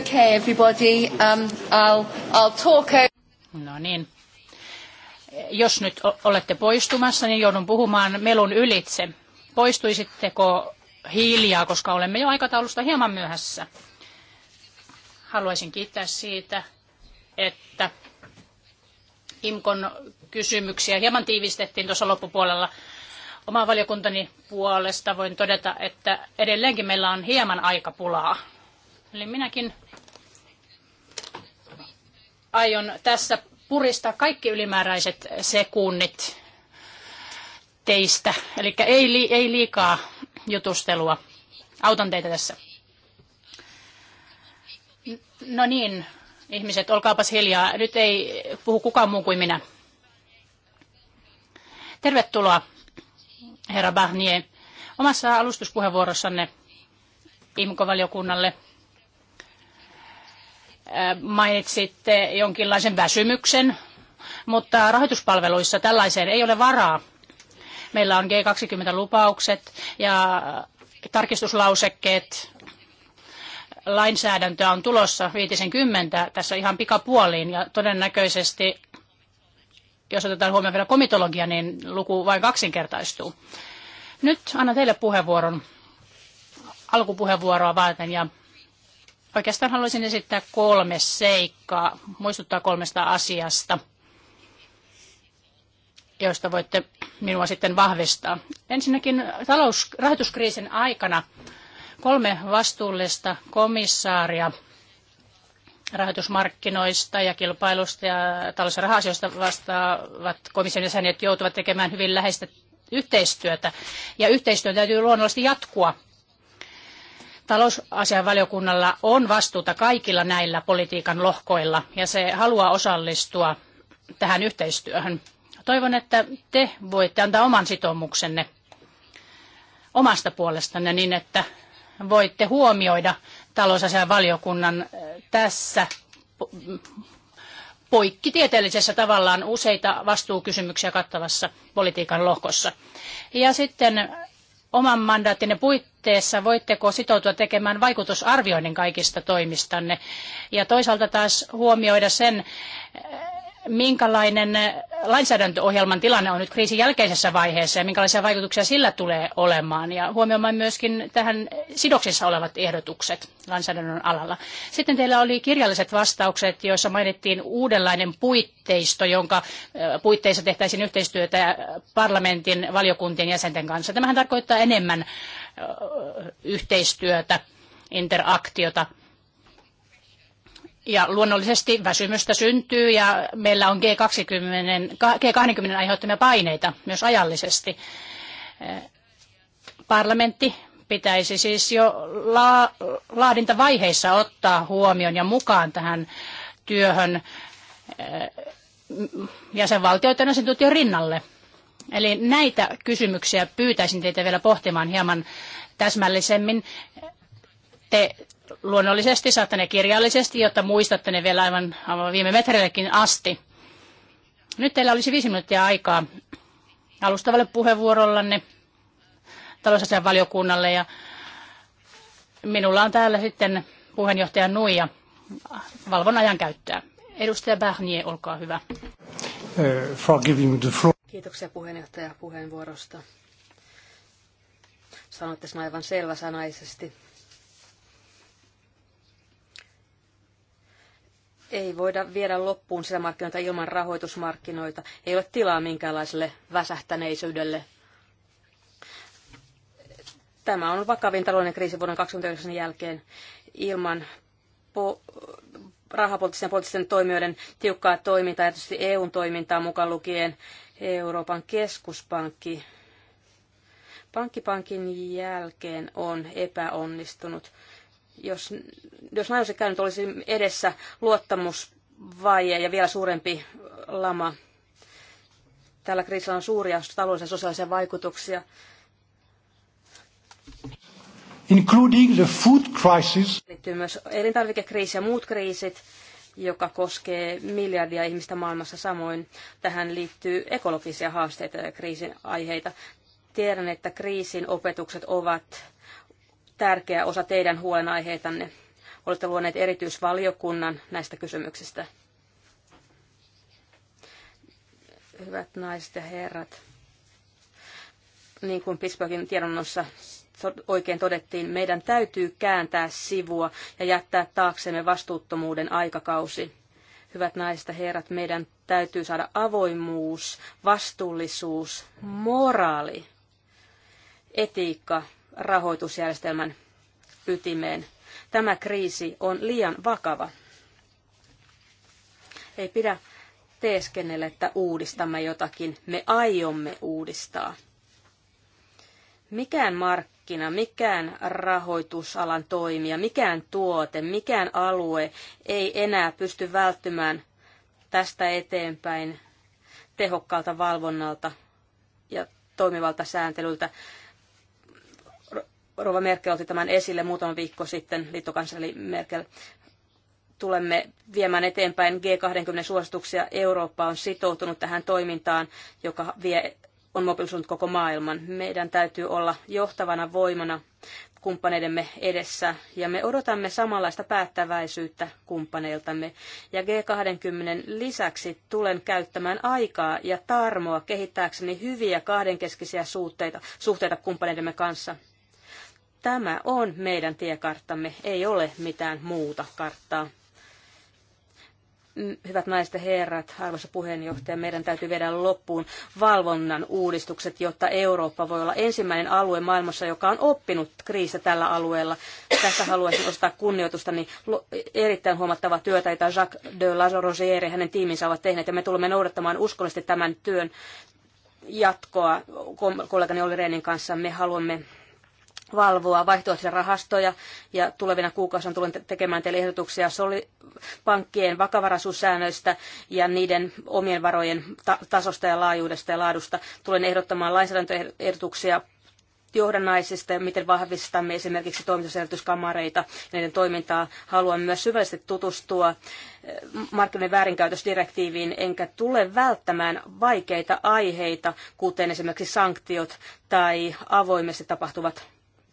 Okay, everybody, um, I'll, I'll talk No niin. Jos nyt olette poistumassa, niin joudun puhumaan melun ylitse. Poistuisitteko hiljaa, koska olemme jo aikataulusta hieman myöhässä. Haluaisin kiittää siitä, että IMKON kysymyksiä hieman tiivistettiin tuossa loppupuolella. Oma valiokuntani puolesta voin todeta, että edelleenkin meillä on hieman aikapulaa. Eli minäkin aion tässä puristaa kaikki ylimääräiset sekunnit teistä. Eli ei, li, ei liikaa jutustelua. Autan teitä tässä. No niin, ihmiset, olkaapas hiljaa. Nyt ei puhu kukaan muu kuin minä. Tervetuloa, herra Barnier. Omassa alustuspuheenvuorossanne IMKO-valiokunnalle mainitsitte jonkinlaisen väsymyksen, mutta rahoituspalveluissa tällaiseen ei ole varaa. Meillä on G20-lupaukset ja tarkistuslausekkeet. Lainsäädäntöä on tulossa 50 tässä ihan pikapuoliin ja todennäköisesti, jos otetaan huomioon vielä komitologia, niin luku vain kaksinkertaistuu. Nyt annan teille puheenvuoron alkupuheenvuoroa varten ja Oikeastaan haluaisin esittää kolme seikkaa, muistuttaa kolmesta asiasta, joista voitte minua sitten vahvistaa. Ensinnäkin talous, rahoituskriisin aikana kolme vastuullista komissaaria rahoitusmarkkinoista ja kilpailusta ja talous- ja raha-asioista vastaavat komission jäsenet joutuvat tekemään hyvin läheistä yhteistyötä. Ja yhteistyön täytyy luonnollisesti jatkua Talousasianvaliokunnalla on vastuuta kaikilla näillä politiikan lohkoilla ja se haluaa osallistua tähän yhteistyöhön. Toivon, että te voitte antaa oman sitoumuksenne omasta puolestanne niin, että voitte huomioida talousasianvaliokunnan eh, tässä poikkitieteellisessä tavallaan useita vastuukysymyksiä kattavassa politiikan lohkossa. Ja sitten oman mandaattinne puitteissa voitteko sitoutua tekemään vaikutusarvioinnin kaikista toimistanne ja toisaalta taas huomioida sen, minkälainen eh, lainsäädäntöohjelman tilanne on nyt kriisin jälkeisessä vaiheessa ja minkälaisia vaikutuksia sillä tulee olemaan ja huomioimaan myöskin tähän sidoksissa olevat ehdotukset lainsäädännön alalla. Sitten teillä oli kirjalliset vastaukset, joissa mainittiin uudenlainen puitteisto, jonka eh, puitteissa tehtäisiin yhteistyötä parlamentin valiokuntien jäsenten kanssa. Tämähän tarkoittaa enemmän eh, yhteistyötä, interaktiota. Ja luonnollisesti väsymystä syntyy ja meillä on G20, G20 aiheuttamia paineita myös ajallisesti. Parlamentti pitäisi siis jo la- laadintavaiheissa ottaa huomioon ja mukaan tähän työhön eh, jäsenvaltioiden asiantuntijan rinnalle. Eli näitä kysymyksiä pyytäisin teitä vielä pohtimaan hieman täsmällisemmin. Te luonnollisesti, saatte ne kirjallisesti, jotta muistatte ne vielä aivan, aivan viime metreillekin asti. Nyt teillä olisi viisi minuuttia aikaa alustavalle puheenvuorollanne talousasian valiokunnalle ja minulla on täällä sitten puheenjohtaja Nuija valvon ajan käyttöä. Edustaja Bernier, olkaa hyvä. Uh, Kiitoksia puheenjohtaja puheenvuorosta. Sanoitte sen aivan selväsanaisesti ei voida viedä loppuun sisämarkkinoita ilman rahoitusmarkkinoita. Ei ole tilaa minkäänlaiselle väsähtäneisyydelle. Tämä on vakavin taloudellinen kriisi vuoden 2029 jälkeen ilman po- rahapoliittisten ja poliittisten toimijoiden tiukkaa toimintaa erityisesti eu EUn toimintaa mukaan lukien Euroopan keskuspankki. Pankkipankin jälkeen on epäonnistunut jos, jos näin olisi käynyt, olisi edessä luottamusvaje ja vielä suurempi lama. Tällä kriisillä on suuria taloudellisia ja sosiaalisia vaikutuksia. Including the food crisis. Liittyy myös elintarvikekriisi ja muut kriisit joka koskee miljardia ihmistä maailmassa samoin. Tähän liittyy ekologisia haasteita ja kriisin aiheita. Tiedän, että kriisin opetukset ovat tärkeä osa teidän huolenaiheitanne. Olette luoneet erityisvaliokunnan näistä kysymyksistä. Hyvät naiset ja herrat, niin kuin Pittsburghin tiedonnossa oikein todettiin, meidän täytyy kääntää sivua ja jättää taaksemme vastuuttomuuden aikakausi. Hyvät naiset ja herrat, meidän täytyy saada avoimuus, vastuullisuus, moraali, etiikka rahoitusjärjestelmän ytimeen. Tämä kriisi on liian vakava. Ei pidä teeskennellä, että uudistamme jotakin. Me aiomme uudistaa. Mikään markkina, mikään rahoitusalan toimija, mikään tuote, mikään alue ei enää pysty välttymään tästä eteenpäin tehokkaalta valvonnalta ja toimivalta sääntelyltä. Rova Merkel otti tämän esille muutama viikko sitten, liittokansleri Merkel. Tulemme viemään eteenpäin G20 suosituksia. Eurooppa on sitoutunut tähän toimintaan, joka vie, on mobilisoinut koko maailman. Meidän täytyy olla johtavana voimana kumppaneidemme edessä ja me odotamme samanlaista päättäväisyyttä kumppaneiltamme. Ja G20 lisäksi tulen käyttämään aikaa ja tarmoa kehittääkseni hyviä kahdenkeskisiä suhteita, suhteita kumppaneidemme kanssa. Tämä on meidän tiekarttamme, ei ole mitään muuta karttaa. Mm, hyvät naiset ja herrat, arvoisa puheenjohtaja, meidän täytyy viedä loppuun valvonnan uudistukset, jotta Eurooppa voi olla ensimmäinen alue maailmassa, joka on oppinut kriisiä tällä alueella. Tässä haluaisin ostaa kunnioitusta, niin erittäin huomattavaa työtä, jota Jacques de Lazarosiere ja hänen tiiminsä ovat tehneet, ja me tulemme noudattamaan uskollisesti tämän työn jatkoa kollegani Olli Reenin kanssa. Me haluamme valvoa vaihtoehtoisia rahastoja ja tulevina kuukausina tulen tekemään teille ehdotuksia soli- pankkien vakavaraisuussäännöistä ja niiden omien varojen ta- tasosta ja laajuudesta ja laadusta. Tulen ehdottamaan lainsäädäntöehdotuksia johdannaisista ja miten vahvistamme esimerkiksi toimitusjärjestyskamareita ja niiden toimintaa. Haluan myös syvällisesti tutustua eh, markkinoiden väärinkäytösdirektiiviin, enkä tule välttämään vaikeita aiheita, kuten esimerkiksi sanktiot tai avoimesti tapahtuvat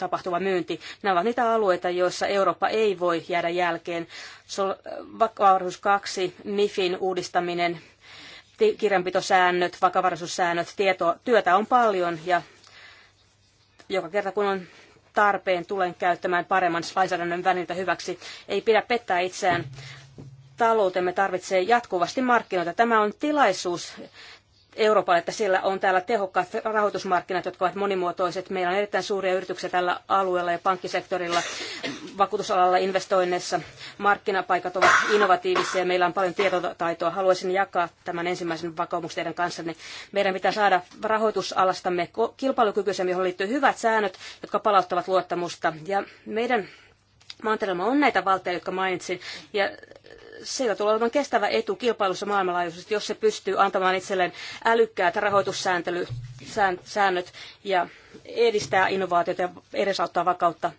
tapahtuva myynti. Nämä ovat niitä alueita, joissa Eurooppa ei voi jäädä jälkeen. Äh, vakavaraisuus 2, MIFin uudistaminen, kirjanpitosäännöt, vakavaraisuussäännöt, tieto, työtä on paljon ja joka kerta kun on tarpeen, tulen käyttämään paremman lainsäädännön välineitä hyväksi. Ei pidä pettää itseään taloutemme tarvitsee jatkuvasti markkinoita. Tämä on tilaisuus Euroopalle, että siellä on täällä tehokkaat rahoitusmarkkinat, jotka ovat monimuotoiset. Meillä on erittäin suuria yrityksiä tällä alueella ja pankkisektorilla, vakuutusalalla, investoinneissa. Markkinapaikat ovat innovatiivisia ja meillä on paljon tietotaitoa. Haluaisin jakaa tämän ensimmäisen vakaumuksen teidän kanssanne. Meidän pitää saada rahoitusalastamme kilpailukykyisemmin, johon liittyy hyvät säännöt, jotka palauttavat luottamusta. Ja meidän mantereella on näitä valteja, jotka mainitsin. Ja sillä tulee olemaan kestävä etu kilpailussa maailmanlaajuisesti, jos se pystyy antamaan itselleen älykkäät rahoitussäännöt ja edistää innovaatiota ja edesauttaa vakautta.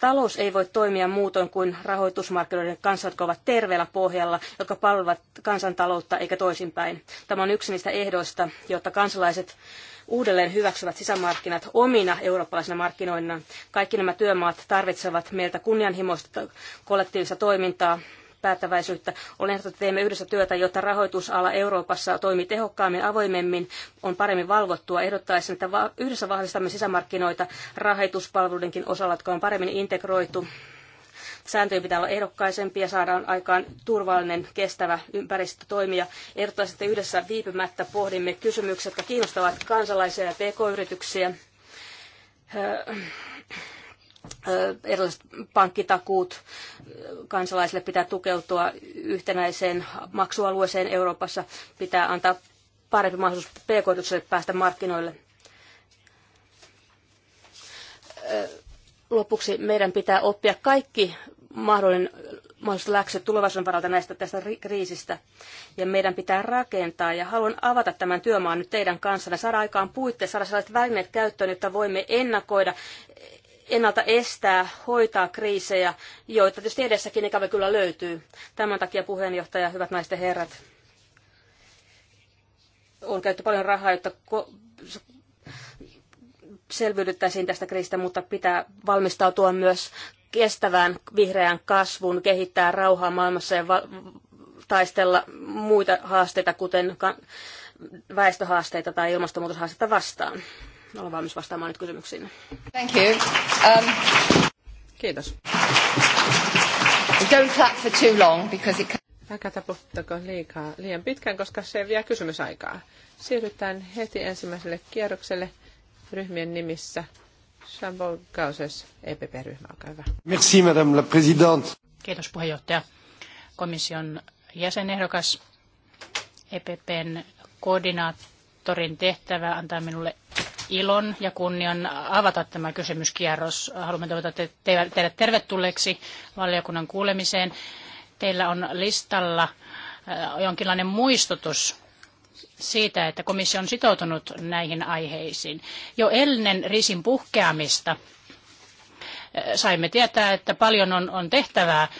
Talous ei voi toimia muutoin kuin rahoitusmarkkinoiden kanssa, jotka ovat terveellä pohjalla, jotka palvelevat kansantaloutta eikä toisinpäin. Tämä on yksi niistä ehdoista, jotta kansalaiset uudelleen hyväksyvät sisämarkkinat omina eurooppalaisina markkinoina. Kaikki nämä työmaat tarvitsevat meiltä kunnianhimoista kollektiivista toimintaa, päättäväisyyttä. Olen että teemme yhdessä työtä, jotta rahoitusala Euroopassa toimii tehokkaammin, avoimemmin, on paremmin valvottua. Ehdottaisin, että yhdessä vahvistamme sisämarkkinoita rahoituspalveluidenkin osalla, jotka on paremmin integroitu sääntöjen pitää olla ehdokkaisempia ja saadaan aikaan turvallinen, kestävä ympäristö toimia. Ehdottaisin, että yhdessä viipymättä pohdimme kysymyksiä, jotka kiinnostavat kansalaisia ja pk-yrityksiä erilaiset pankkitakuut kansalaisille pitää tukeutua yhtenäiseen maksualueeseen Euroopassa, pitää antaa parempi mahdollisuus pk päästä markkinoille. Lopuksi meidän pitää oppia kaikki mahdollinen, mahdolliset läksyt tulevaisuuden varalta näistä tästä kriisistä. Ja meidän pitää rakentaa, ja haluan avata tämän työmaan nyt teidän kanssanne, saada aikaan puitteet, saada sellaiset välineet käyttöön, jotta voimme ennakoida ennalta estää, hoitaa kriisejä, joita tietysti edessäkin ikävä kyllä löytyy. Tämän takia puheenjohtaja, hyvät naiset ja herrat, on käytetty paljon rahaa, jotta selviydyttäisiin tästä kriisistä, mutta pitää valmistautua myös kestävään vihreään kasvuun, kehittää rauhaa maailmassa ja taistella muita haasteita, kuten väestöhaasteita tai ilmastonmuutoshaasteita vastaan. Olen valmis vastaamaan nyt kysymyksiin. Thank you. Um... Kiitos. Don't clap for too long because it... Älkää taputtako liikaa, liian pitkään, koska se vie kysymysaikaa. Siirrytään heti ensimmäiselle kierrokselle ryhmien nimissä. Jean-Paul EPP-ryhmä, olkaa hyvä. Merci, madame la présidente. Kiitos puheenjohtaja. Komission jäsenehdokas EPPn koordinaattorin tehtävä antaa minulle ilon ja kunnian avata tämä kysymyskierros. Haluamme toivottaa te, te, teidät tervetulleeksi valiokunnan kuulemiseen. Teillä on listalla äh, jonkinlainen muistutus siitä, että komissio on sitoutunut näihin aiheisiin. Jo ennen risin puhkeamista äh, saimme tietää, että paljon on, on tehtävää. Äh,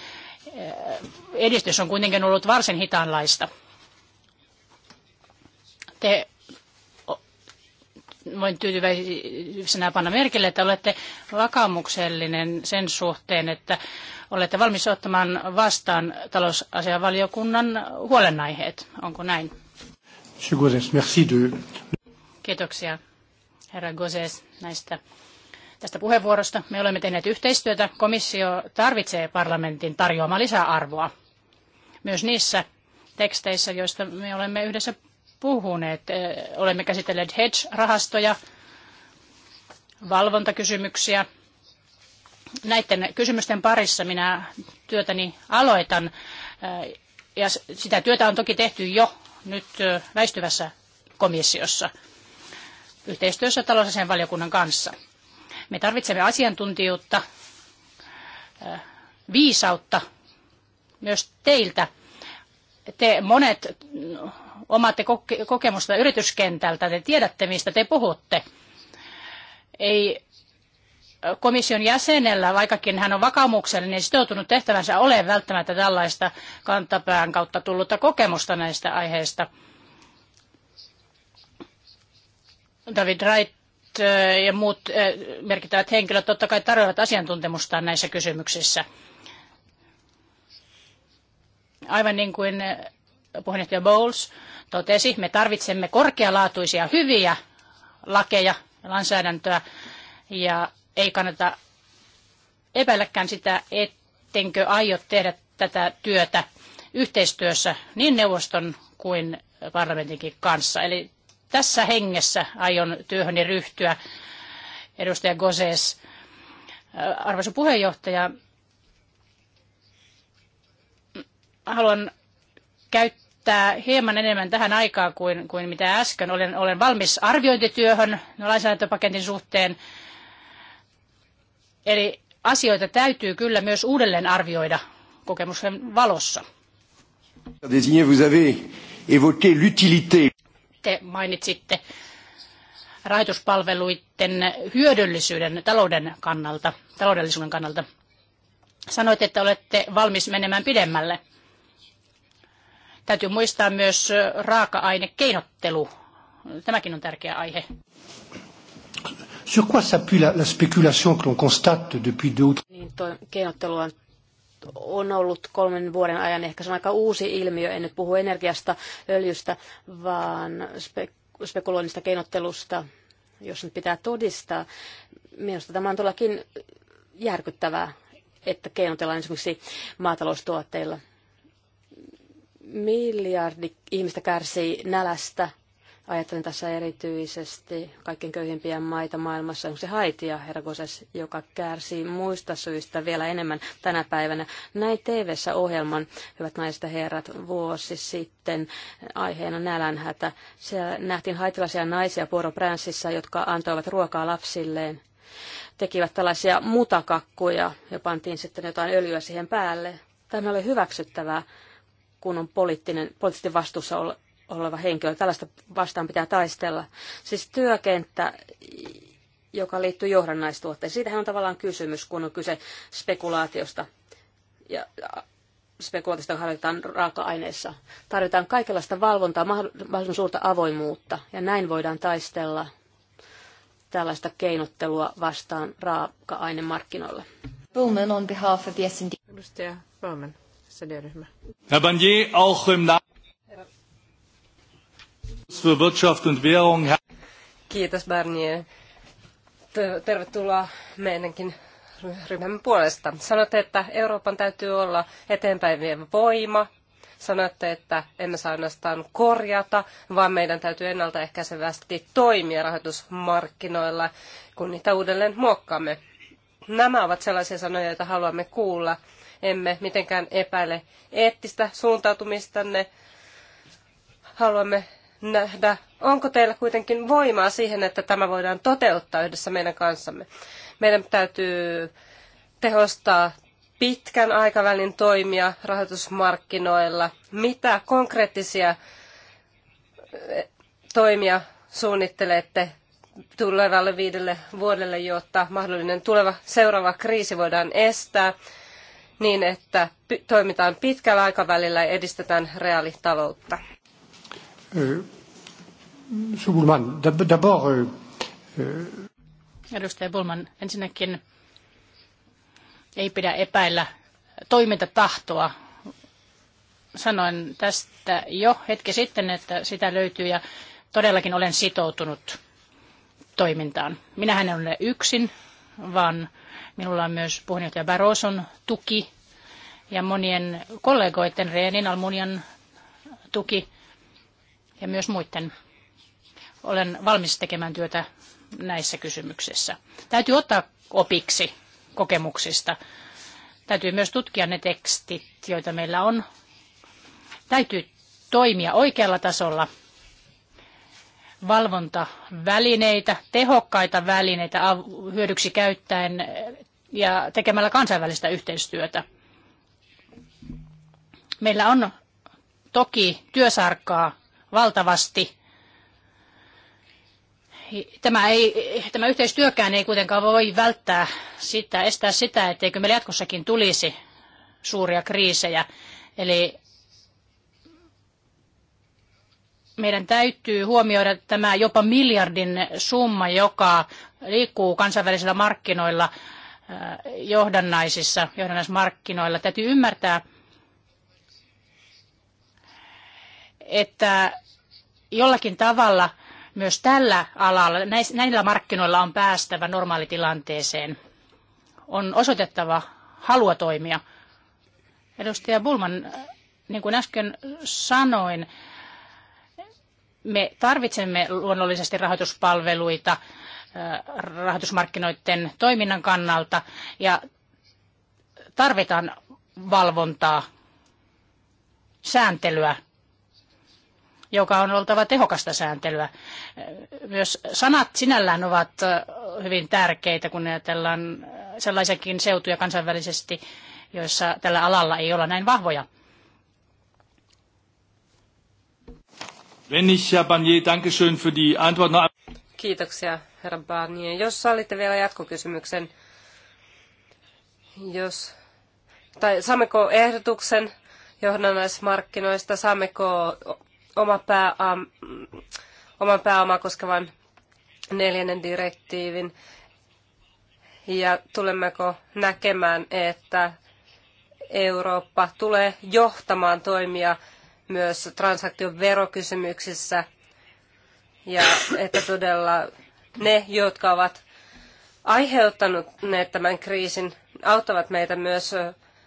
edistys on kuitenkin ollut varsin hitaanlaista. Te voin tyytyväisenä panna merkille, että olette vakaumuksellinen sen suhteen, että olette valmis ottamaan vastaan talousasianvaliokunnan huolenaiheet. Onko näin? Kiitoksia, herra Gozes, näistä tästä puheenvuorosta. Me olemme tehneet yhteistyötä. Komissio tarvitsee parlamentin tarjoamaa lisäarvoa myös niissä teksteissä, joista me olemme yhdessä puhuneet. Olemme käsitelleet hedge-rahastoja, valvontakysymyksiä. Näiden kysymysten parissa minä työtäni aloitan, ja sitä työtä on toki tehty jo nyt väistyvässä komissiossa yhteistyössä talousasian valiokunnan kanssa. Me tarvitsemme asiantuntijuutta, viisautta myös teiltä. Te monet omaatte kokemusta yrityskentältä, te tiedätte mistä te puhutte. Ei komission jäsenellä, vaikkakin hän on vakaumuksellinen sitoutunut tehtävänsä, ole välttämättä tällaista kantapään kautta tullutta kokemusta näistä aiheista. David Wright eh, ja muut eh, merkittävät henkilöt totta kai tarjoavat asiantuntemustaan näissä kysymyksissä. Aivan niin kuin eh, puheenjohtaja Bowles totesi, me tarvitsemme korkealaatuisia hyviä lakeja ja lainsäädäntöä ja ei kannata epäilläkään sitä, ettenkö aio tehdä tätä työtä yhteistyössä niin neuvoston kuin parlamentinkin kanssa. Eli tässä hengessä aion työhöni ryhtyä. Edustaja Goses, arvoisa puheenjohtaja, haluan käyttää käyttää hieman enemmän tähän aikaa kuin, kuin mitä äsken. Olen, olen valmis arviointityöhön no, lainsäädäntöpaketin suhteen. Eli asioita täytyy kyllä myös uudelleen arvioida kokemuksen valossa. Te mainitsitte rahoituspalveluiden hyödyllisyyden talouden kannalta, taloudellisuuden kannalta. Sanoitte, että olette valmis menemään pidemmälle. Täytyy muistaa myös raaka-aine keinottelu. Tämäkin on tärkeä aihe. Sur quoi s'appuie la, la spéculation que l'on constate depuis deux ou Niin, toi keinottelu on on ollut kolmen vuoden ajan, ehkä se on aika uusi ilmiö, en nyt puhu energiasta, öljystä, vaan spek- spekuloinnista, keinottelusta, jos nyt pitää todistaa. Minusta tämä on todellakin järkyttävää, että keinotellaan esimerkiksi maataloustuotteilla. Miljardi ihmistä kärsii nälästä. Ajattelen tässä erityisesti kaikkein köyhimpiä maita maailmassa, onko se Haitia, herra Goses, joka kärsii muista syistä vielä enemmän tänä päivänä. Näin tv ohjelman, hyvät naiset ja herrat, vuosi sitten aiheena nälänhätä. Siellä nähtiin haitilaisia naisia Poro Pranssissa, jotka antoivat ruokaa lapsilleen tekivät tällaisia mutakakkuja ja pantiin sitten jotain öljyä siihen päälle. Tämä oli hyväksyttävää kun on poliittinen, poliittisesti vastuussa oleva henkilö. Tällaista vastaan pitää taistella. Siis työkenttä, joka liittyy johdannaistuotteisiin. Siitähän on tavallaan kysymys, kun on kyse spekulaatiosta. Ja spekulaatiosta harjoitetaan raaka-aineissa. Tarvitaan kaikenlaista valvontaa, mahdollisimman suurta avoimuutta. Ja näin voidaan taistella tällaista keinottelua vastaan raaka-ainemarkkinoilla. Bullman on behalf of the S&D. Edustaja Bowman cd Herr Barnier, auch im für Wirtschaft und Währung. Kiitos Barnier. Tervetuloa meidänkin ryhmämme puolesta. Sanotte, että Euroopan täytyy olla eteenpäin vievä voima. Sanotte, että emme saa ainoastaan korjata, vaan meidän täytyy ennaltaehkäisevästi toimia rahoitusmarkkinoilla, kun niitä uudelleen muokkaamme. Nämä ovat sellaisia sanoja, joita haluamme kuulla emme mitenkään epäile eettistä suuntautumistanne. Haluamme nähdä, onko teillä kuitenkin voimaa siihen, että tämä voidaan toteuttaa yhdessä meidän kanssamme. Meidän täytyy tehostaa pitkän aikavälin toimia rahoitusmarkkinoilla. Mitä konkreettisia eh, toimia suunnittelette tulevalle viidelle vuodelle, jotta mahdollinen tuleva seuraava kriisi voidaan estää niin, että toimitaan pitkällä aikavälillä ja edistetään reaalitaloutta. Eh, eh, eh, Edustaja Bulman, ensinnäkin ei pidä epäillä toimintatahtoa. Sanoin tästä jo hetki sitten, että sitä löytyy ja todellakin olen sitoutunut toimintaan. Minähän en ole yksin, vaan Minulla on myös puheenjohtaja Baroson tuki ja monien kollegoiden Reenin Almunian tuki ja myös muiden. Olen valmis tekemään työtä näissä kysymyksissä. Täytyy ottaa opiksi kokemuksista. Täytyy myös tutkia ne tekstit, joita meillä on. Täytyy toimia oikealla tasolla. Valvontavälineitä, tehokkaita välineitä hyödyksi käyttäen ja tekemällä kansainvälistä yhteistyötä. Meillä on toki työsarkaa valtavasti. Tämä, ei, tämä yhteistyökään ei kuitenkaan voi välttää sitä, estää sitä, etteikö meillä jatkossakin tulisi suuria kriisejä. Eli meidän täytyy huomioida tämä jopa miljardin summa, joka liikkuu kansainvälisillä markkinoilla Äh, johdannaisissa, johdannaismarkkinoilla. Täytyy ymmärtää, että jollakin tavalla myös tällä alalla, näillä markkinoilla on päästävä normaalitilanteeseen. On osoitettava halua toimia. Edustaja Bulman, niin kuin äsken sanoin, me tarvitsemme luonnollisesti rahoituspalveluita rahoitusmarkkinoiden toiminnan kannalta ja tarvitaan valvontaa, sääntelyä, joka on oltava tehokasta sääntelyä. Myös sanat sinällään ovat hyvin tärkeitä, kun ajatellaan sellaisiakin seutuja kansainvälisesti, joissa tällä alalla ei olla näin vahvoja. Kiitoksia Barnier. Jos sallitte vielä jatkokysymyksen, jos, tai saammeko ehdotuksen johdannaismarkkinoista, saammeko oma pääam, oman pääomaa koskevan neljännen direktiivin, ja tulemmeko näkemään, että Eurooppa tulee johtamaan toimia myös transaktion verokysymyksissä ja että todella ne, jotka ovat aiheuttaneet tämän kriisin, auttavat meitä myös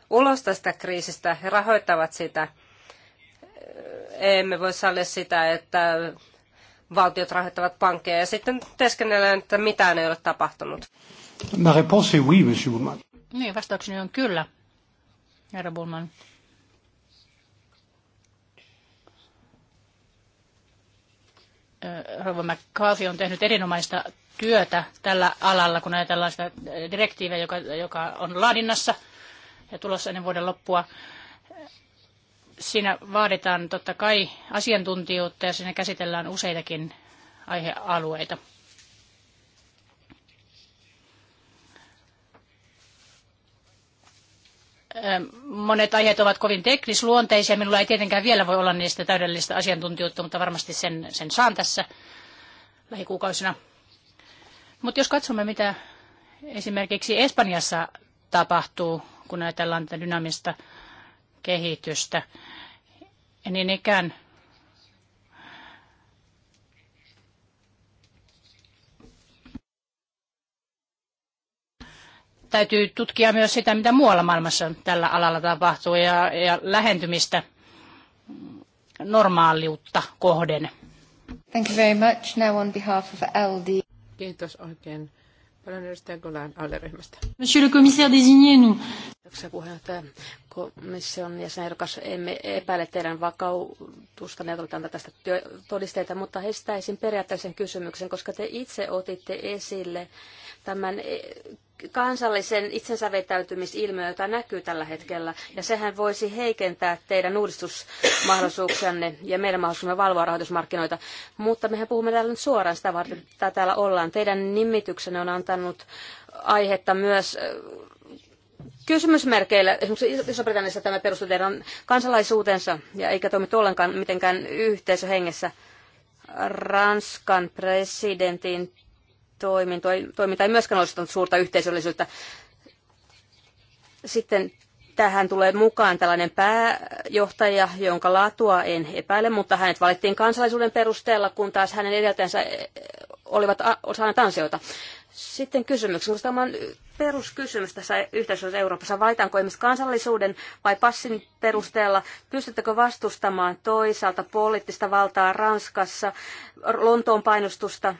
ulos tästä kriisistä ja rahoittavat sitä. Emme voi sallia sitä, että valtiot rahoittavat pankkeja ja sitten teskennellään, että mitään ei ole tapahtunut. La réponse est oui, monsieur Bullman. Niin, vastaukseni on kyllä, herra Bullman. rouva McCarthy on tehnyt erinomaista työtä tällä alalla, kun ajatellaan sitä direktiiviä, joka, joka on laadinnassa ja tulossa ennen vuoden loppua. Siinä vaaditaan totta kai asiantuntijuutta ja siinä käsitellään useitakin aihealueita. Ähm, monet aiheet ovat kovin teknisluonteisia. Minulla ei tietenkään vielä voi olla niistä täydellistä asiantuntijuutta, mutta varmasti sen, sen saan tässä lähikuukausina. Mutta jos katsomme, mitä esimerkiksi Espanjassa tapahtuu, kun ajatellaan tätä dynaamista kehitystä, niin ikään täytyy tutkia myös sitä, mitä muualla maailmassa tällä alalla tapahtuu ja, ja lähentymistä normaaliutta kohden. Thank you very much. Now on behalf of LD. Kiitos oikein paljon edustaja Golan alleryhmästä. Monsieur le commissaire désigné, nous. Kiitoksia puheenjohtaja. Komission jäsenehdokas, emme epäile teidän vakautusta, ne tästä todisteita, mutta heistäisin periaatteellisen kysymyksen, koska te itse otitte esille tämän e, kansallisen itsensävetäytymisilmiö, jota näkyy tällä hetkellä, ja sehän voisi heikentää teidän uudistusmahdollisuuksianne ja meidän mahdollisuuksemme valvoa rahoitusmarkkinoita. Mutta mehän puhumme täällä nyt suoraan sitä varten, että täällä ollaan. Teidän nimityksenne on antanut aihetta myös e, kysymysmerkeillä. Esimerkiksi Iso-Britanniassa tämä perustuu teidän kansalaisuutensa ja eikä toimi ollenkaan mitenkään yhteisöhengessä. Ranskan presidentin toiminta, toiminta ei myöskään olisi suurta yhteisöllisyyttä. Sitten tähän tulee mukaan tällainen pääjohtaja, jonka laatua en epäile, mutta hänet valittiin kansalaisuuden perusteella, kun taas hänen edeltäjänsä eh, olivat saaneet ansioita. Sitten kysymys, koska tämä on peruskysymys tässä yhteisössä Euroopassa. Valitaanko ihmiset kansallisuuden vai passin perusteella? Pystyttekö vastustamaan toisaalta poliittista valtaa Ranskassa, Lontoon painostusta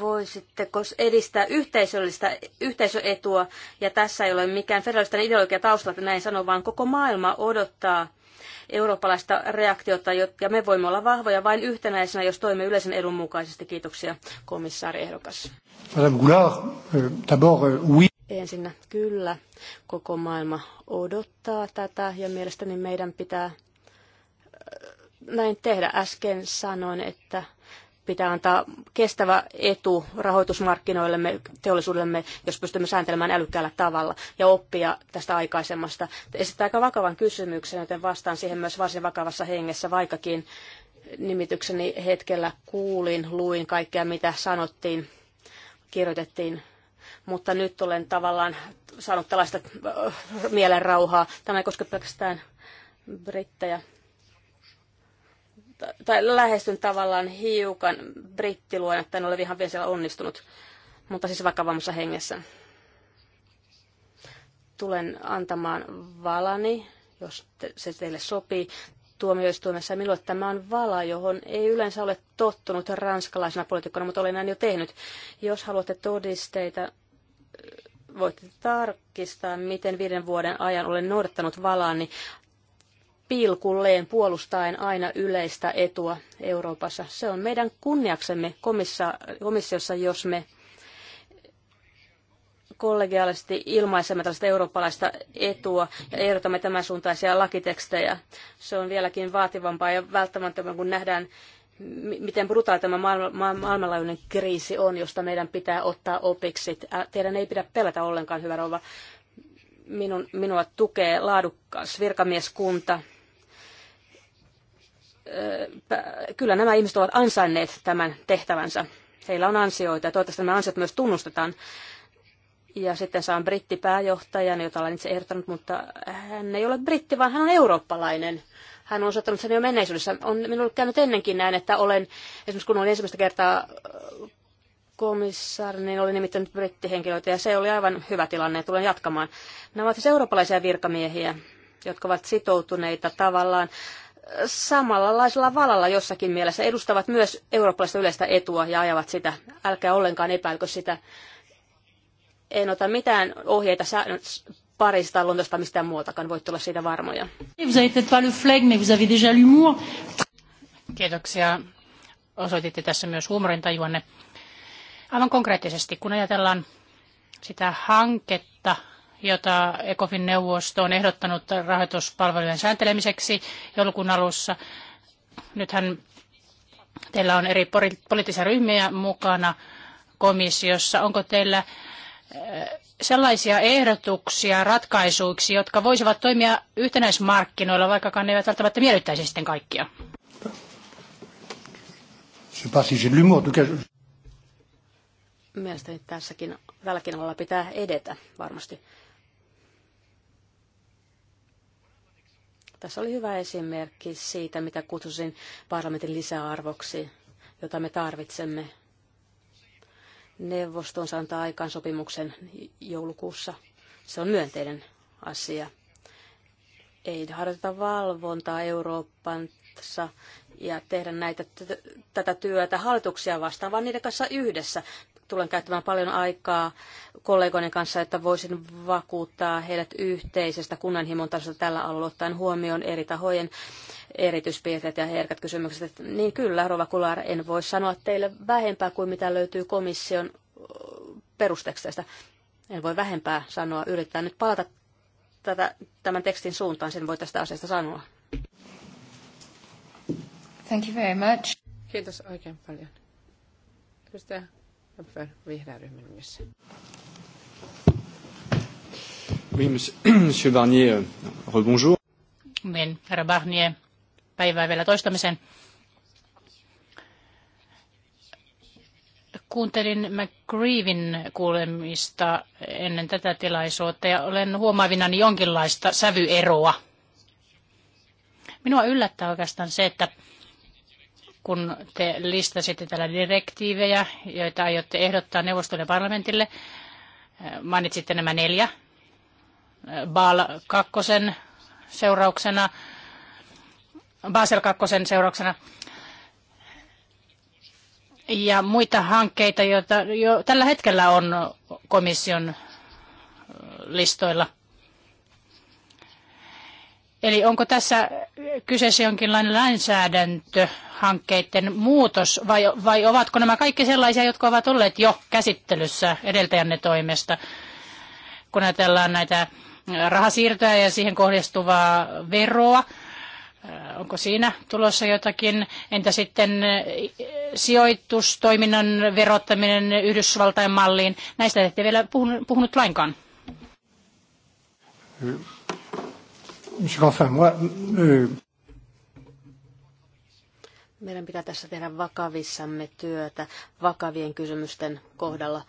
voisitteko edistää yhteisöllistä yhteisöetua, ja tässä ei ole mikään federalistinen ideologia taustalla, että näin sanoo, vaan koko maailma odottaa eurooppalaista reaktiota, ja me voimme olla vahvoja vain yhtenäisenä, jos toimimme yleisen edun mukaisesti. Kiitoksia, komissaari ehdokas. Madame Goulard, euh, d'abord, euh, oui. Ensinnä kyllä, koko maailma odottaa tätä, ja mielestäni meidän pitää äh, näin tehdä. Äsken sanoin, että pitää antaa kestävä etu rahoitusmarkkinoillemme, teollisuudellemme, jos pystymme sääntelemään älykkäällä tavalla ja oppia tästä aikaisemmasta. Esittää aika vakavan kysymyksen, joten vastaan siihen myös varsin vakavassa hengessä, vaikkakin nimitykseni hetkellä kuulin, luin kaikkea, mitä sanottiin, kirjoitettiin mutta nyt olen tavallaan saanut tällaista äh, mielenrauhaa. Tämä ei koske pelkästään brittejä tai lähestyn tavallaan hiukan että en ole ihan vielä siellä onnistunut, mutta siis vakavammassa hengessä. Tulen antamaan valani, jos te, se teille sopii, tuomioistuimessa. Minulle tämä on vala, johon ei yleensä ole tottunut ranskalaisena poliitikkona, mutta olen näin jo tehnyt. Jos haluatte todisteita, voitte tarkistaa, miten viiden vuoden ajan olen noudattanut valani pilkulleen puolustaen aina yleistä etua Euroopassa. Se on meidän kunniaksemme komissiossa, jos me kollegiaalisesti ilmaisemme tällaista eurooppalaista etua ja ehdotamme tämän suuntaisia lakitekstejä. Se on vieläkin vaativampaa ja välttämättömän, kun nähdään, miten brutaali tämä maailmanlaajuinen kriisi on, josta meidän pitää ottaa opiksi. Teidän ei pidä pelätä ollenkaan, hyvä rouva. Minun, minua tukee laadukkaas virkamieskunta, kyllä nämä ihmiset ovat ansainneet tämän tehtävänsä. Heillä on ansioita ja toivottavasti nämä ansiot myös tunnustetaan. Ja sitten saan brittipääjohtajan, jota olen itse ehdottanut, mutta hän ei ole britti, vaan hän on eurooppalainen. Hän on osoittanut sen jo menneisyydessä. On minulle käynyt ennenkin näin, että olen, esimerkiksi kun olin ensimmäistä kertaa komissaari, niin olin nimittänyt brittihenkilöitä ja se oli aivan hyvä tilanne ja tulen jatkamaan. Nämä ovat siis eurooppalaisia virkamiehiä, jotka ovat sitoutuneita tavallaan samanlaisella valalla jossakin mielessä, edustavat myös eurooppalaista yleistä etua ja ajavat sitä. Älkää ollenkaan epäilkö sitä. En ota mitään ohjeita Pariisista, Lontosta, mistään muualtakaan, Voitte olla siitä varmoja. Kiitoksia. Osoititte tässä myös huumorintajuanne. Aivan konkreettisesti, kun ajatellaan sitä hanketta, jota ECOFIN neuvosto on ehdottanut rahoituspalvelujen sääntelemiseksi joulukuun alussa. Nythän teillä on eri poliittisia ryhmiä mukana komissiossa. Onko teillä eh, sellaisia ehdotuksia ratkaisuiksi, jotka voisivat toimia yhtenäismarkkinoilla, vaikkakaan ne eivät välttämättä miellyttäisi sitten kaikkia? Mielestäni tässäkin, tälläkin alalla pitää edetä varmasti. Tässä oli hyvä esimerkki siitä, mitä kutsusin parlamentin lisäarvoksi, jota me tarvitsemme. Neuvoston antaa aikaan sopimuksen joulukuussa. Se on myönteinen asia. Ei harjoiteta valvontaa Euroopassa ja tehdä näitä, tätä työtä hallituksia vastaan, vaan niiden kanssa yhdessä tulen käyttämään paljon aikaa kollegoiden kanssa, että voisin vakuuttaa heidät yhteisestä kunnanhimon tasosta tällä alueella ottaen huomioon eri tahojen erityispiirteet ja herkät kysymykset. Niin kyllä, Rova Kular, en voi sanoa teille vähempää kuin mitä löytyy komission perusteksteistä. En voi vähempää sanoa. Yritetään nyt palata tätä, tämän tekstin suuntaan, sen voi tästä asiasta sanoa. Thank you very much. Kiitos oikein paljon. Edustaja Hopfer, vihreän ryhmän monsieur Barnier, Niin, herra Barnier, päivää vielä toistamisen. kuuntelin McGreevin kuulemista ennen tätä tilaisuutta ja olen huomaavinani jonkinlaista sävyeroa. Minua yllättää oikeastaan se, että kun te listasitte täällä direktiivejä, joita aiotte ehdottaa neuvostolle parlamentille. Mainitsitte nämä neljä. Baal kakkosen seurauksena, Basel kakkosen seurauksena ja muita hankkeita, joita jo tällä hetkellä on komission listoilla – Eli onko tässä kyseessä jonkinlainen lainsäädäntöhankkeiden muutos vai, vai ovatko nämä kaikki sellaisia, jotka ovat olleet jo käsittelyssä edeltäjänne toimesta, kun ajatellaan näitä rahasiirtoja ja siihen kohdistuvaa veroa? Äh, onko siinä tulossa jotakin? Entä sitten sijoitustoiminnan verottaminen Yhdysvaltain malliin? Näistä ette vielä puhunut, puhunut lainkaan enfin, moi, euh... Meidän pitää tässä tehdä vakavissamme työtä vakavien kysymysten kohdalla.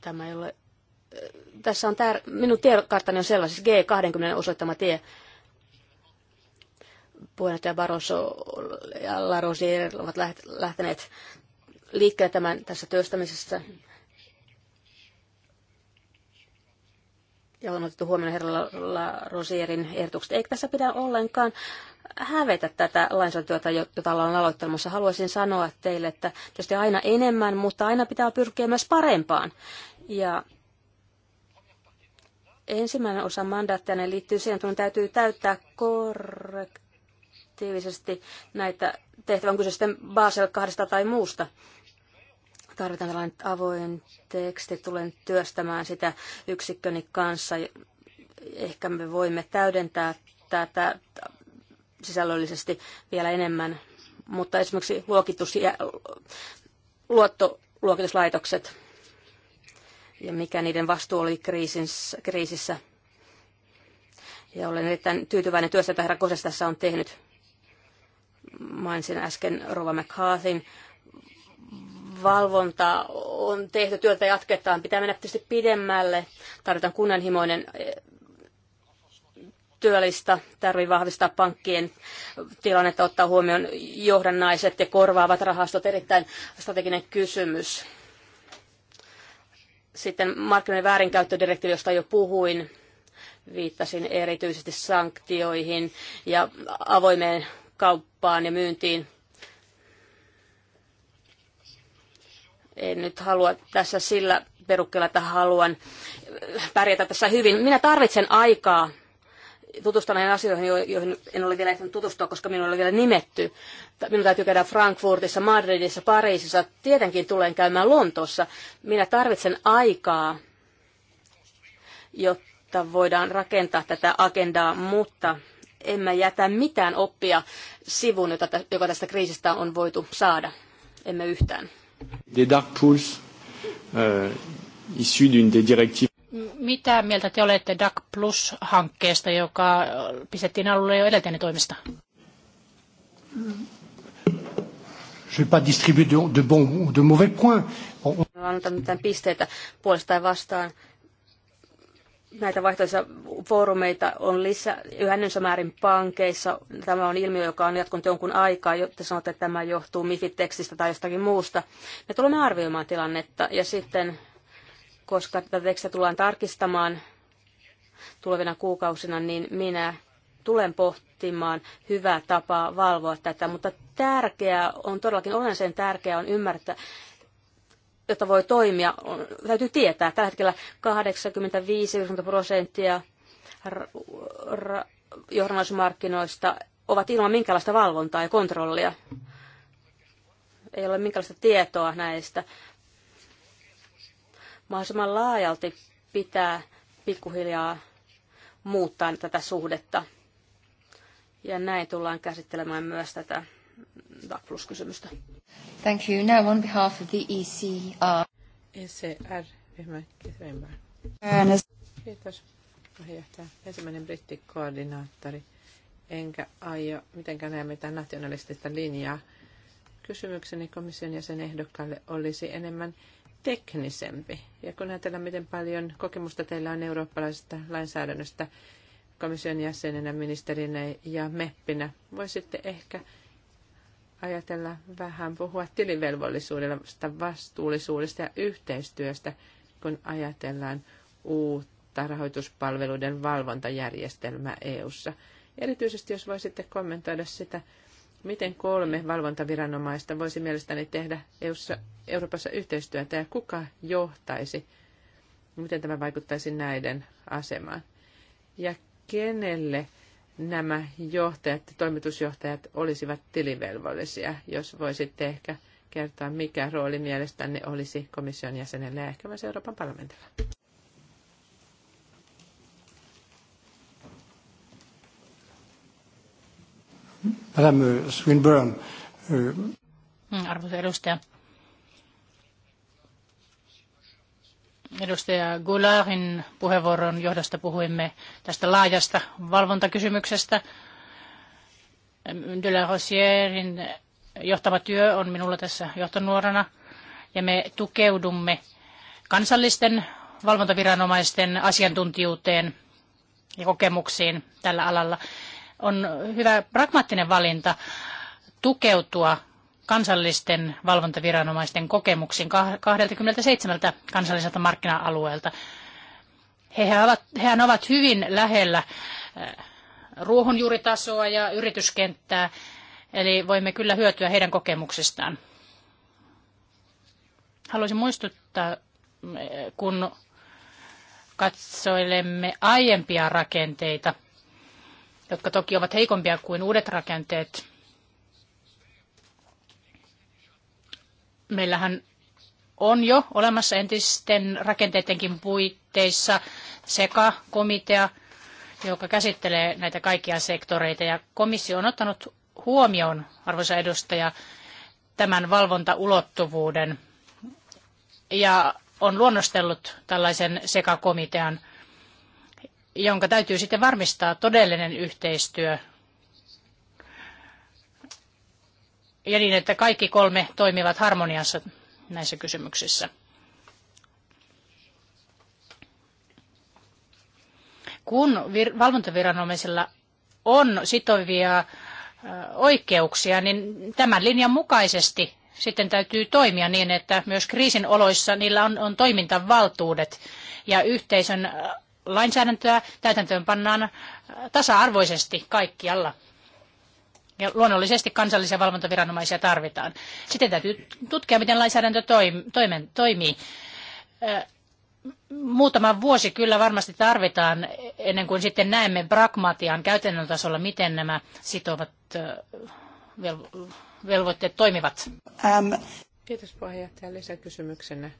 Tämä ei ole... Äh, tässä on tär... minun tiekarttani on sellaisessa G20 osoittama tie. Puheenjohtaja Barroso ja Larosier ovat lähteneet liikkeelle tämän tässä työstämisessä ja on otettu huomioon herralla Rosierin ehdotukset. Eikä tässä pidä ollenkaan hävetä tätä lainsäädäntöä, jota ollaan aloittamassa. Haluaisin sanoa teille, että tietysti aina enemmän, mutta aina pitää pyrkiä myös parempaan. Ja ensimmäinen osa mandaattia liittyy siihen, että täytyy täyttää korrektiivisesti näitä tehtävän kyseisten Basel 200 tai muusta tarvitaan tällainen avoin teksti. Tulen työstämään sitä yksikköni kanssa. Ehkä me voimme täydentää tätä sisällöllisesti vielä enemmän. Mutta esimerkiksi luokitus ja luottoluokituslaitokset ja mikä niiden vastuu oli kriisissä. kriisissä. Ja olen erittäin tyytyväinen työstä, jota herra Kosessa tässä on tehnyt. Mainitsin äsken Rova McCarthyn valvonta on tehty, työtä jatketaan, pitää mennä tietysti pidemmälle, tarvitaan kunnianhimoinen eh, työllistä, tarvii vahvistaa pankkien tilannetta, ottaa huomioon johdannaiset ja korvaavat rahastot, erittäin strateginen kysymys. Sitten markkinoiden väärinkäyttödirektiivi, josta jo puhuin, viittasin erityisesti sanktioihin ja avoimeen kauppaan ja myyntiin en nyt halua tässä sillä perukkeella, että haluan pärjätä tässä hyvin. Minä tarvitsen aikaa tutustua näihin asioihin, joihin en ole vielä ehtinyt tutustua, koska minua oli vielä nimetty. Minun täytyy käydä Frankfurtissa, Madridissa, Pariisissa. Tietenkin tulen käymään Lontoossa. Minä tarvitsen aikaa, jotta voidaan rakentaa tätä agendaa, mutta emme jätä mitään oppia sivuun, joka tästä kriisistä on voitu saada. Emme yhtään. Des dark pools, euh, issus d'une des directives. Mitä mieltä te olette DAC Plus-hankkeesta, joka pistettiin alulle jo edeltäjänne toimesta? Je vais pas distribuer de, de, bon, de mauvais points. On... Annan mitään pisteitä puolesta tai vastaan näitä vaihtoehtoisia foorumeita on lisä, yhä määrin pankeissa. Tämä on ilmiö, joka on jatkunut jonkun aikaa, jotta sanotte, että tämä johtuu MIFI-tekstistä tai jostakin muusta. Me tulemme arvioimaan tilannetta ja sitten, koska tätä tekstiä tullaan tarkistamaan tulevina kuukausina, niin minä tulen pohtimaan hyvää tapaa valvoa tätä, mutta tärkeää on todellakin sen tärkeää on ymmärtää, jotta voi toimia, on, täytyy tietää. Tällä hetkellä 85-90 prosenttia johdannaismarkkinoista ovat ilman minkälaista valvontaa ja kontrollia. Ei ole minkälaista tietoa näistä. Mahdollisimman laajalti pitää pikkuhiljaa muuttaa tätä suhdetta. Ja näin tullaan käsittelemään myös tätä DAC Plus-kysymystä. Thank you. Now on behalf of the ECR. ECR-ryhmä. Kiitos puheenjohtaja. Ensimmäinen brittikoordinaattori. Enkä aio mitenkään näe mitään nationalistista linjaa. Kysymykseni komission jäsen ehdokkaalle olisi enemmän teknisempi. Ja kun ajatellaan, miten paljon kokemusta teillä on eurooppalaisesta lainsäädännöstä komission jäsenenä, ministerinä ja meppinä, voisitte ehkä ajatella vähän puhua tilivelvollisuudesta, vastuullisuudesta ja yhteistyöstä, kun ajatellaan uutta rahoituspalveluiden valvontajärjestelmää EU:ssa. Erityisesti jos voisitte kommentoida sitä, miten kolme valvontaviranomaista voisi mielestäni tehdä EU:ssa, Euroopassa yhteistyötä ja kuka johtaisi, miten tämä vaikuttaisi näiden asemaan. Ja kenelle nämä johtajat, toimitusjohtajat olisivat tilivelvollisia, jos voisitte ehkä kertoa, mikä rooli mielestänne olisi komission jäsenellä ja ehkä myös Euroopan parlamentilla. Madame uh, Swinburne. Uh, hmm, arvoisa edustaja, edustaja Goulardin puheenvuoron johdosta puhuimme tästä laajasta valvontakysymyksestä. De la Rosierin johtava työ on minulla tässä johtonuorana ja me tukeudumme kansallisten valvontaviranomaisten asiantuntijuuteen ja kokemuksiin tällä alalla. On hyvä pragmaattinen valinta tukeutua kansallisten valvontaviranomaisten kokemuksiin 27 kansalliselta markkina-alueelta. Hehän ovat, hehän ovat hyvin lähellä äh, ruohonjuuritasoa ja yrityskenttää, eli voimme kyllä hyötyä heidän kokemuksistaan. Haluaisin muistuttaa, äh, kun katsoilemme aiempia rakenteita, jotka toki ovat heikompia kuin uudet rakenteet, meillähän on jo olemassa entisten rakenteidenkin puitteissa sekakomitea, komitea, joka käsittelee näitä kaikkia sektoreita. Ja komissio on ottanut huomioon, arvoisa edustaja, tämän valvontaulottuvuuden ja on luonnostellut tällaisen sekakomitean, jonka täytyy sitten varmistaa todellinen yhteistyö ja niin, että kaikki kolme toimivat harmoniassa näissä kysymyksissä. Kun vir- valvontaviranomaisilla on sitovia oikeuksia, niin tämän linjan mukaisesti sitten täytyy toimia niin, että myös kriisin oloissa niillä on, on toimintavaltuudet ja yhteisön lainsäädäntöä täytäntöön pannaan tasa-arvoisesti kaikkialla. Ja luonnollisesti kansallisia valvontaviranomaisia tarvitaan. Sitten täytyy tutkia, miten lainsäädäntö toimii. Muutama vuosi kyllä varmasti tarvitaan, ennen kuin sitten näemme pragmatian käytännön tasolla, miten nämä sitovat velvoitteet toimivat. Ähm. Kiitos puheenjohtaja lisäkysymyksenä.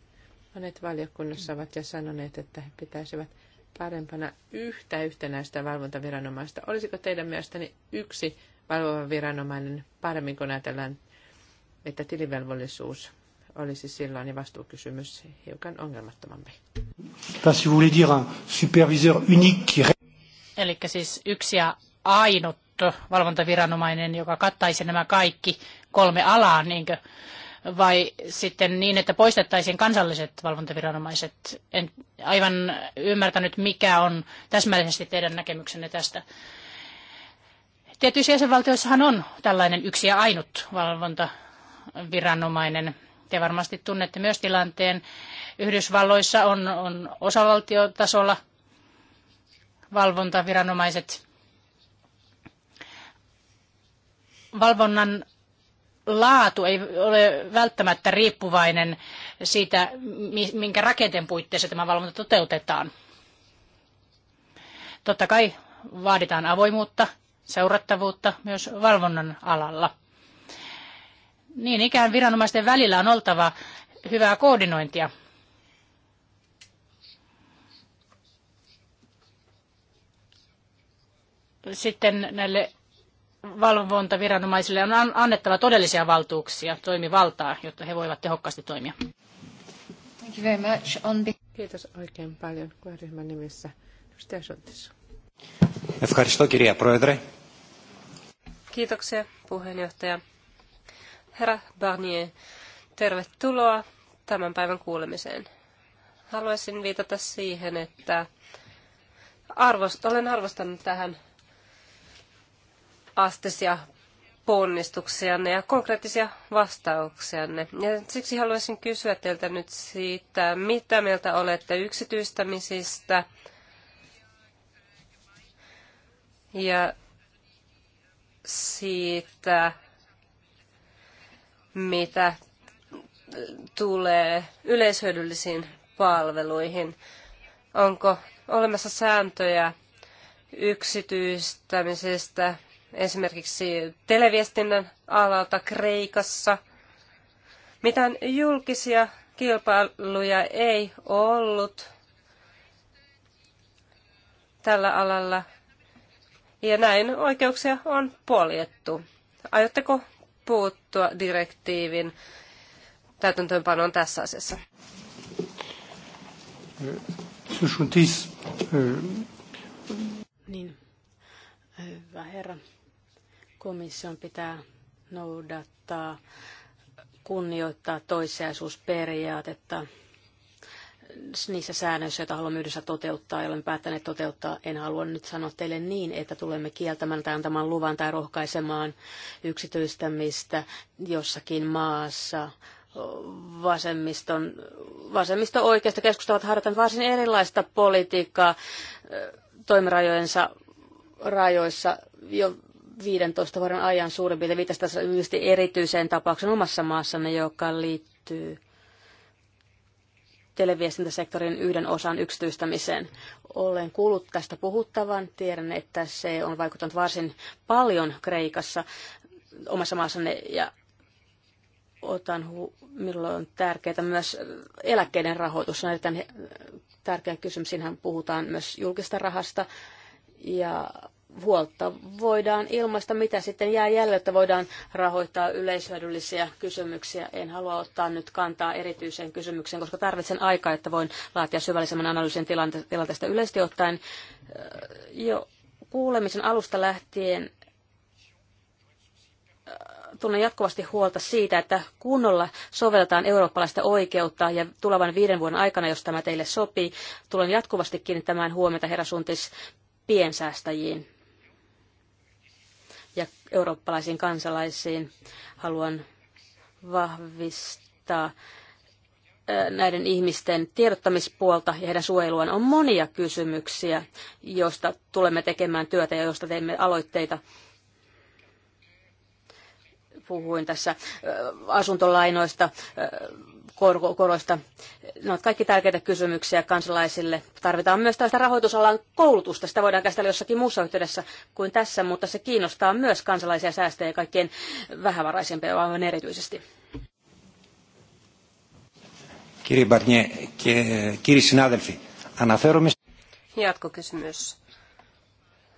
Monet valiokunnassa ovat jo sanoneet, että he pitäisivät parempana yhtä yhtenäistä valvontaviranomaista. Olisiko teidän mielestäni yksi valvova viranomainen paremmin, kun ajatellaan, että tilivelvollisuus olisi silloin ja vastuukysymys hiukan ongelmattomampi. Eli siis yksi ja ainut valvontaviranomainen, joka kattaisi nämä kaikki kolme alaa, niinkö? vai sitten niin, että poistettaisiin kansalliset valvontaviranomaiset? En aivan ymmärtänyt, mikä on täsmällisesti teidän näkemyksenne tästä. Tietyissä jäsenvaltioissahan on tällainen yksi ja ainut valvontaviranomainen. Te varmasti tunnette myös tilanteen. Yhdysvalloissa on, on osavaltiotasolla valvontaviranomaiset. Valvonnan laatu ei ole välttämättä riippuvainen siitä, minkä rakenteen puitteissa tämä valvonta toteutetaan. Totta kai vaaditaan avoimuutta seurattavuutta myös valvonnan alalla. Niin ikään viranomaisten välillä on oltava hyvää koordinointia. Sitten näille valvontaviranomaisille on annettava todellisia valtuuksia, toimivaltaa, jotta he voivat tehokkaasti toimia. Thank you very much. On... Kiitos oikein paljon ryhmän nimissä. Edustaja Sontis. Ευχαριστώ Kiitoksia, puheenjohtaja. Herra Barnier, tervetuloa tämän päivän kuulemiseen. Haluaisin viitata siihen, että arvost, olen arvostanut tähän astesia ponnistuksianne ja konkreettisia vastauksianne. Ja siksi haluaisin kysyä teiltä nyt siitä, mitä mieltä olette yksityistämisistä ja siitä, mitä tulee yleishyödyllisiin palveluihin. Onko olemassa sääntöjä yksityistämisestä esimerkiksi televiestinnän alalta Kreikassa? Mitään julkisia kilpailuja ei ollut tällä alalla ja näin oikeuksia on poljettu. Aiotteko puuttua direktiivin täytäntöönpanoon tässä asiassa? Niin, hyvä herra. Komission pitää noudattaa, kunnioittaa toissijaisuusperiaatetta niissä säännöissä, joita haluamme yhdessä toteuttaa ja olemme päättäneet toteuttaa. En halua nyt sanoa teille niin, että tulemme kieltämään tai antamaan luvan tai rohkaisemaan yksityistämistä jossakin maassa. Vasemmiston, vasemmisto oikeasta keskustavat harjoittaneet varsin erilaista politiikkaa eh, toimirajojensa rajoissa jo 15 vuoden ajan suurin piirtein viitasi tässä erityiseen tapauksen omassa maassanne, joka liittyy televiestintäsektorin yhden osan yksityistämiseen. Olen kuullut tästä puhuttavan. Tiedän, että se on vaikuttanut varsin paljon Kreikassa omassa maassanne ja otan hu- milloin on tärkeää myös eläkkeiden rahoitus. On erittäin tärkeä kysymys. Siinähän puhutaan myös julkista rahasta ja huolta voidaan ilmaista, mitä sitten jää jäljellä, että voidaan rahoittaa yleishyödyllisiä kysymyksiä. En halua ottaa nyt kantaa erityiseen kysymykseen, koska tarvitsen aikaa, että voin laatia syvällisemmän analyysin tilanteesta yleisesti ottaen. Jo kuulemisen alusta lähtien tunnen jatkuvasti huolta siitä, että kunnolla sovelletaan eurooppalaista oikeutta ja tulevan viiden vuoden aikana, jos tämä teille sopii, tulen jatkuvasti kiinnittämään huomiota herrasuntis piensäästäjiin eurooppalaisiin kansalaisiin. Haluan vahvistaa näiden ihmisten tiedottamispuolta ja heidän suojeluaan on monia kysymyksiä, joista tulemme tekemään työtä ja joista teemme aloitteita. Puhuin tässä asuntolainoista, koroista. Ne ovat kaikki tärkeitä kysymyksiä kansalaisille. Tarvitaan myös tällaista rahoitusalan koulutusta. Sitä voidaan käsitellä jossakin muussa yhteydessä kuin tässä, mutta se kiinnostaa myös kansalaisia säästöjä kaikkien vähävaraisempia aivan erityisesti. Κύριε Μπαρνιέ, και κύριοι Jatkokysymys.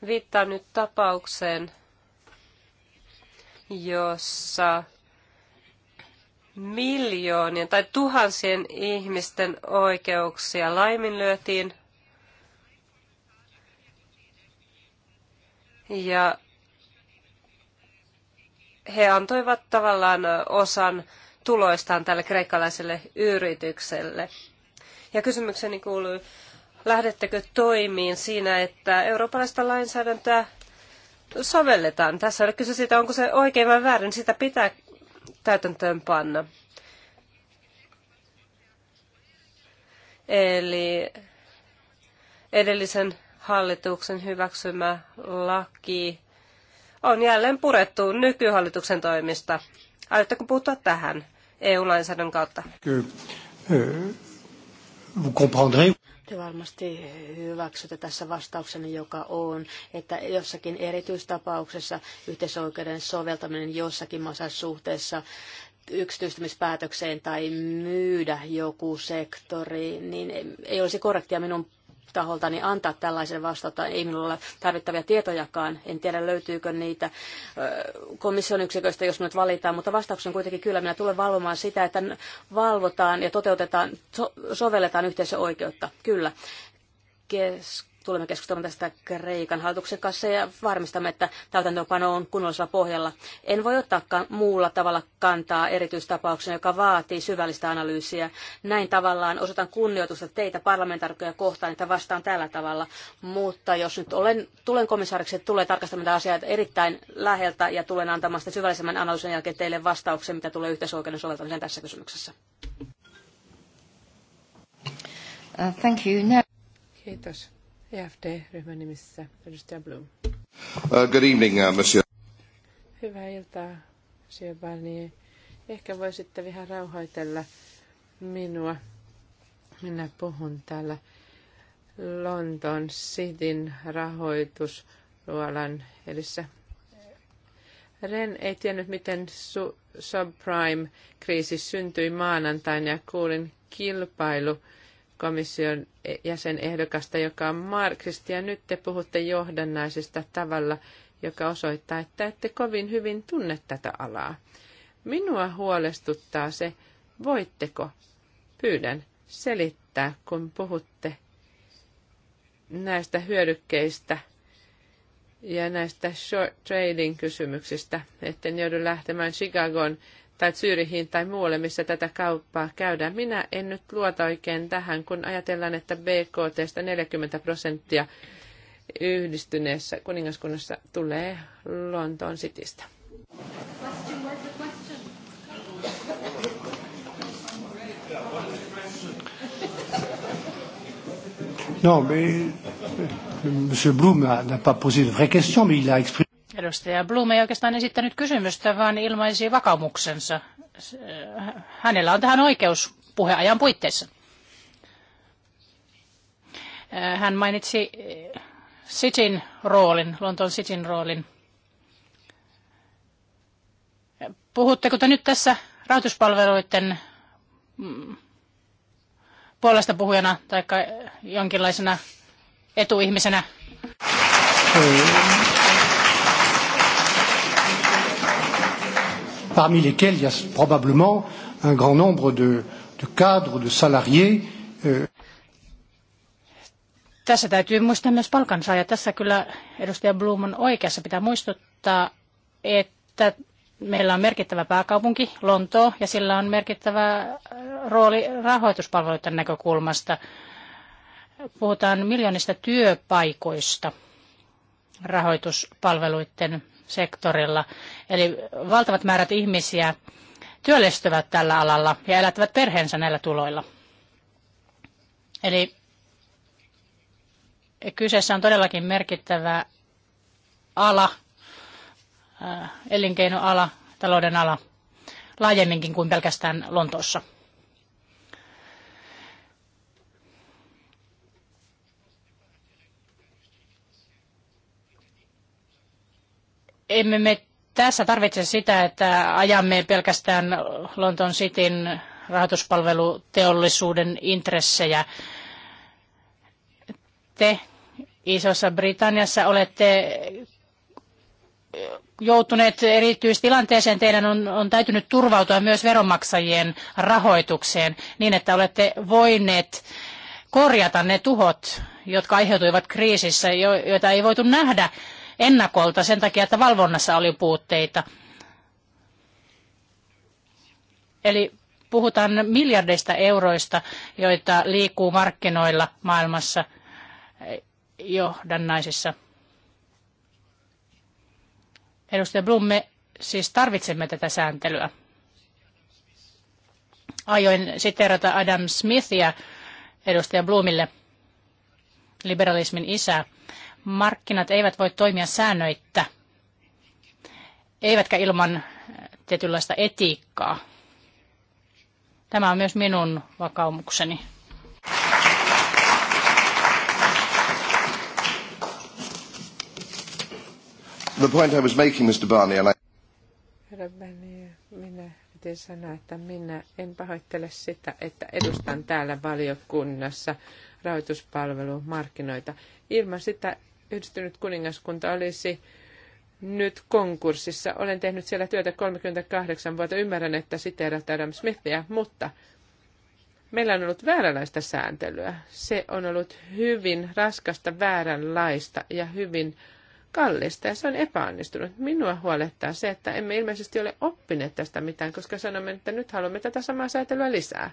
Viittaan nyt tapaukseen, jossa miljoonien tai tuhansien ihmisten oikeuksia laiminlyötiin. Ja he antoivat tavallaan osan tuloistaan tälle kreikkalaiselle yritykselle. Ja kysymykseni kuuluu, lähdettekö toimiin siinä, että eurooppalaista lainsäädäntöä sovelletaan? Tässä oli kyse siitä, onko se oikein vai väärin. Sitä pitää täytäntöönpanna. panna. Eli edellisen hallituksen hyväksymä laki on jälleen purettu nykyhallituksen toimista. Aiotteko puuttua tähän EU-lainsäädännön kautta? Kyllä. Te varmasti hyväksytte tässä vastauksen, joka on, että jossakin erityistapauksessa yhteisoikeuden soveltaminen jossakin maassa suhteessa yksityistymispäätökseen tai myydä joku sektori, niin ei olisi korrektia minun taholtani antaa tällaisen vastata. Ei minulla ole tarvittavia tietojakaan. En tiedä, löytyykö niitä komission yksiköistä, jos minut valitaan, mutta vastauksen kuitenkin kyllä. Minä tulen valvomaan sitä, että valvotaan ja toteutetaan, sovelletaan yhteisöoikeutta. Kyllä. Kesk- tulemme keskustelemaan tästä Kreikan hallituksen kanssa ja varmistamme, että täytäntöönpano on kunnollisella pohjalla. En voi ottaakaan muulla tavalla kantaa erityistapauksen, joka vaatii syvällistä analyysiä. Näin tavallaan osoitan kunnioitusta teitä parlamentaarikkoja kohtaan, että vastaan tällä tavalla. Mutta jos nyt olen, tulen komissaariksi, tulee tarkastamaan asiaa erittäin läheltä ja tulen antamaan sitä syvällisemmän analyysin jälkeen teille vastauksen, mitä tulee yhteisoikeuden soveltamiseen tässä kysymyksessä. Uh, thank you. No. Kiitos. EFD-ryhmän nimissä edustaja Blum. Uh, good evening, uh, monsieur. Hyvää iltaa, monsieur Barnier. Ehkä voisitte vähän rauhoitella minua. Minä puhun täällä Lontoon Cityn rahoitusluolan edessä. Ren ei tiennyt, miten su- subprime-kriisi syntyi maanantaina ja kuulin kilpailu komission jäsenehdokasta, joka on marksisti, ja nyt te puhutte johdannaisesta tavalla, joka osoittaa, että ette kovin hyvin tunne tätä alaa. Minua huolestuttaa se, voitteko, pyydän, selittää, kun puhutte näistä hyödykkeistä ja näistä short trading kysymyksistä, etten joudu lähtemään Chicagoon tai Zyrihiin tai muualle, missä tätä kauppaa käydään. Minä en nyt luota oikein tähän, kun ajatellaan, että BKTstä 40 prosenttia yhdistyneessä kuningaskunnassa tulee Lontoon sitistä. No, mais euh, M. Blum n'a pas posé de vraie question, mais il a exprimé. Edustaja Blum ei oikeastaan esittänyt kysymystä, vaan ilmaisi vakaumuksensa. Hänellä on tähän oikeus puheajan puitteissa. Hän mainitsi Sitin roolin, Lontoon Sitin roolin. Puhutteko te nyt tässä rahoituspalveluiden mm, puolesta puhujana tai jonkinlaisena etuihmisenä? Mm. parmi lesquels il y a probablement un grand nombre de, de cadres, de salariés. Euh, Tässä täytyy muistaa myös palkansaaja. Tässä kyllä edustaja Blum on oikeassa. Pitää muistuttaa, että meillä on merkittävä pääkaupunki Lontoo ja sillä on merkittävä äh, rooli rahoituspalveluiden näkökulmasta. Puhutaan miljoonista työpaikoista rahoituspalveluiden sektorilla. Eli valtavat määrät ihmisiä työllistyvät tällä alalla ja elättävät perheensä näillä tuloilla. Eli kyseessä on todellakin merkittävä ala, elinkeinoala, talouden ala, laajemminkin kuin pelkästään Lontoossa. emme me tässä tarvitse sitä, että ajamme pelkästään Lontoon Cityn rahoituspalveluteollisuuden intressejä. Te Isossa Britanniassa olette joutuneet erityistilanteeseen, teidän on, on täytynyt turvautua myös veronmaksajien rahoitukseen niin, että olette voineet korjata ne tuhot, jotka aiheutuivat kriisissä, joita ei voitu nähdä ennakolta sen takia, että valvonnassa oli puutteita. Eli puhutaan miljardeista euroista, joita liikkuu markkinoilla maailmassa johdannaisissa. Edustaja Blum, me siis tarvitsemme tätä sääntelyä. Ajoin siteerata Adam Smithia edustaja Blumille, liberalismin isää markkinat eivät voi toimia säännöittä, eivätkä ilman eh, tietynlaista etiikkaa. Tämä on myös minun vakaumukseni. The point I was making, Mr. Barnier, and I... Herra Barney, minä piti sanoa, että minä en pahoittele sitä, että edustan täällä valiokunnassa rahoituspalvelumarkkinoita. Ilman sitä yhdistynyt kuningaskunta olisi nyt konkurssissa. Olen tehnyt siellä työtä 38 vuotta. Ymmärrän, että siteerät Adam Smithia, mutta meillä on ollut vääränlaista sääntelyä. Se on ollut hyvin raskasta, vääränlaista ja hyvin kallista ja se on epäonnistunut. Minua huolettaa se, että emme ilmeisesti ole oppineet tästä mitään, koska sanomme, että nyt haluamme tätä samaa säätelyä lisää.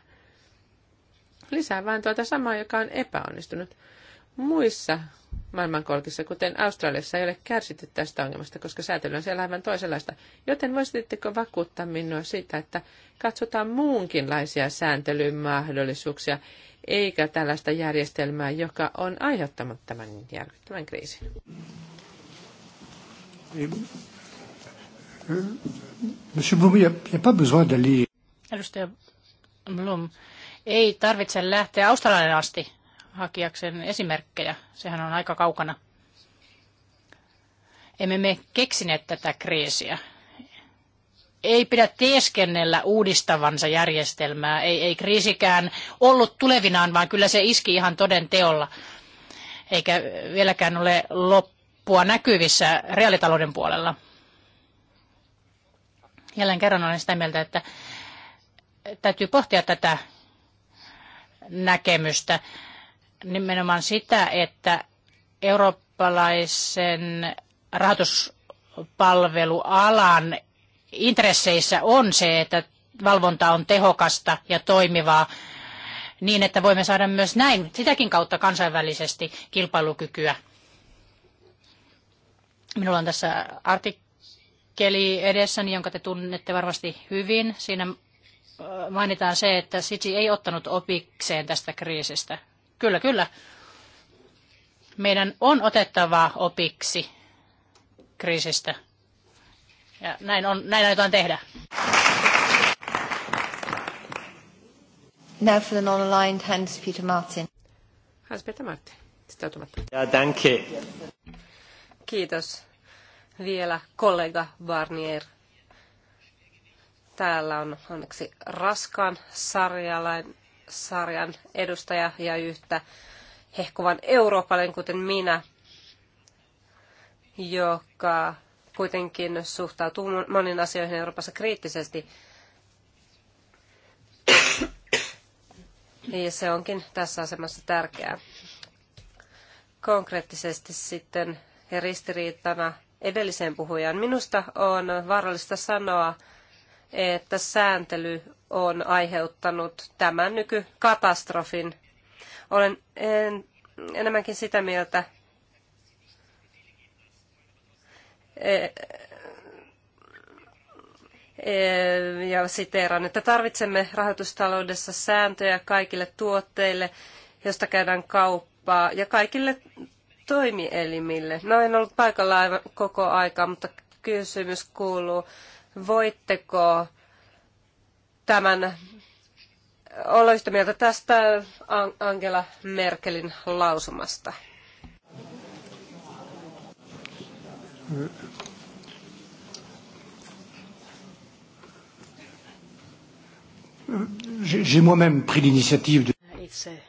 Lisää vain tuota samaa, joka on epäonnistunut. Muissa maailmankolkissa, kuten Australiassa, ei ole kärsitty tästä ongelmasta, koska säätely on siellä aivan toisenlaista. Joten voisitteko vakuuttaa minua siitä, että katsotaan muunkinlaisia sääntelyn mahdollisuuksia, eikä tällaista järjestelmää, joka on aiheuttanut tämän järkyttävän kriisin? Monsieur Edustaja Blum, ei tarvitse lähteä Australian asti hakijaksen esimerkkejä. Sehän on aika kaukana. Emme me keksineet tätä kriisiä. Ei pidä teeskennellä uudistavansa järjestelmää. Ei, ei kriisikään ollut tulevinaan, vaan kyllä se iski ihan toden teolla. Eikä vieläkään ole loppua näkyvissä reaalitalouden puolella. Jälleen kerran olen sitä mieltä, että täytyy pohtia tätä näkemystä nimenomaan sitä, että eurooppalaisen rahoituspalvelualan intresseissä on se, että valvonta on tehokasta ja toimivaa niin, että voimme saada myös näin sitäkin kautta kansainvälisesti kilpailukykyä. Minulla on tässä artikkeli edessäni, jonka te tunnette varmasti hyvin. Siinä äh, mainitaan se, että Sitsi ei ottanut opikseen tästä kriisistä. Kyllä, kyllä. Meidän on otettava opiksi kriisistä. Ja näin, on, näin aiotaan tehdä. Now for the non-aligned hands, Peter Martin. Hans-Peter Martin, sitoutumatta. Ja, danke. Kiitos vielä kollega Barnier. Täällä on onneksi raskaan sarjalainen sarjan edustaja ja yhtä hehkuvan eurooppalainen, kuten minä, joka kuitenkin suhtautuu moniin asioihin Euroopassa kriittisesti. Ja se onkin tässä asemassa tärkeää. Konkreettisesti sitten ja ristiriitana edelliseen puhujaan. Minusta on vaarallista sanoa, että sääntely on aiheuttanut tämän nykykatastrofin. Olen en, enemmänkin sitä mieltä, e, e, ja siteeran, että tarvitsemme rahoitustaloudessa sääntöjä kaikille tuotteille, josta käydään kauppaa, ja kaikille toimielimille. No en ollut paikalla aivan koko aikaa, mutta kysymys kuuluu, voitteko tämän olla yhtä mieltä tästä Angela Merkelin lausumasta. Itse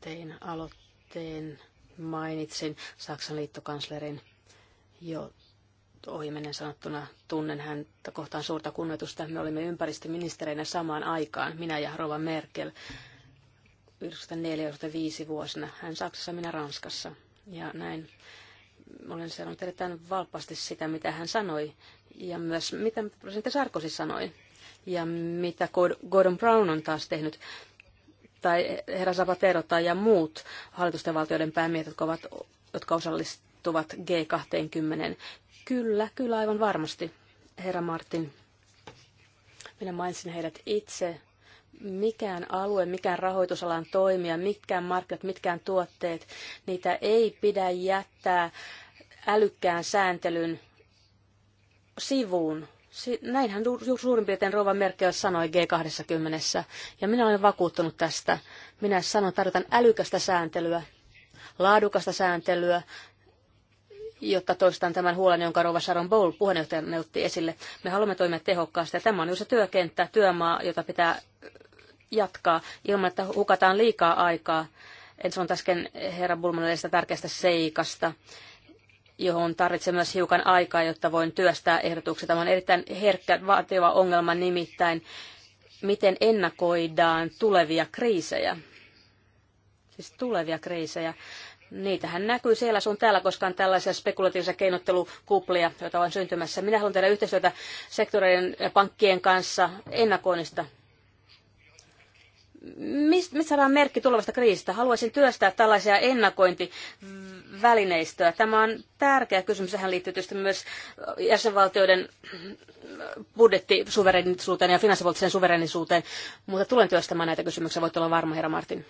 tein aloitteen, mainitsin Saksan liittokanslerin, jo, ohimennen sanottuna tunnen häntä kohtaan suurta kunnioitusta. Me olimme ympäristöministereinä samaan aikaan, minä ja Rova Merkel, 94-95 vuosina, hän Saksassa, minä Ranskassa. Ja näin olen sanonut erittäin valppaasti sitä, mitä hän sanoi, ja myös mitä presidentti Sarkozy sanoi, ja mitä Gordon Brown on taas tehnyt tai herra Zapatero tai ja muut hallitusten valtioiden päämiehet, jotka, ovat, jotka osallistuvat G20. Kyllä, kyllä aivan varmasti, herra Martin. Minä mainitsin heidät itse. Mikään alue, mikään rahoitusalan toimija, mitkään markkinat, mitkään tuotteet, niitä ei pidä jättää älykkään sääntelyn sivuun. Näinhän suurin piirtein Rova Merkel sanoi G20, ja minä olen vakuuttunut tästä. Minä sanon, tarvitaan älykästä sääntelyä, laadukasta sääntelyä, jotta toistan tämän huolen, jonka Rova Sharon Bowl puheenjohtajana otti esille. Me haluamme toimia tehokkaasti ja tämä on juuri se työkenttä, työmaa, jota pitää jatkaa ilman, että hukataan liikaa aikaa. En sanonut äsken herra Bulmanille sitä tärkeästä seikasta, johon tarvitsen myös hiukan aikaa, jotta voin työstää ehdotuksia. Tämä on erittäin herkkä, vaativa ongelma nimittäin, miten ennakoidaan tulevia kriisejä. Siis tulevia kriisejä niitähän näkyy siellä sun täällä, koska on tällaisia spekulatiivisia keinottelukuplia, joita on syntymässä. Minä haluan tehdä yhteistyötä sektoreiden ja pankkien kanssa ennakoinnista. Mistä saadaan merkki tulevasta kriisistä? Haluaisin työstää tällaisia ennakointivälineistöä. Tämä on tärkeä kysymys. Sehän liittyy tietysti myös jäsenvaltioiden budjettisuverenisuuteen ja finanssipoliittiseen suverenisuuteen, mutta tulen työstämään näitä kysymyksiä. Voit olla varma, herra Martin.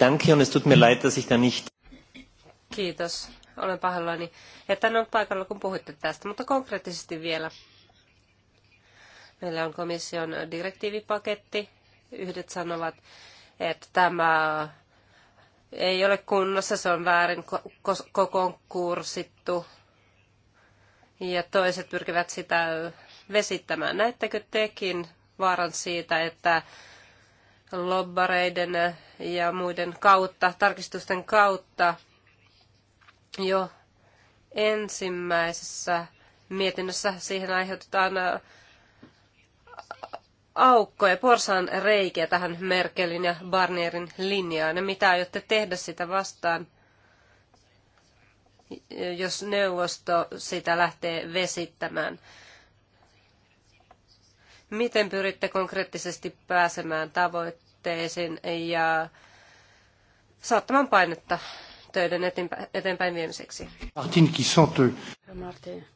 Danke und es tut mir leid, dass ich da nicht... Kiitos. Olen pahoillani, että en ollut paikalla, kun puhuitte tästä, mutta konkreettisesti vielä. Meillä on komission direktiivipaketti. Yhdet sanovat, että tämä ei ole kunnossa, se on väärin kokoon kurssittu. Ja toiset pyrkivät sitä vesittämään. Näettekö tekin vaaran siitä, että lobbareiden ja muiden kautta, tarkistusten kautta jo ensimmäisessä mietinnössä siihen aiheutetaan äh, aukkoja, porsan reikiä tähän Merkelin ja Barnierin linjaan. Ja mitä aiotte tehdä sitä vastaan, jos neuvosto sitä lähtee vesittämään? Miten pyritte konkreettisesti pääsemään tavoitteisiin ja saattamaan painetta töiden eteenpäin viemiseksi? Martin, Martin,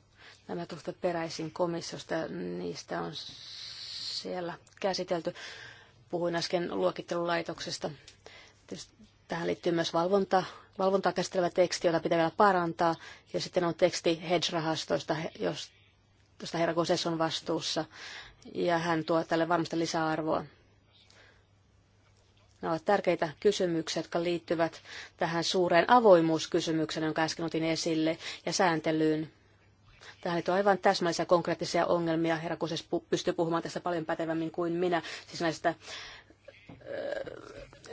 nämä tuosta peräisin komissiosta, niistä on siellä käsitelty. Puhuin äsken luokittelulaitoksesta. tähän liittyy myös valvonta, valvontaa käsittelevä teksti, jota pitää vielä parantaa. Ja sitten on teksti hedge-rahastoista, josta herra Gosses on vastuussa ja hän tuo tälle varmasti lisäarvoa. Nämä ovat tärkeitä kysymyksiä, jotka liittyvät tähän suureen avoimuuskysymykseen, jonka äsken otin esille, ja sääntelyyn. Tähän liittyy aivan täsmällisiä konkreettisia ongelmia. Herra Kuses pystyy puhumaan tästä paljon pätevämmin kuin minä, siis näistä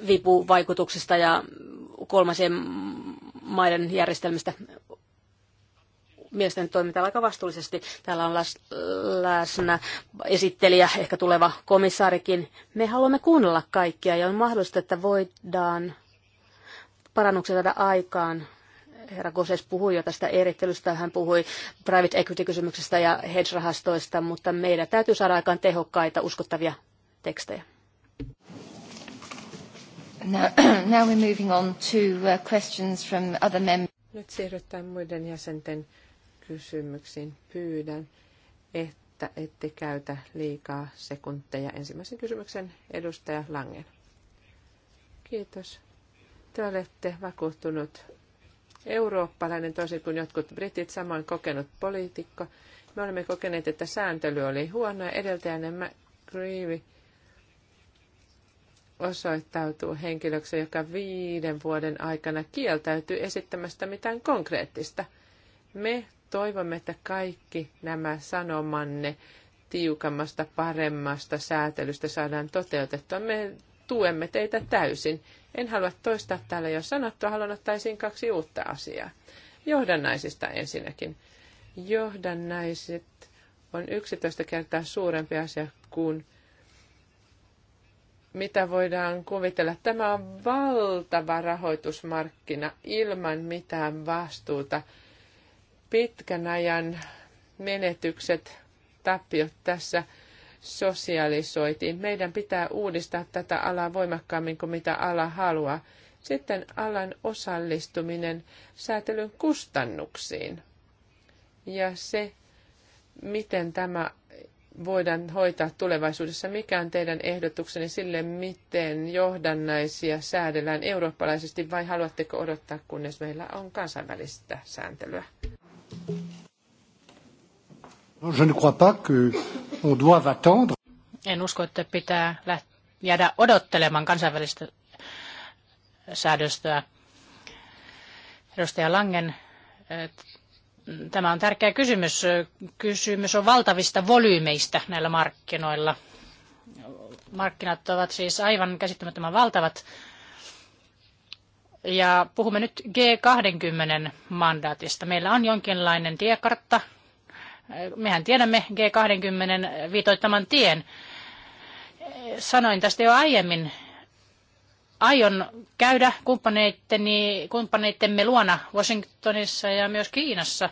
vipuvaikutuksista ja kolmasien maiden järjestelmistä Miesten toiminta aika vastuullisesti. Täällä on läsnä esittelijä, ehkä tuleva komissaarikin. Me haluamme kuunnella kaikkia ja on mahdollista, että voidaan parannuksia saada aikaan. Herra Goses puhui jo tästä erittelystä, hän puhui private equity-kysymyksestä ja hedge-rahastoista, mutta meidän täytyy saada aikaan tehokkaita, uskottavia tekstejä. Now, now we're moving on to uh, questions from other members. Nyt siirrytään muiden jäsenten kysymyksiin. Pyydän, että ette käytä liikaa sekunteja. Ensimmäisen kysymyksen edustaja Langen. Kiitos. Te olette vakuuttunut eurooppalainen, toisin kuin jotkut britit, samoin kokenut poliitikko. Me olemme kokeneet, että sääntely oli huono ja edeltäjänne McGreevy osoittautuu henkilöksi, joka viiden vuoden aikana kieltäytyy esittämästä mitään konkreettista. Me Toivomme, että kaikki nämä sanomanne tiukammasta, paremmasta säätelystä saadaan toteutettua. Me tuemme teitä täysin. En halua toistaa täällä jo sanottua, haluan ottaa esiin kaksi uutta asiaa. Johdannaisista ensinnäkin. Johdannaiset on 11 kertaa suurempi asia kuin mitä voidaan kuvitella. Tämä on valtava rahoitusmarkkina ilman mitään vastuuta pitkän ajan menetykset, tappiot tässä sosialisoitiin. Meidän pitää uudistaa tätä alaa voimakkaammin kuin mitä ala haluaa. Sitten alan osallistuminen säätelyn kustannuksiin ja se, miten tämä voidaan hoitaa tulevaisuudessa. Mikä on teidän ehdotukseni sille, miten johdannaisia säädellään eurooppalaisesti vai haluatteko odottaa, kunnes meillä on kansainvälistä sääntelyä? En usko, että pitää jäädä odottelemaan kansainvälistä säädöstöä. Edustaja Langen, tämä on tärkeä kysymys. Kysymys on valtavista volyymeistä näillä markkinoilla. Markkinat ovat siis aivan käsittämättömän valtavat ja puhumme nyt G20 mandaatista. Meillä on jonkinlainen tiekartta. Mehän tiedämme G20 viitoittaman tien. Sanoin tästä jo aiemmin. Aion käydä kumppaneittemme luona Washingtonissa ja myös Kiinassa.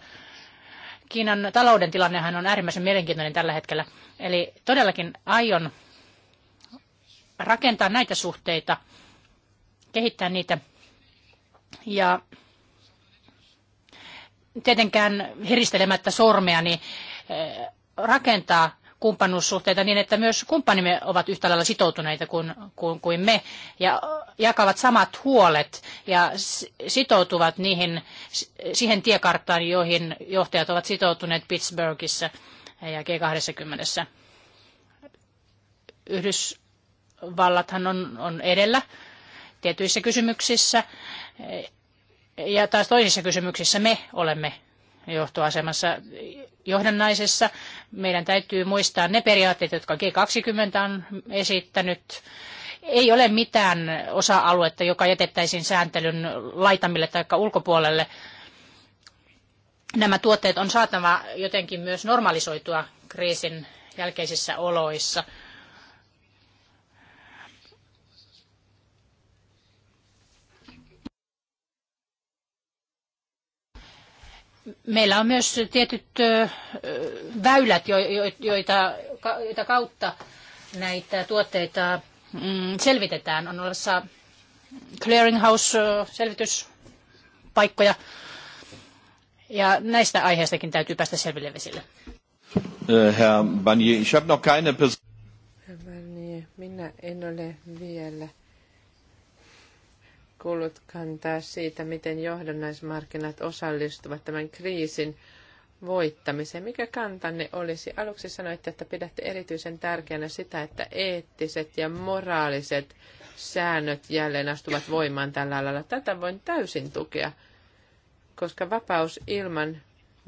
Kiinan talouden tilannehan on äärimmäisen mielenkiintoinen tällä hetkellä. Eli todellakin aion rakentaa näitä suhteita, kehittää niitä ja tietenkään heristelemättä sormeani eh, rakentaa kumppanuussuhteita niin, että myös kumppanimme ovat yhtä lailla sitoutuneita kuin, kuin, kuin me ja jakavat samat huolet ja sitoutuvat niihin, siihen tiekarttaan, joihin johtajat ovat sitoutuneet Pittsburghissa ja G20. Yhdysvallathan on, on edellä tietyissä kysymyksissä. Ja taas toisissa kysymyksissä me olemme johtoasemassa johdannaisessa. Meidän täytyy muistaa ne periaatteet, jotka G20 on esittänyt. Ei ole mitään osa-aluetta, joka jätettäisiin sääntelyn laitamille tai ulkopuolelle. Nämä tuotteet on saatava jotenkin myös normalisoitua kriisin jälkeisissä oloissa. Meillä on myös tietyt väylät, joita, joita kautta näitä tuotteita mm, selvitetään. On olemassa clearinghouse-selvityspaikkoja. Ja näistä aiheistakin täytyy päästä selville vesille. Herr Barnier, ich habe noch keine Minä en ole vielä kuullut kantaa siitä, miten johdannaismarkkinat osallistuvat tämän kriisin voittamiseen. Mikä kantanne olisi? Aluksi sanoitte, että pidätte erityisen tärkeänä sitä, että eettiset ja moraaliset säännöt jälleen astuvat voimaan tällä alalla. Tätä voin täysin tukea, koska vapaus ilman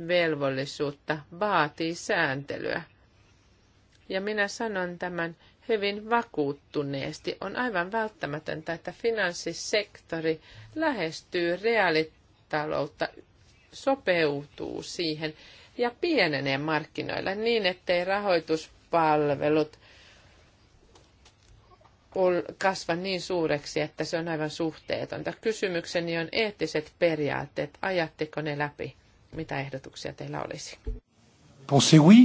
velvollisuutta vaatii sääntelyä. Ja minä sanon tämän hyvin vakuuttuneesti. On aivan välttämätöntä, että finanssisektori lähestyy reaalitaloutta, sopeutuu siihen ja pienenee markkinoilla niin, ettei rahoituspalvelut kasva niin suureksi, että se on aivan suhteetonta. Kysymykseni on eettiset periaatteet. Ajatteko ne läpi? Mitä ehdotuksia teillä olisi? Pensez oui,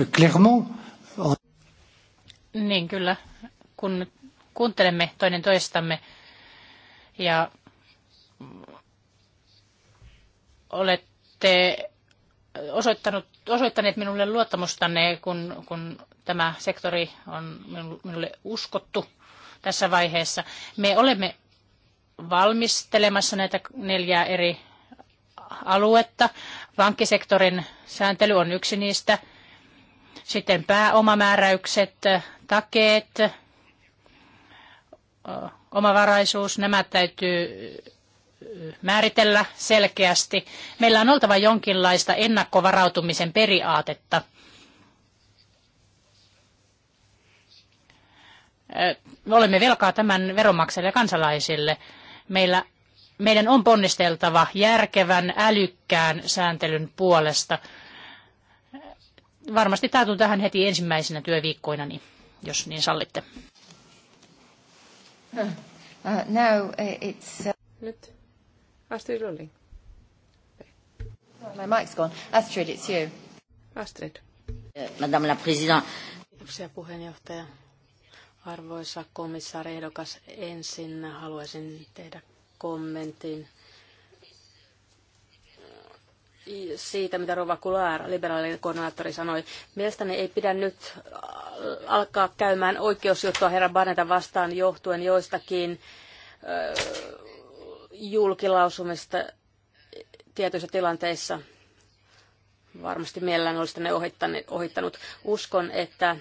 euh, clairement. Niin kyllä, kun kuuntelemme toinen toistamme ja olette osoittanut, osoittaneet minulle luottamustanne, kun, kun tämä sektori on minulle uskottu tässä vaiheessa. Me olemme valmistelemassa näitä neljää eri aluetta. Pankkisektorin sääntely on yksi niistä. Sitten pääomamääräykset, takeet, omavaraisuus, nämä täytyy määritellä selkeästi. Meillä on oltava jonkinlaista ennakkovarautumisen periaatetta. Me olemme velkaa tämän veronmaksajille ja kansalaisille. Meillä, meidän on ponnisteltava järkevän, älykkään sääntelyn puolesta varmasti taatun tähän heti ensimmäisenä työviikkoina, niin, jos niin sallitte. Uh, no, uh, it's, uh... Nyt Astrid Lulling. My mic's gone. Astrid, it's you. Astrid. Madame la Présidente. Kiitoksia puheenjohtaja. Arvoisa komissaari ehdokas, ensin haluaisin tehdä kommentin siitä, mitä Rova Kulaar, liberaalinen koordinaattori, sanoi. Mielestäni ei pidä nyt äh, alkaa käymään oikeusjuttua herra Barnetta vastaan johtuen joistakin äh, julkilausumista tietyissä tilanteissa. Varmasti mielellään olisi ne ohittanut. Uskon, että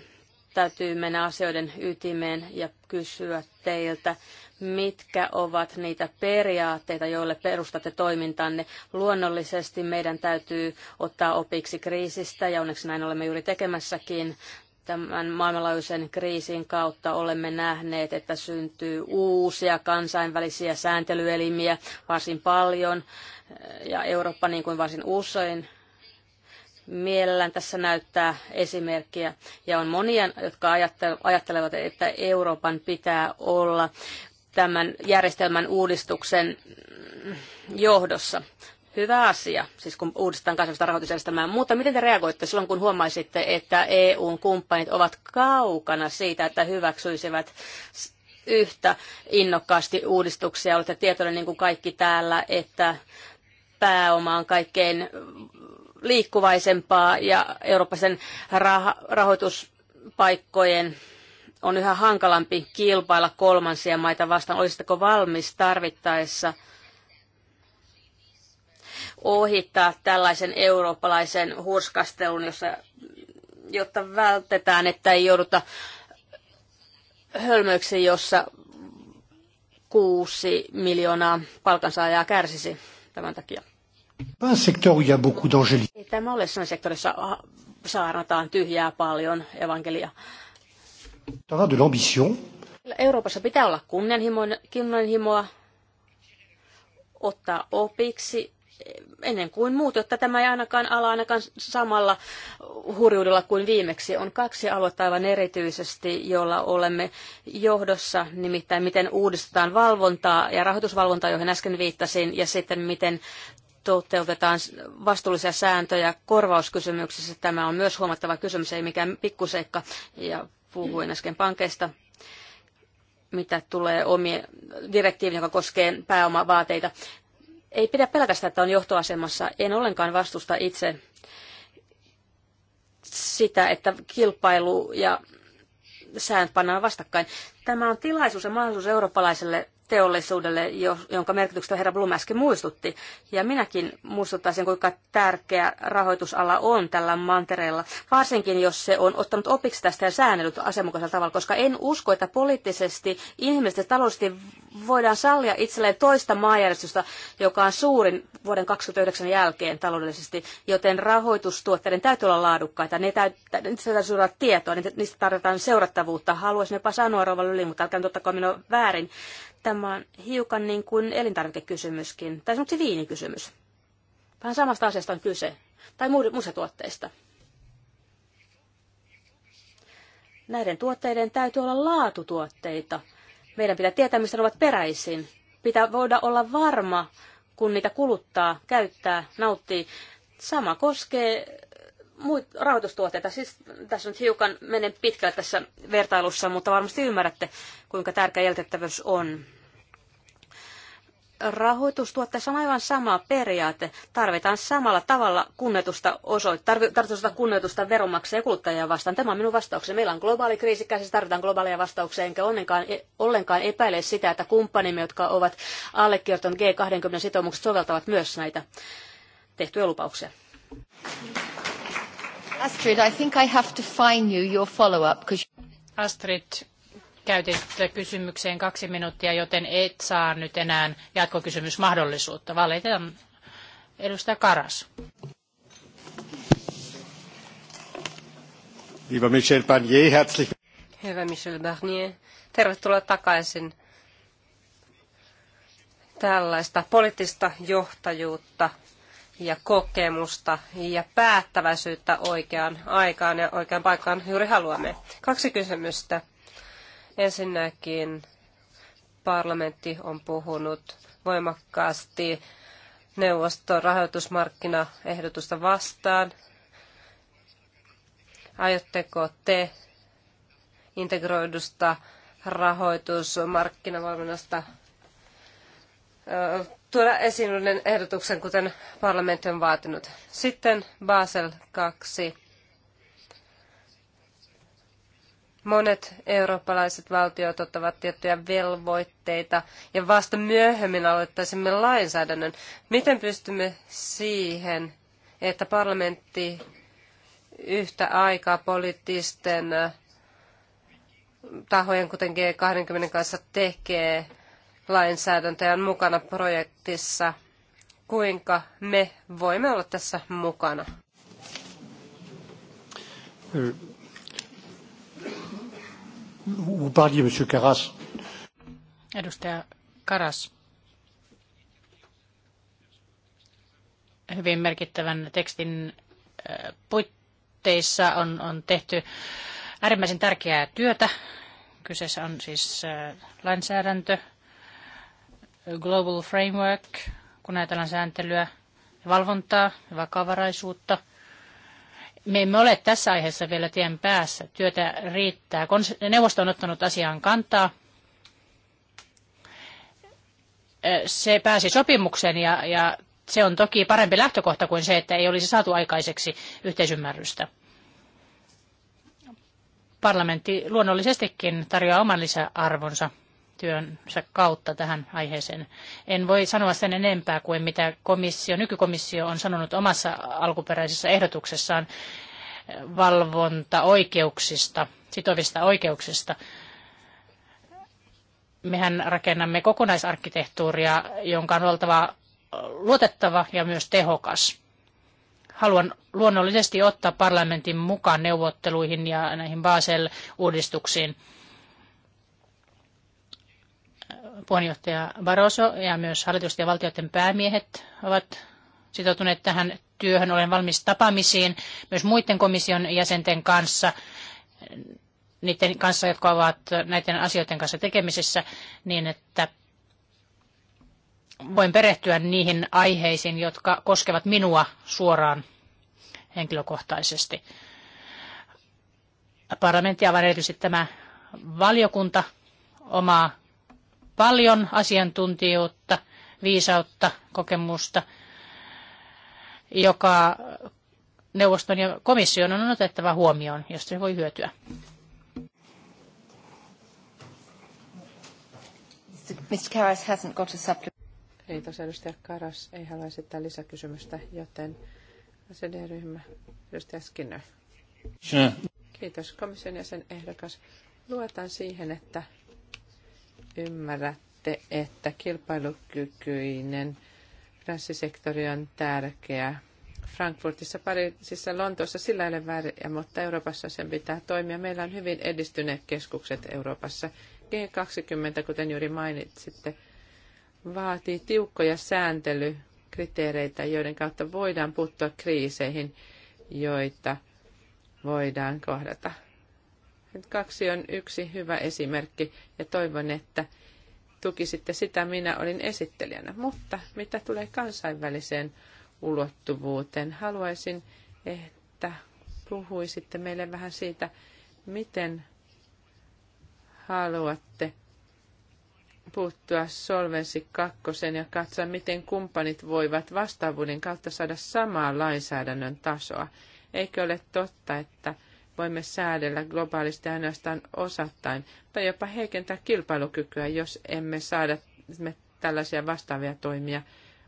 täytyy mennä asioiden ytimeen ja kysyä teiltä, mitkä ovat niitä periaatteita, joille perustatte toimintanne. Luonnollisesti meidän täytyy ottaa opiksi kriisistä, ja onneksi näin olemme juuri tekemässäkin. Tämän maailmanlaajuisen kriisin kautta olemme nähneet, että syntyy uusia kansainvälisiä sääntelyelimiä varsin paljon, ja Eurooppa niin kuin varsin usein mielellään tässä näyttää esimerkkiä. Ja on monia, jotka ajattelevat, että Euroopan pitää olla tämän järjestelmän uudistuksen johdossa. Hyvä asia, siis kun uudistetaan kansainvälistä rahoitusjärjestelmää. Mutta miten te reagoitte silloin, kun huomaisitte, että EUn kumppanit ovat kaukana siitä, että hyväksyisivät yhtä innokkaasti uudistuksia? Olette tietoinen, niin kuin kaikki täällä, että pääoma on kaikkein liikkuvaisempaa ja Euroopan rah- rahoituspaikkojen on yhä hankalampi kilpailla kolmansia maita vastaan. Olisitteko valmis tarvittaessa ohittaa tällaisen eurooppalaisen hurskastelun, jossa, jotta vältetään, että ei jouduta hölmöyksiin, jossa kuusi miljoonaa palkansaajaa kärsisi tämän takia. Tämä ole sellainen sektori, jossa ah, saarnataan tyhjää paljon evankelia de l'ambition. Euroopassa pitää olla kunnianhimoa, ottaa opiksi ennen kuin muut, jotta tämä ei ainakaan ala ainakaan samalla hurjuudella kuin viimeksi. On kaksi aluetta aivan erityisesti, jolla olemme johdossa, nimittäin miten uudistetaan valvontaa ja rahoitusvalvontaa, johon äsken viittasin, ja sitten miten toteutetaan vastuullisia sääntöjä korvauskysymyksissä. Tämä on myös huomattava kysymys, ei mikään pikkuseikka. Ja puhuin äsken pankeista, mitä tulee omien direktiivin, joka koskee pääomavaateita. Ei pidä pelätä sitä, että on johtoasemassa. En ollenkaan vastusta itse sitä, että kilpailu ja säännöt pannaan vastakkain. Tämä on tilaisuus ja mahdollisuus eurooppalaiselle teollisuudelle, jonka merkityksestä herra Blum äsken muistutti. Ja minäkin muistuttaisin, kuinka tärkeä rahoitusala on tällä mantereella, varsinkin jos se on ottanut opiksi tästä ja säännellyt asianmukaisella tavalla, koska en usko, että poliittisesti, inhimillisesti ja taloudellisesti voidaan sallia itselleen toista maanjärjestystä, joka on suurin vuoden 2009 jälkeen taloudellisesti, joten rahoitustuotteiden täytyy olla laadukkaita, ne täytyy, niistä täytyy olla tietoa, niistä tarvitaan seurattavuutta. Haluaisin jopa sanoa Rova Lyli, mutta älkää nyt kai minua väärin Tämä on hiukan niin kuin elintarvikekysymyskin, tai sanoksi viinikysymys. Vähän samasta asiasta on kyse, tai muista tuotteista. Näiden tuotteiden täytyy olla laatutuotteita. Meidän pitää tietää, mistä ne ovat peräisin. Pitää voida olla varma, kun niitä kuluttaa, käyttää, nauttii. Sama koskee muut rahoitustuotteita. Siis tässä nyt hiukan menen pitkälle tässä vertailussa, mutta varmasti ymmärrätte, kuinka tärkeä jäljitettävyys on. Rahoitustuotteessa on aivan sama periaate. Tarvitaan samalla tavalla kunnetusta osoittaa, tarvitaan kunnetusta veronmaksajia ja kuluttajia vastaan. Tämä on minun vastaukseni. Meillä on globaali kriisi käsissä, tarvitaan globaaleja vastauksia, enkä ollenkaan, e- ollenkaan epäile sitä, että kumppanimme, jotka ovat allekirjoittaneet G20-sitoumukset, soveltavat myös näitä tehtyjä lupauksia. Thank you. Astrid, I think I have to fine you your follow-up. because... Astrid, käytit kysymykseen kaksi minuuttia, joten et saa nyt enää jatkokysymysmahdollisuutta. Valitetaan edustaja Karas. Hyvä Michel Barnier, herzlich. Hyvä Michel Barnier, tervetuloa takaisin. Tällaista poliittista johtajuutta ja kokemusta ja päättäväisyyttä oikeaan aikaan ja oikeaan paikkaan juuri haluamme. Kaksi kysymystä. Ensinnäkin parlamentti on puhunut voimakkaasti neuvoston rahoitusmarkkinaehdotusta vastaan. Aiotteko te integroidusta rahoitusmarkkinavalvonnasta tuoda esiin uuden ehdotuksen, kuten parlamentti on vaatinut. Sitten Basel 2. Monet eurooppalaiset valtiot ottavat tiettyjä velvoitteita ja vasta myöhemmin aloittaisimme lainsäädännön. Miten pystymme siihen, että parlamentti yhtä aikaa poliittisten tahojen, kuten G20 kanssa tekee lainsäädäntöjä on mukana projektissa. Kuinka me voimme olla tässä mukana? Edustaja Karas. Hyvin merkittävän tekstin äh, puitteissa on, on tehty äärimmäisen tärkeää työtä. Kyseessä on siis äh, lainsäädäntö, Global Framework, kun ajatellaan sääntelyä ja valvontaa ja vakavaraisuutta. Me emme ole tässä aiheessa vielä tien päässä. Työtä riittää. Neuvosto on ottanut asiaan kantaa. Se pääsi sopimukseen ja, ja se on toki parempi lähtökohta kuin se, että ei olisi saatu aikaiseksi yhteisymmärrystä. Parlamentti luonnollisestikin tarjoaa oman lisäarvonsa työnsä kautta tähän aiheeseen. En voi sanoa sen enempää kuin mitä komissio, nykykomissio on sanonut omassa alkuperäisessä ehdotuksessaan valvontaoikeuksista, sitovista oikeuksista. Mehän rakennamme kokonaisarkkitehtuuria, jonka on oltava luotettava ja myös tehokas. Haluan luonnollisesti ottaa parlamentin mukaan neuvotteluihin ja näihin Basel-uudistuksiin puheenjohtaja Barroso ja myös hallitusten ja valtioiden päämiehet ovat sitoutuneet tähän työhön. Olen valmis tapaamisiin myös muiden komission jäsenten kanssa, niiden kanssa, jotka ovat näiden asioiden kanssa tekemisissä, niin että voin perehtyä niihin aiheisiin, jotka koskevat minua suoraan henkilökohtaisesti. Parlamentti, aivan erityisesti tämä valiokunta, omaa paljon asiantuntijuutta, viisautta, kokemusta, joka neuvoston ja komission on otettava huomioon, josta se voi hyötyä. Mr. Karas hasn't got a supplement. Kiitos edustaja Karas. Ei halua esittää lisäkysymystä, joten CD-ryhmä edustaja Skinner. Kiitos komission jäsen ehdokas. Luotan siihen, että ymmärrätte, että kilpailukykyinen finanssisektori on tärkeä. Frankfurtissa, Pariisissa, Lontoossa sillä ei ole väriä, mutta Euroopassa sen pitää toimia. Meillä on hyvin edistyneet keskukset Euroopassa. G20, kuten juuri mainitsitte, vaatii tiukkoja sääntelykriteereitä, joiden kautta voidaan puuttua kriiseihin, joita voidaan kohdata. Nyt kaksi on yksi hyvä esimerkki ja toivon, että tukisitte sitä. Minä olin esittelijänä. Mutta mitä tulee kansainväliseen ulottuvuuteen, haluaisin, että puhuisitte meille vähän siitä, miten haluatte puuttua Solvensi kakkoseen ja katsoa, miten kumppanit voivat vastaavuuden kautta saada samaa lainsäädännön tasoa. Eikö ole totta, että – voimme säädellä globaalisti ainoastaan osattain tai jopa heikentää kilpailukykyä, jos emme saada me tällaisia vastaavia toimia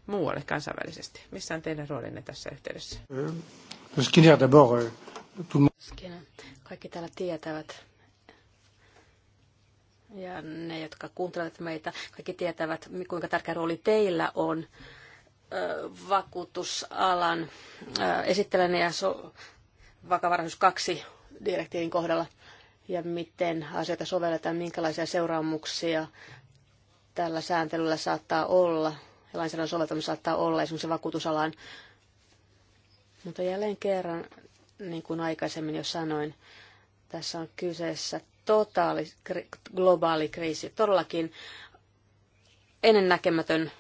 muualle kansainvälisesti. Missä on teidän roolinne tässä yhteydessä? Äh, kaikki täällä tietävät, ja ne, jotka kuuntelevat meitä, kaikki tietävät, kuinka tärkeä rooli teillä on äh, vakuutusalan äh, esittelijänä ja so, vakavaraisuus kaksi direktiivin kohdalla ja miten asioita sovelletaan, minkälaisia seuraamuksia tällä sääntelyllä saattaa olla ja lainsäädännön soveltaminen saattaa olla esimerkiksi vakuutusalaan. Mutta jälleen kerran, niin kuin aikaisemmin jo sanoin, tässä on kyseessä totaali globaali kriisi, todellakin ennennäkemätön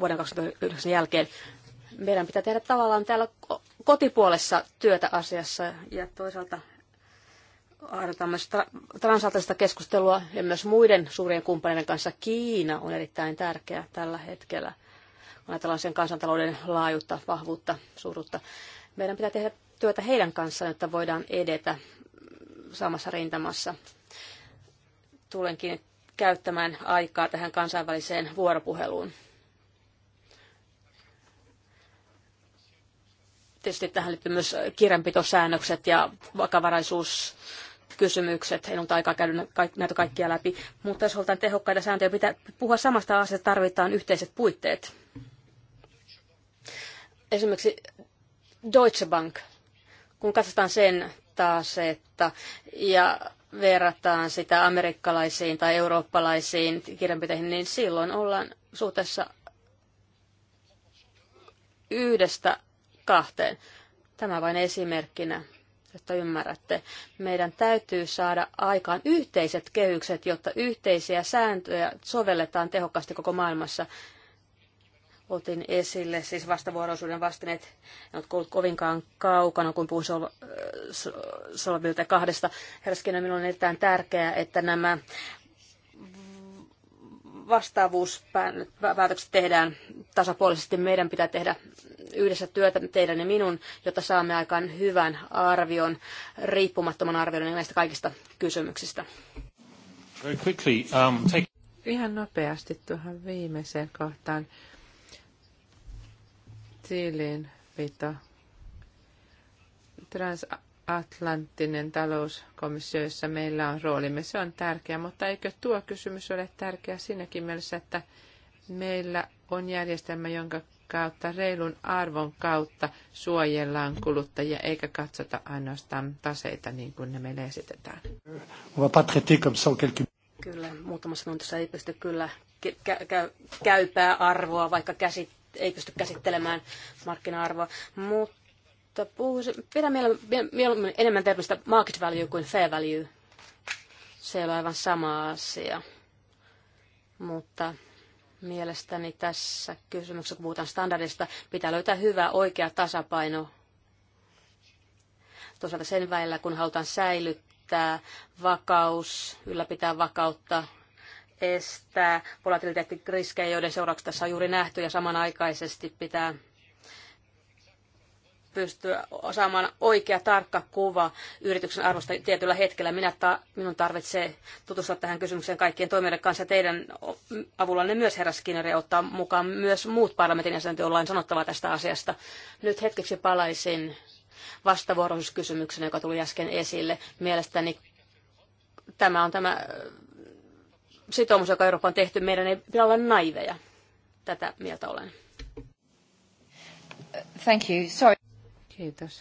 vuoden 2009 jälkeen. Meidän pitää tehdä tavallaan täällä kotipuolessa työtä asiassa ja toisaalta harjoitamme transatlanttista keskustelua ja myös muiden suurien kumppaneiden kanssa. Kiina on erittäin tärkeä tällä hetkellä, kun ajatellaan sen kansantalouden laajuutta, vahvuutta, suuruutta. Meidän pitää tehdä työtä heidän kanssaan, jotta voidaan edetä samassa rintamassa. Tulenkin käyttämään aikaa tähän kansainväliseen vuoropuheluun. tietysti tähän liittyy myös kirjanpitosäännökset ja vakavaraisuus kysymykset. En ollut aikaa käydä näitä kaikkia läpi, mutta jos halutaan tehokkaita sääntöjä, pitää puhua samasta asiasta, tarvitaan yhteiset puitteet. Esimerkiksi Deutsche Bank, kun katsotaan sen taas, että ja verrataan sitä amerikkalaisiin tai eurooppalaisiin kirjanpiteihin, niin silloin ollaan suhteessa yhdestä kahteen. Tämä vain esimerkkinä jotta ymmärrätte. Meidän täytyy saada aikaan yhteiset kehykset, jotta yhteisiä sääntöjä sovelletaan tehokkaasti koko maailmassa. Otin esille siis vastavuoroisuuden vastineet, en ole kuullut kovinkaan kaukana, kun puhuin Solvilta kahdesta. Herraskin minulla on erittäin tärkeää, että nämä vastaavuuspäätökset tehdään tasapuolisesti. Meidän pitää tehdä yhdessä työtä teidän ja minun, jotta saamme aikaan hyvän arvion, riippumattoman arvion näistä kaikista kysymyksistä. Um, Ihan nopeasti tuohon viimeiseen kohtaan. Tiiliin viittaa. Trans Atlanttinen talouskomissio, jossa meillä on roolimme, se on tärkeä, mutta eikö tuo kysymys ole tärkeä siinäkin mielessä, että meillä on järjestelmä, jonka kautta, reilun arvon kautta suojellaan kuluttajia, eikä katsota ainoastaan taseita niin kuin ne meille esitetään. Kyllä, muutamassa tuntissa ei pysty kyllä käypää arvoa, vaikka käsit, ei pysty käsittelemään markkina-arvoa, mutta mutta puhuisin, pidän mieluummin enemmän termistä market value kuin fair value. Se ei ole aivan sama asia, mutta mielestäni tässä kysymyksessä, kun puhutaan standardista, pitää löytää hyvä oikea tasapaino toisaalta sen välillä, kun halutaan säilyttää vakaus, ylläpitää vakautta, estää volatiliteettiriskejä, joiden seuraukset tässä on juuri nähty, ja samanaikaisesti pitää pystyä saamaan oikea tarkka kuva yrityksen arvosta tietyllä hetkellä. Minä ta- minun tarvitsee tutustua tähän kysymykseen kaikkien toimijoiden kanssa. Teidän avullanne myös herra Skinner ja ottaa mukaan myös muut parlamentin jäsenet, joilla on sanottavaa tästä asiasta. Nyt hetkeksi palaisin vastavuoroisuuskysymykseen, joka tuli äsken esille. Mielestäni tämä on tämä äh, sitoumus, joka Eurooppa on tehty. Meidän ei pidä olla naiveja. Tätä mieltä olen. Thank you. Sorry. Kiitos.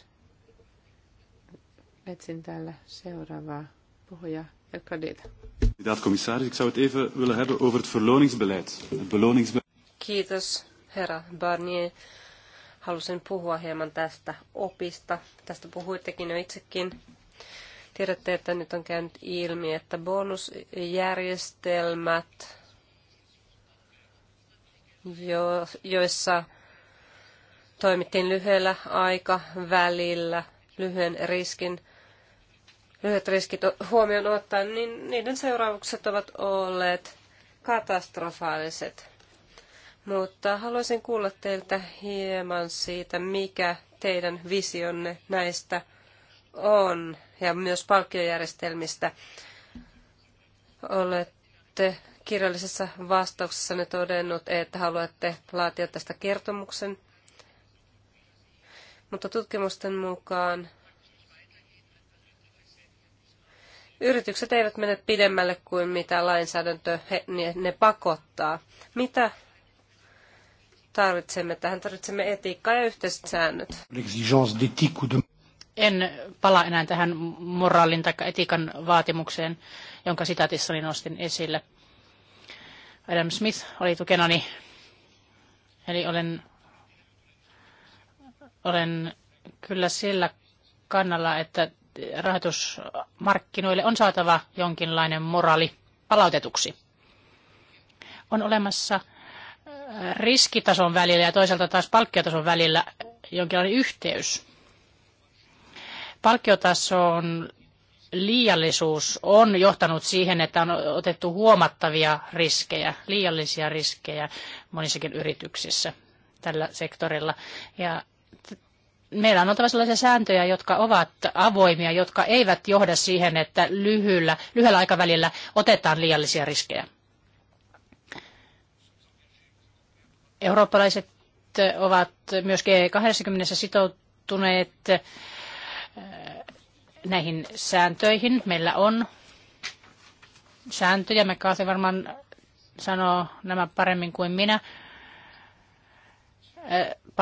Etsin täällä seuraavaa puhuja. Kandidaat-commissaris, ik zou het even willen hebben over het verloningsbeleid. Het beloningsbeleid. Kiitos, herra Barnier. Halusin puhua hieman tästä opista. Tästä puhuittekin jo itsekin. Tiedätte, että nyt on käynyt ilmi, että bonusjärjestelmät, joissa toimittiin lyhyellä aikavälillä, lyhyen riskin, lyhyet riskit huomioon ottaen, niin niiden seuraukset ovat olleet katastrofaaliset. Mutta haluaisin kuulla teiltä hieman siitä, mikä teidän visionne näistä on ja myös palkkiojärjestelmistä. Olette kirjallisessa vastauksessanne todennut, että haluatte laatia tästä kertomuksen – mutta tutkimusten mukaan yritykset eivät mene pidemmälle kuin mitä lainsäädäntö he, ne pakottaa. Mitä tarvitsemme tähän? Tarvitsemme etiikkaa ja yhteiset säännöt. En pala enää tähän moraalin tai etiikan vaatimukseen, jonka sitaatissani nostin esille. Adam Smith oli tukenani, eli olen olen kyllä sillä kannalla, että rahoitusmarkkinoille on saatava jonkinlainen moraali palautetuksi. On olemassa äh, riskitason välillä ja toisaalta taas palkkiotason välillä jonkinlainen yhteys. Palkkiotason liiallisuus on johtanut siihen, että on otettu huomattavia riskejä, liiallisia riskejä monissakin yrityksissä tällä sektorilla. Ja meillä on oltava sellaisia sääntöjä, jotka ovat avoimia, jotka eivät johda siihen, että lyhyellä, lyhyellä aikavälillä otetaan liiallisia riskejä. Eurooppalaiset ovat myös G20 sitoutuneet äh, näihin sääntöihin. Meillä on sääntöjä. me McCarthy varmaan sanoo nämä paremmin kuin minä. Äh,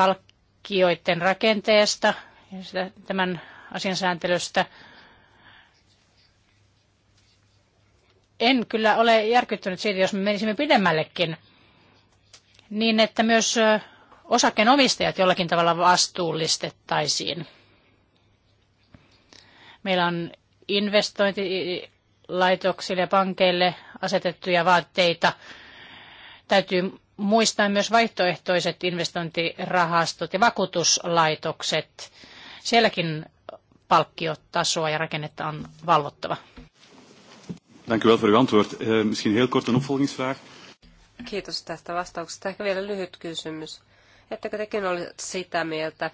Palk- tutkijoiden rakenteesta ja tämän asian sääntelystä. En kyllä ole järkyttynyt siitä, jos me menisimme pidemmällekin, niin että myös osakkeenomistajat jollakin tavalla vastuullistettaisiin. Meillä on investointilaitoksille ja pankeille asetettuja vaatteita. Täytyy muistaen myös vaihtoehtoiset investointirahastot ja vakuutuslaitokset. Sielläkin palkkiotasoa ja rakennetta on valvottava. Dank u wel voor uw antwoord. Uh, misschien heel kort een opvolgingsvraag. Kiitos tästä vastauksesta. Ehkä vielä lyhyt kysymys. Ettekö tekin ole sitä mieltä,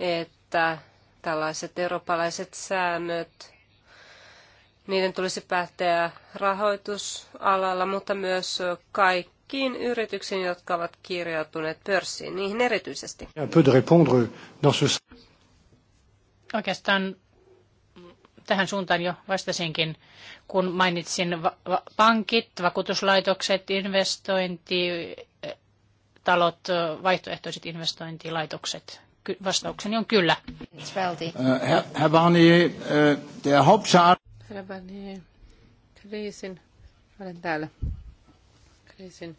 että tällaiset eurooppalaiset säännöt niiden tulisi päättää rahoitusalalla, mutta myös kaikkiin yrityksiin, jotka ovat kirjautuneet pörssiin, niihin erityisesti. Oikeastaan tähän suuntaan jo vastasinkin, kun mainitsin va- va- pankit, vakuutuslaitokset, investointi talot, vaihtoehtoiset investointilaitokset. Ky- vastaukseni on kyllä. Uh, Herr Barnier, uh, der selvä, niin kriisin, olen täällä, kriisin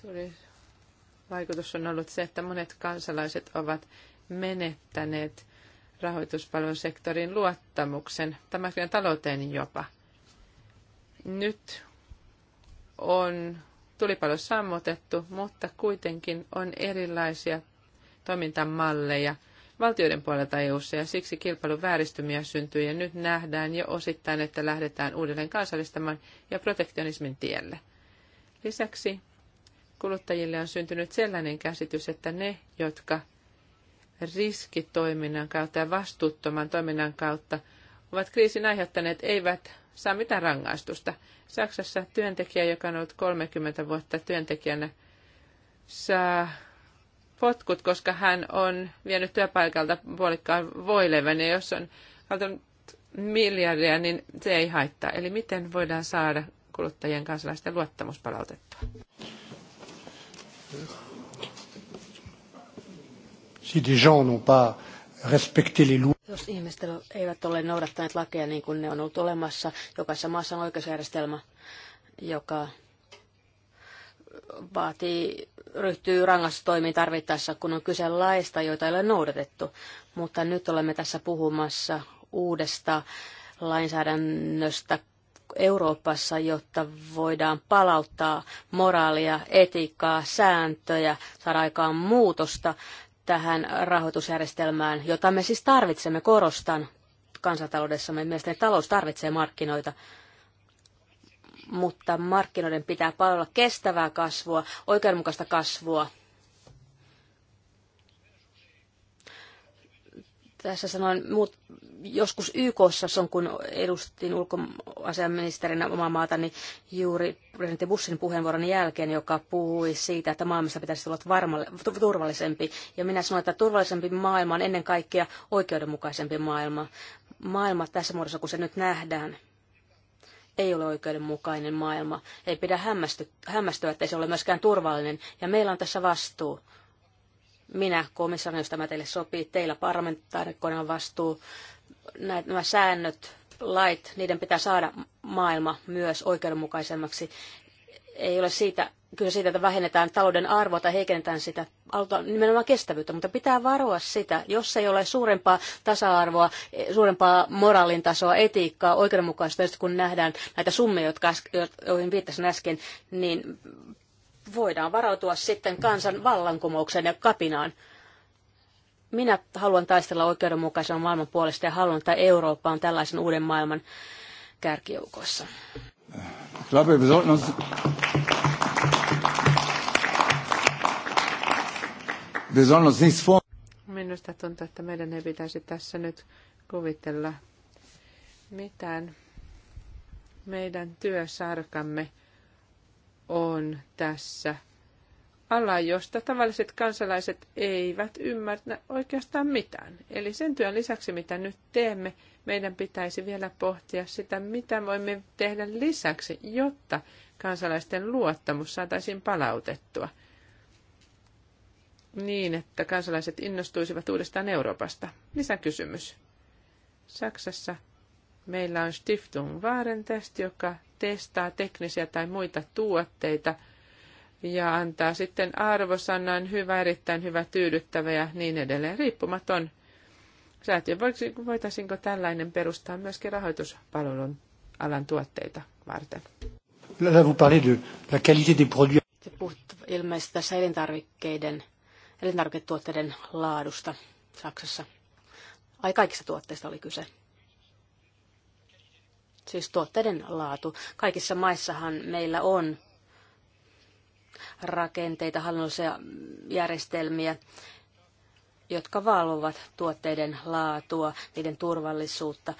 suuri vaikutus on ollut se, että monet kansalaiset ovat menettäneet rahoituspalvelusektorin luottamuksen, tämäkin talouteen jopa. Nyt on tulipalo sammutettu, mutta kuitenkin on erilaisia toimintamalleja – valtioiden puolelta EU-ssa ja siksi kilpailun vääristymiä syntyy ja nyt nähdään jo osittain, että lähdetään uudelleen kansallistamaan ja protektionismin tielle. Lisäksi kuluttajille on syntynyt sellainen käsitys, että ne, jotka riskitoiminnan kautta ja vastuuttoman toiminnan kautta ovat kriisin aiheuttaneet, eivät saa mitään rangaistusta. Saksassa työntekijä, joka on ollut 30 vuotta työntekijänä, saa potkut, koska hän on vienyt työpaikalta puolikkaan voilevän ja jos on haltunut miljardia, niin se ei haittaa. Eli miten voidaan saada kuluttajien kansalaisten luottamus palautettua? Si des gens n'ont pas respecté les lois. Jos ihmiset eivät ole noudattaneet lakeja niin kuin ne on ollut olemassa, jokaisessa maassa on oikeusjärjestelmä, joka vaatii, ryhtyy rangaistustoimiin tarvittaessa, kun on kyse laista, joita ei ole noudatettu. Mutta nyt olemme tässä puhumassa uudesta lainsäädännöstä Euroopassa, jotta voidaan palauttaa moraalia, etiikkaa, sääntöjä, saada aikaan muutosta tähän rahoitusjärjestelmään, jota me siis tarvitsemme, korostan kansantaloudessamme. Mielestäni talous tarvitsee markkinoita mutta markkinoiden pitää palvella kestävää kasvua, oikeudenmukaista kasvua. Tässä sanoin, muut, joskus YKssa on, kun edustin ulkoasiaministerinä omaa maata, niin juuri presidentti Bussin puheenvuoron jälkeen, joka puhui siitä, että maailmassa pitäisi olla varmalle, turvallisempi. Ja minä sanoin, että turvallisempi maailma on ennen kaikkea oikeudenmukaisempi maailma. Maailma tässä muodossa, kun se nyt nähdään, ei ole oikeudenmukainen maailma. Ei pidä hämmästyä, että se ole myöskään turvallinen. Ja meillä on tässä vastuu. Minä, komissaari, jos tämä teille sopii, teillä parlamentaarikkoina on vastuu. nämä säännöt, lait, niiden pitää saada maailma myös oikeudenmukaisemmaksi. Ei ole siitä kyllä siitä, että vähennetään talouden arvoa tai heikennetään sitä, autetaan nimenomaan kestävyyttä, mutta pitää varoa sitä, jos ei ole suurempaa tasa-arvoa, suurempaa moraalin tasoa, etiikkaa, oikeudenmukaisuutta, kun nähdään näitä summia, jotka joihin viittasin äsken, niin voidaan varautua sitten kansan vallankumoukseen ja kapinaan. Minä haluan taistella oikeudenmukaisen maailman puolesta ja haluan, että Eurooppa on tällaisen uuden maailman kärkijoukoissa. Ich wir sollten uns Minusta tuntuu, että meidän ei pitäisi tässä nyt kuvitella mitään. Meidän työsarkamme on tässä ala, josta tavalliset kansalaiset eivät ymmärrä oikeastaan mitään. Eli sen työn lisäksi, mitä nyt teemme, meidän pitäisi vielä pohtia sitä, mitä voimme tehdä lisäksi, jotta kansalaisten luottamus saataisiin palautettua – niin, että kansalaiset innostuisivat uudestaan Euroopasta. Lisäkysymys. Saksassa meillä on Stiftung Warentest, joka testaa teknisiä tai muita tuotteita ja antaa sitten arvosanan hyvä, erittäin hyvä, tyydyttävä ja niin edelleen. Riippumaton säätiö. Voitaisiinko tällainen perustaa myöskin rahoituspalvelun alan tuotteita varten? Se vous parlez de la qualité des produits. ilmeisesti tässä elintarvikkeiden elintarviketuotteiden laadusta Saksassa. Ai kaikista tuotteista oli kyse. Siis tuotteiden laatu. Kaikissa maissahan meillä on rakenteita, hallinnollisia järjestelmiä, jotka valvovat tuotteiden laatua, niiden turvallisuutta,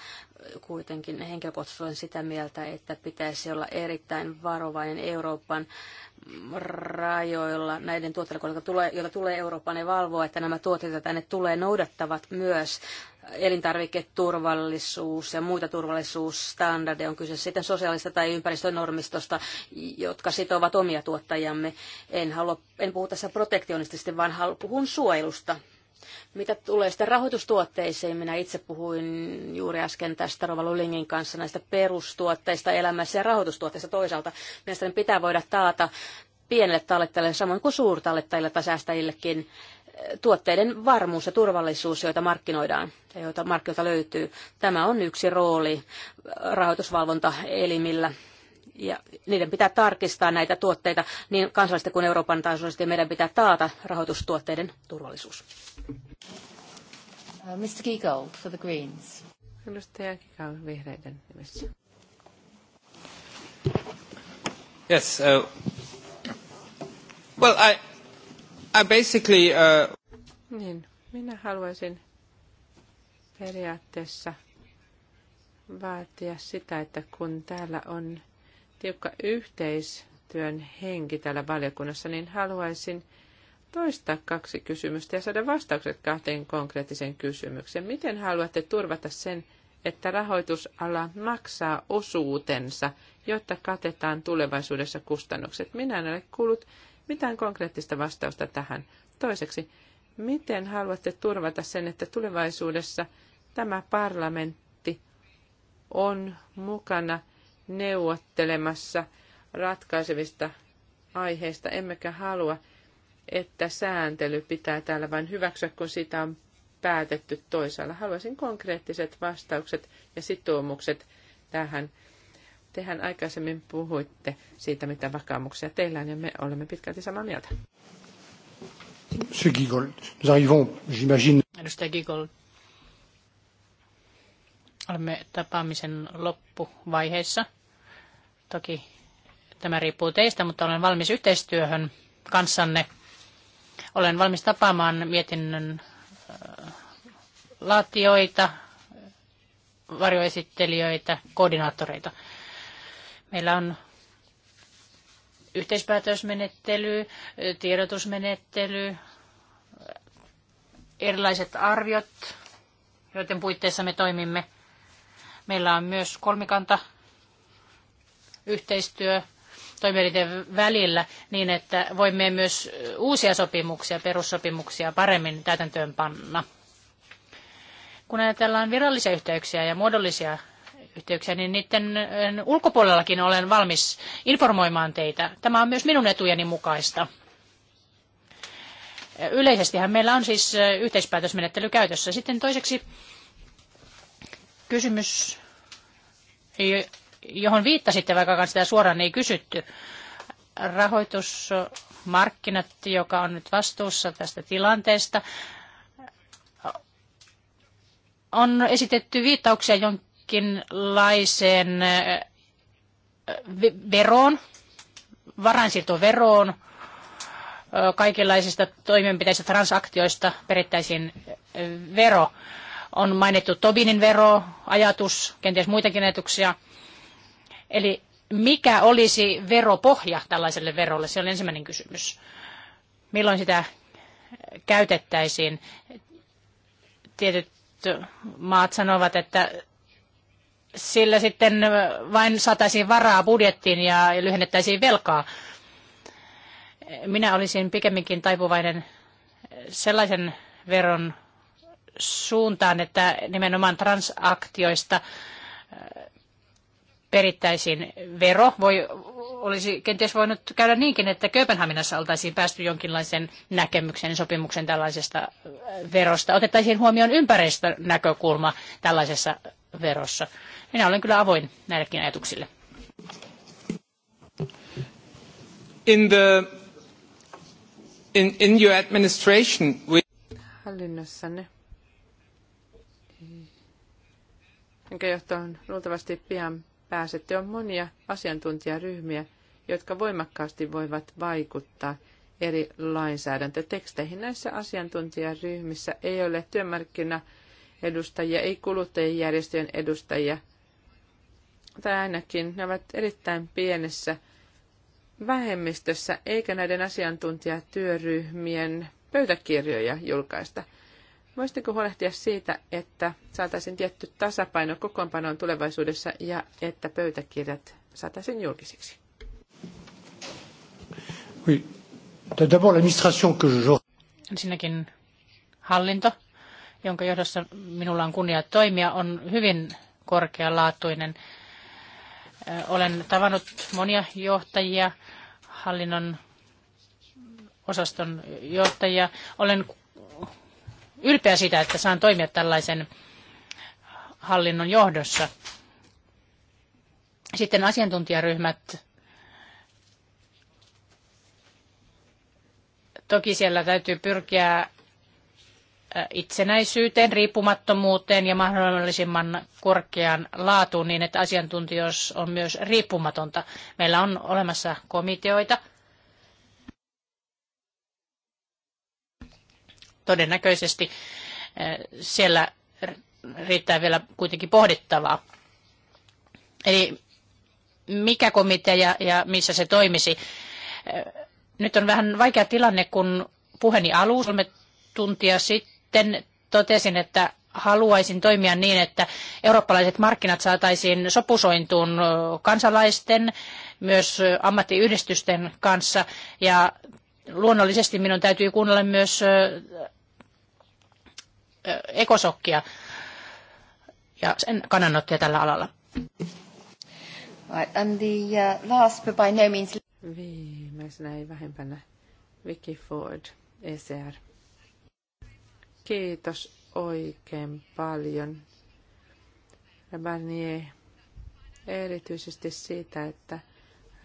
kuitenkin henkilökohtaisesti olen sitä mieltä, että pitäisi olla erittäin varovainen Euroopan rajoilla näiden tuotteiden, joita tulee, joita tulee Eurooppaan ja valvoa, että nämä tuotteet, joita tänne tulee, noudattavat myös elintarviketurvallisuus ja muita turvallisuusstandardeja, on kyse sitten sosiaalista tai ympäristönormistosta, jotka sitovat omia tuottajamme. En, halua, en puhu tässä protektionistisesti, vaan puhun suojelusta mitä tulee sitten rahoitustuotteisiin, minä itse puhuin juuri äsken tästä Rova Lulingin kanssa näistä perustuotteista elämässä ja rahoitustuotteista toisaalta. Mielestäni pitää voida taata pienelle tallettajille samoin kuin suurtallettajille tai säästäjillekin eh, tuotteiden varmuus ja turvallisuus, joita markkinoidaan ja joita markkinoilta löytyy. Tämä on yksi rooli rahoitusvalvontaelimillä ja niiden pitää tarkistaa näitä tuotteita niin kansallisesti kuin Euroopan tasoisesti ja meidän pitää taata rahoitustuotteiden turvallisuus. Uh, Mr. Giegold for the Greens. Edustaja Giegold vihreiden nimissä. Yes, uh, well, I, I basically... Uh... Niin, minä haluaisin periaatteessa vaatia sitä, että kun täällä on tiukka yhteistyön henki täällä valiokunnassa, niin haluaisin toistaa kaksi kysymystä ja saada vastaukset kahteen konkreettiseen kysymykseen. Miten haluatte turvata sen, että rahoitusala maksaa osuutensa, jotta katetaan tulevaisuudessa kustannukset? Minä en ole kuullut mitään konkreettista vastausta tähän. Toiseksi, miten haluatte turvata sen, että tulevaisuudessa tämä parlamentti on mukana – neuvottelemassa ratkaisevista aiheista, emmekä halua, että sääntely pitää täällä vain hyväksyä, kun sitä on päätetty toisaalla. Haluaisin konkreettiset vastaukset ja sitoumukset tähän. Tehän aikaisemmin puhuitte siitä, mitä vakaumuksia teillä on, ja me olemme pitkälti samaa mieltä. Edustaja Gigol, olemme tapaamisen loppuvaiheessa. Toki tämä riippuu teistä, mutta olen valmis yhteistyöhön kanssanne. Olen valmis tapaamaan mietinnön äh, laatioita, varjoesittelijöitä, koordinaattoreita. Meillä on yhteispäätösmenettely, äh, tiedotusmenettely, äh, erilaiset arviot, joiden puitteissa me toimimme. Meillä on myös kolmikanta yhteistyö toimijoiden välillä niin, että voimme myös uusia sopimuksia, perussopimuksia paremmin täytäntöönpanna. Kun ajatellaan virallisia yhteyksiä ja muodollisia yhteyksiä, niin niiden eh, ulkopuolellakin olen valmis informoimaan teitä. Tämä on myös minun etujeni mukaista. Yleisestihän meillä on siis eh, yhteispäätösmenettely käytössä. Sitten toiseksi kysymys johon viittasitte, vaikka sitä suoraan ei kysytty. Rahoitusmarkkinat, joka on nyt vastuussa tästä tilanteesta, on esitetty viittauksia jonkinlaiseen eh, veroon, varainsiirtoveroon, kaikenlaisista toimenpiteistä, transaktioista perittäisiin eh, vero. On mainittu Tobinin vero, ajatus, kenties muitakin ajatuksia. Eli mikä olisi veropohja tällaiselle verolle? Se on ensimmäinen kysymys. Milloin sitä käytettäisiin? Tietyt maat sanovat, että sillä sitten vain saataisiin varaa budjettiin ja lyhennettäisiin velkaa. Minä olisin pikemminkin taipuvainen sellaisen veron suuntaan, että nimenomaan transaktioista perittäisiin vero. Voi, olisi kenties voinut käydä niinkin, että Kööpenhaminassa oltaisiin päästy jonkinlaisen näkemyksen sopimuksen tällaisesta äh, verosta. Otettaisiin huomioon ympäristönäkökulma tällaisessa verossa. Minä olen kyllä avoin näillekin ajatuksille. In the, in, in your administration, we... Hallinnossanne jonka johto on luultavasti pian pääsette. On monia asiantuntijaryhmiä, jotka voimakkaasti voivat vaikuttaa eri lainsäädäntöteksteihin. Näissä asiantuntijaryhmissä ei ole työmarkkinaedustajia, ei kuluttajajärjestöjen edustajia, tai ainakin ne ovat erittäin pienessä vähemmistössä, eikä näiden asiantuntijatyöryhmien pöytäkirjoja julkaista. Voisitteko huolehtia siitä, että saataisiin tietty tasapaino kokoonpanoon tulevaisuudessa ja että pöytäkirjat saataisiin julkisiksi? Ensinnäkin hallinto, jonka johdossa minulla on kunnia toimia, on hyvin korkealaatuinen. Olen tavannut monia johtajia, hallinnon osaston johtajia. Olen ylpeä siitä, että saan toimia tällaisen hallinnon johdossa. Sitten asiantuntijaryhmät. Toki siellä täytyy pyrkiä äh, itsenäisyyteen, riippumattomuuteen ja mahdollisimman korkean laatuun niin, että asiantuntijuus on myös riippumatonta. Meillä on olemassa komiteoita, todennäköisesti eh, siellä riittää vielä kuitenkin pohdittavaa. Eli mikä komitea ja, ja missä se toimisi? Eh, nyt on vähän vaikea tilanne, kun puheni alussa kolme tuntia sitten totesin, että haluaisin toimia niin, että eurooppalaiset markkinat saataisiin sopusointuun kansalaisten, myös ammattiyhdistysten kanssa. Ja luonnollisesti minun täytyy kuunnella myös eh, ekosokkia ja sen kannanottoja tällä alalla. Right, and the uh, last but by no means... Viimeisenä ei vähempänä Vicky Ford, ECR. Kiitos oikein paljon. Barnier, erityisesti siitä, että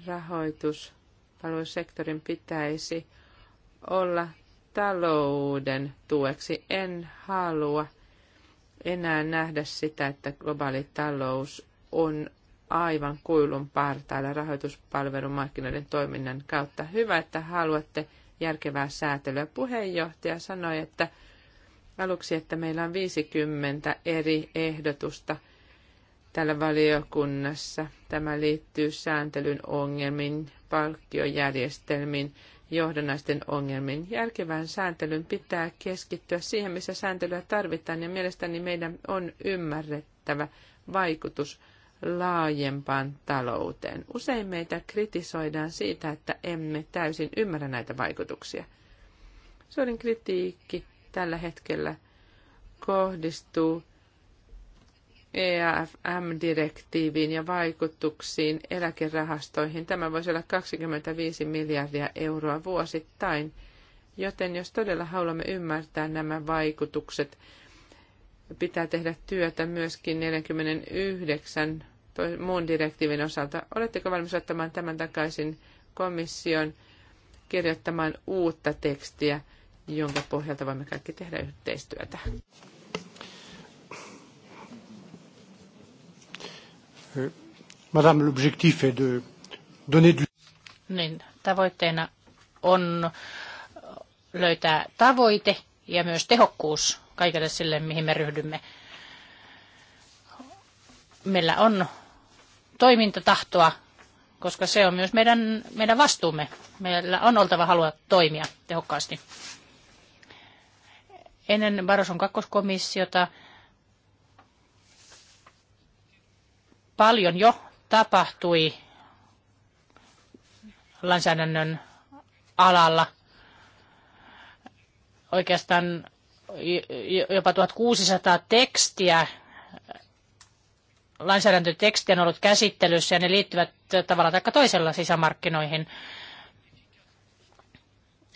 rahoituspalvelusektorin pitäisi olla talouden tueksi. En halua enää nähdä sitä, että globaali talous on aivan kuilun partailla rahoituspalvelumarkkinoiden toiminnan kautta. Hyvä, että haluatte järkevää säätelyä. Puheenjohtaja sanoi, että aluksi, että meillä on 50 eri ehdotusta tällä valiokunnassa. Tämä liittyy sääntelyn ongelmiin, palkkiojärjestelmiin, johdannaisten ongelmiin. Järkevään sääntelyn pitää keskittyä siihen, missä sääntelyä tarvitaan, ja mielestäni meidän on ymmärrettävä vaikutus laajempaan talouteen. Usein meitä kritisoidaan siitä, että emme täysin ymmärrä näitä vaikutuksia. Suurin kritiikki tällä hetkellä kohdistuu EAFM-direktiiviin ja vaikutuksiin eläkerahastoihin. Tämä voisi olla 25 miljardia euroa vuosittain, joten jos todella haluamme ymmärtää nämä vaikutukset, pitää tehdä työtä myöskin 49 muun direktiivin osalta. Oletteko valmis ottamaan tämän takaisin komission kirjoittamaan uutta tekstiä, jonka pohjalta voimme kaikki tehdä yhteistyötä? Euh, madame, l'objectif est de donner du... Niin, tavoitteena on löytää tavoite ja myös tehokkuus kaikelle sille, mihin me ryhdymme. Meillä on toimintatahtoa, koska se on myös meidän, meidän vastuumme. Meillä on oltava halua toimia tehokkaasti. Ennen Barroson kakkoskomissiota Paljon jo tapahtui lainsäädännön alalla. Oikeastaan jopa 1600 tekstiä, lainsäädäntötekstiä on ollut käsittelyssä ja ne liittyvät tavalla tai toisella sisämarkkinoihin.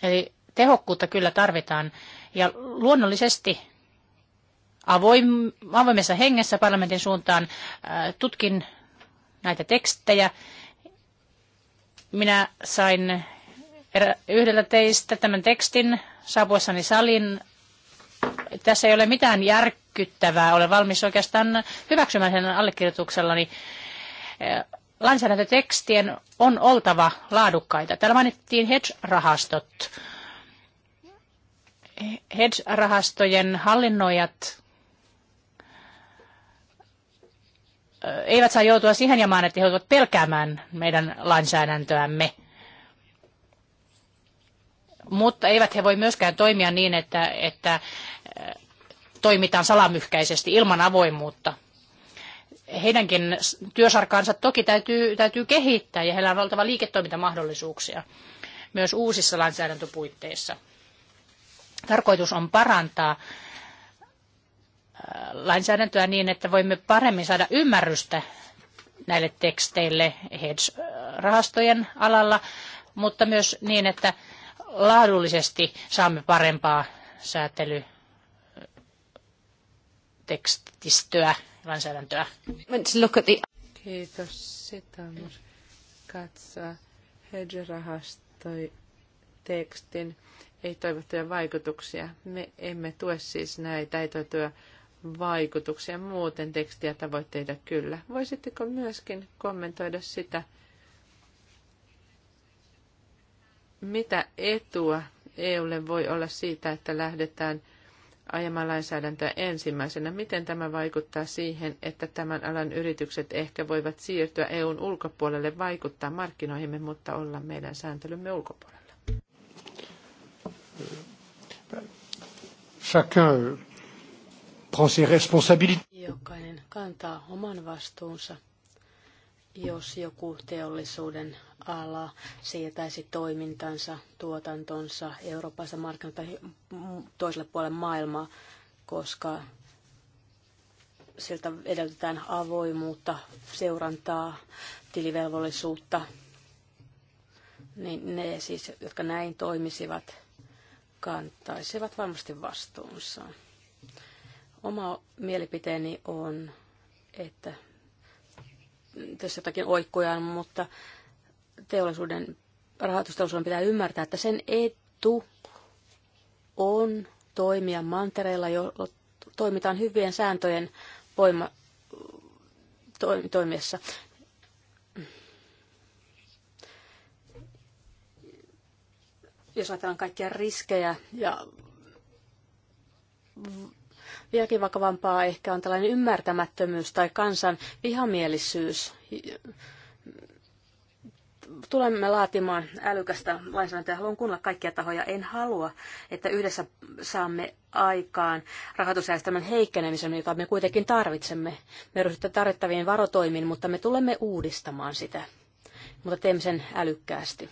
Eli tehokkuutta kyllä tarvitaan. Ja luonnollisesti avoim, avoimessa hengessä parlamentin suuntaan. Äh, tutkin näitä tekstejä. Minä sain yhdellä teistä tämän tekstin saapuessani salin. Tässä ei ole mitään järkyttävää. Olen valmis oikeastaan hyväksymään sen allekirjoituksellani. Äh, lainsäädäntötekstien on oltava laadukkaita. Täällä mainittiin hedge-rahastot. Hedge-rahastojen hallinnoijat eivät saa joutua siihen jamaan, että he joutuvat pelkäämään meidän lainsäädäntöämme. Mutta eivät he voi myöskään toimia niin, että, että toimitaan salamyhkäisesti ilman avoimuutta. Heidänkin työsarkaansa toki täytyy, täytyy kehittää ja heillä on oltava liiketoimintamahdollisuuksia myös uusissa lainsäädäntöpuitteissa. Tarkoitus on parantaa lainsäädäntöä niin, että voimme paremmin saada ymmärrystä näille teksteille hedge-rahastojen alalla, mutta myös niin, että laadullisesti saamme parempaa säätelytekstistöä, lainsäädäntöä. Kiitos. Sitä myös katsoa hedge-rahastotekstin ei-toivottuja vaikutuksia. Me emme tue siis näitä ei-toivottuja vaikutuksia muuten tekstiä tavoitteita kyllä. Voisitteko myöskin kommentoida sitä, mitä etua EUlle voi olla siitä, että lähdetään ajamaan lainsäädäntöä ensimmäisenä? Miten tämä vaikuttaa siihen, että tämän alan yritykset ehkä voivat siirtyä EUn ulkopuolelle, vaikuttaa markkinoihimme, mutta olla meidän sääntelymme ulkopuolella? Chacun prend ses responsabilités. Jokainen kantaa oman vastuunsa. Jos joku teollisuuden ala siirtäisi toimintansa, tuotantonsa Euroopassa markkinoilta toiselle puolelle maailmaa, koska siltä edellytetään avoimuutta, seurantaa, tilivelvollisuutta, niin ne siis, jotka näin toimisivat, kantaisivat varmasti vastuunsa. Oma mielipiteeni on, että tässä jotakin on, mutta teollisuuden, rahoitusteollisuuden pitää ymmärtää, että sen etu on toimia mantereilla, jolla toimitaan hyvien sääntöjen voima, toimiessa. Jos ajatellaan kaikkia riskejä ja Vieläkin vakavampaa ehkä on tällainen ymmärtämättömyys tai kansan vihamielisyys. Tulemme laatimaan älykästä lainsäädäntöä. Haluan kuunnella kaikkia tahoja. En halua, että yhdessä saamme aikaan rahoitusjärjestelmän heikkenemisen, jota me kuitenkin tarvitsemme. Me ryhdytään tarvittaviin varotoimiin, mutta me tulemme uudistamaan sitä. Mutta teemme sen älykkäästi.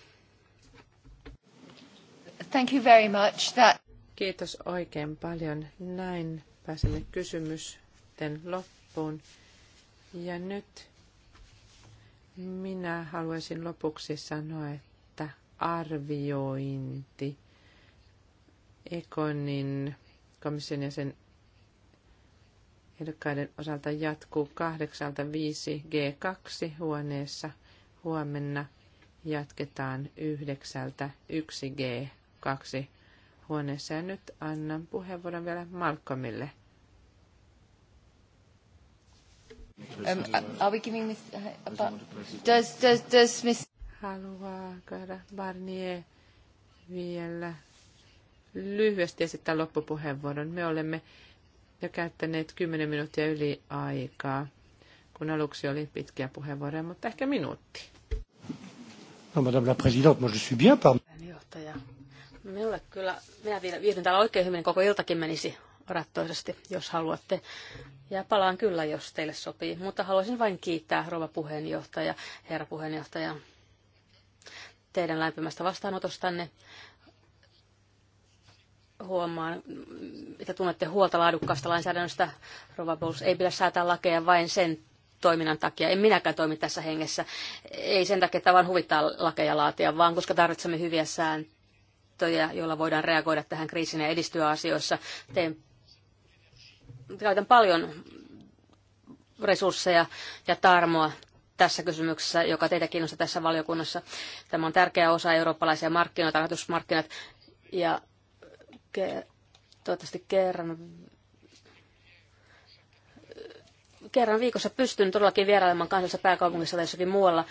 Thank you very much. That... Kiitos oikein paljon. Näin pääsemme kysymysten loppuun. Ja nyt minä haluaisin lopuksi sanoa, että arviointi Ekonin komission jäsen ehdokkaiden osalta jatkuu 8.5 G2 huoneessa. Huomenna jatketaan 9.1 G2 huoneessa. Ja nyt annan puheenvuoron vielä Malcolmille. Um, uh, are we giving Miss... Uh, does, does, does Miss... Haluaa käydä Barnier vielä lyhyesti esittää loppupuheenvuoron. Me olemme jo käyttäneet 10 minuuttia yli aikaa, kun aluksi oli pitkiä puheenvuoroja, mutta ehkä minuutti. No, madame la présidente, moi je suis bien par... Johtaja, Minulle kyllä, minä viihdyn täällä oikein hyvin, niin koko iltakin menisi rattoisesti, jos haluatte. Ja palaan kyllä, jos teille sopii. Mutta haluaisin vain kiittää rouva puheenjohtaja, herra puheenjohtaja, teidän lämpimästä vastaanotostanne. Huomaan, että tunnette huolta laadukkaasta lainsäädännöstä. Rova Bulls ei pidä säätää lakeja vain sen toiminnan takia. En minäkään toimi tässä hengessä. Ei sen takia, että vaan huvittaa lakeja laatia, vaan koska tarvitsemme hyviä sääntöjä välineistöjä, joilla voidaan reagoida tähän kriisiin ja edistyä asioissa. Teen, käytän paljon resursseja ja tarmoa tässä kysymyksessä, joka teitä kiinnostaa tässä valiokunnassa. Tämä on tärkeä osa eurooppalaisia markkinoita, rahoitusmarkkinat. Ja ke- toivottavasti kerran kerran viikossa pystyn todellakin vierailemaan kansallisessa pääkaupungissa tai jossakin muualla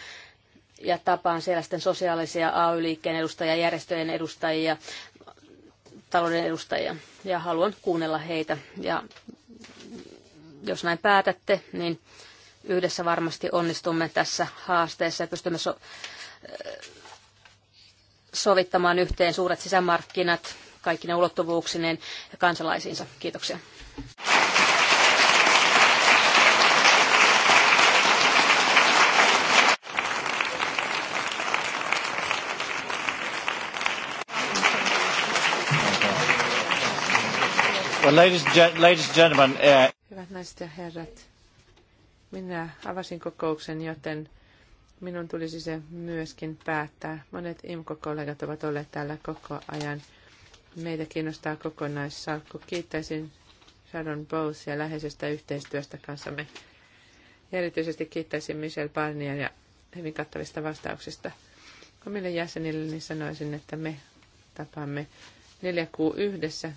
ja tapaan siellä sitten sosiaalisia AY-liikkeen edustajia, järjestöjen edustajia, talouden edustajia ja haluan kuunnella heitä. Ja jos näin päätätte, niin yhdessä varmasti onnistumme tässä haasteessa ja pystymme so- sovittamaan yhteen suuret sisämarkkinat kaikki ne ulottuvuuksineen ja kansalaisiinsa. Kiitoksia. ladies, ladies and gentlemen, uh... Hyvät naiset ja herrat, minä avasin kokouksen, joten minun tulisi se myöskin päättää. Monet IMKO-kollegat ovat olleet täällä koko ajan. Meitä kiinnostaa kokonaissalkku. Kiittäisin Sharon Bowles ja läheisestä yhteistyöstä kanssamme. Ja erityisesti kiittäisin Michel Barnier ja hyvin kattavista vastauksista. Omille jäsenille niin sanoisin, että me tapaamme neljä kuu yhdessä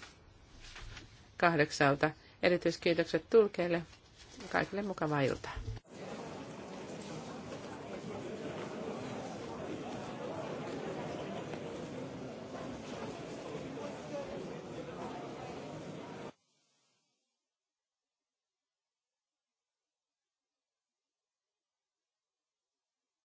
kahdeksalta. Erityiskiitokset tulkeille. Kaikille mukavaa iltaa.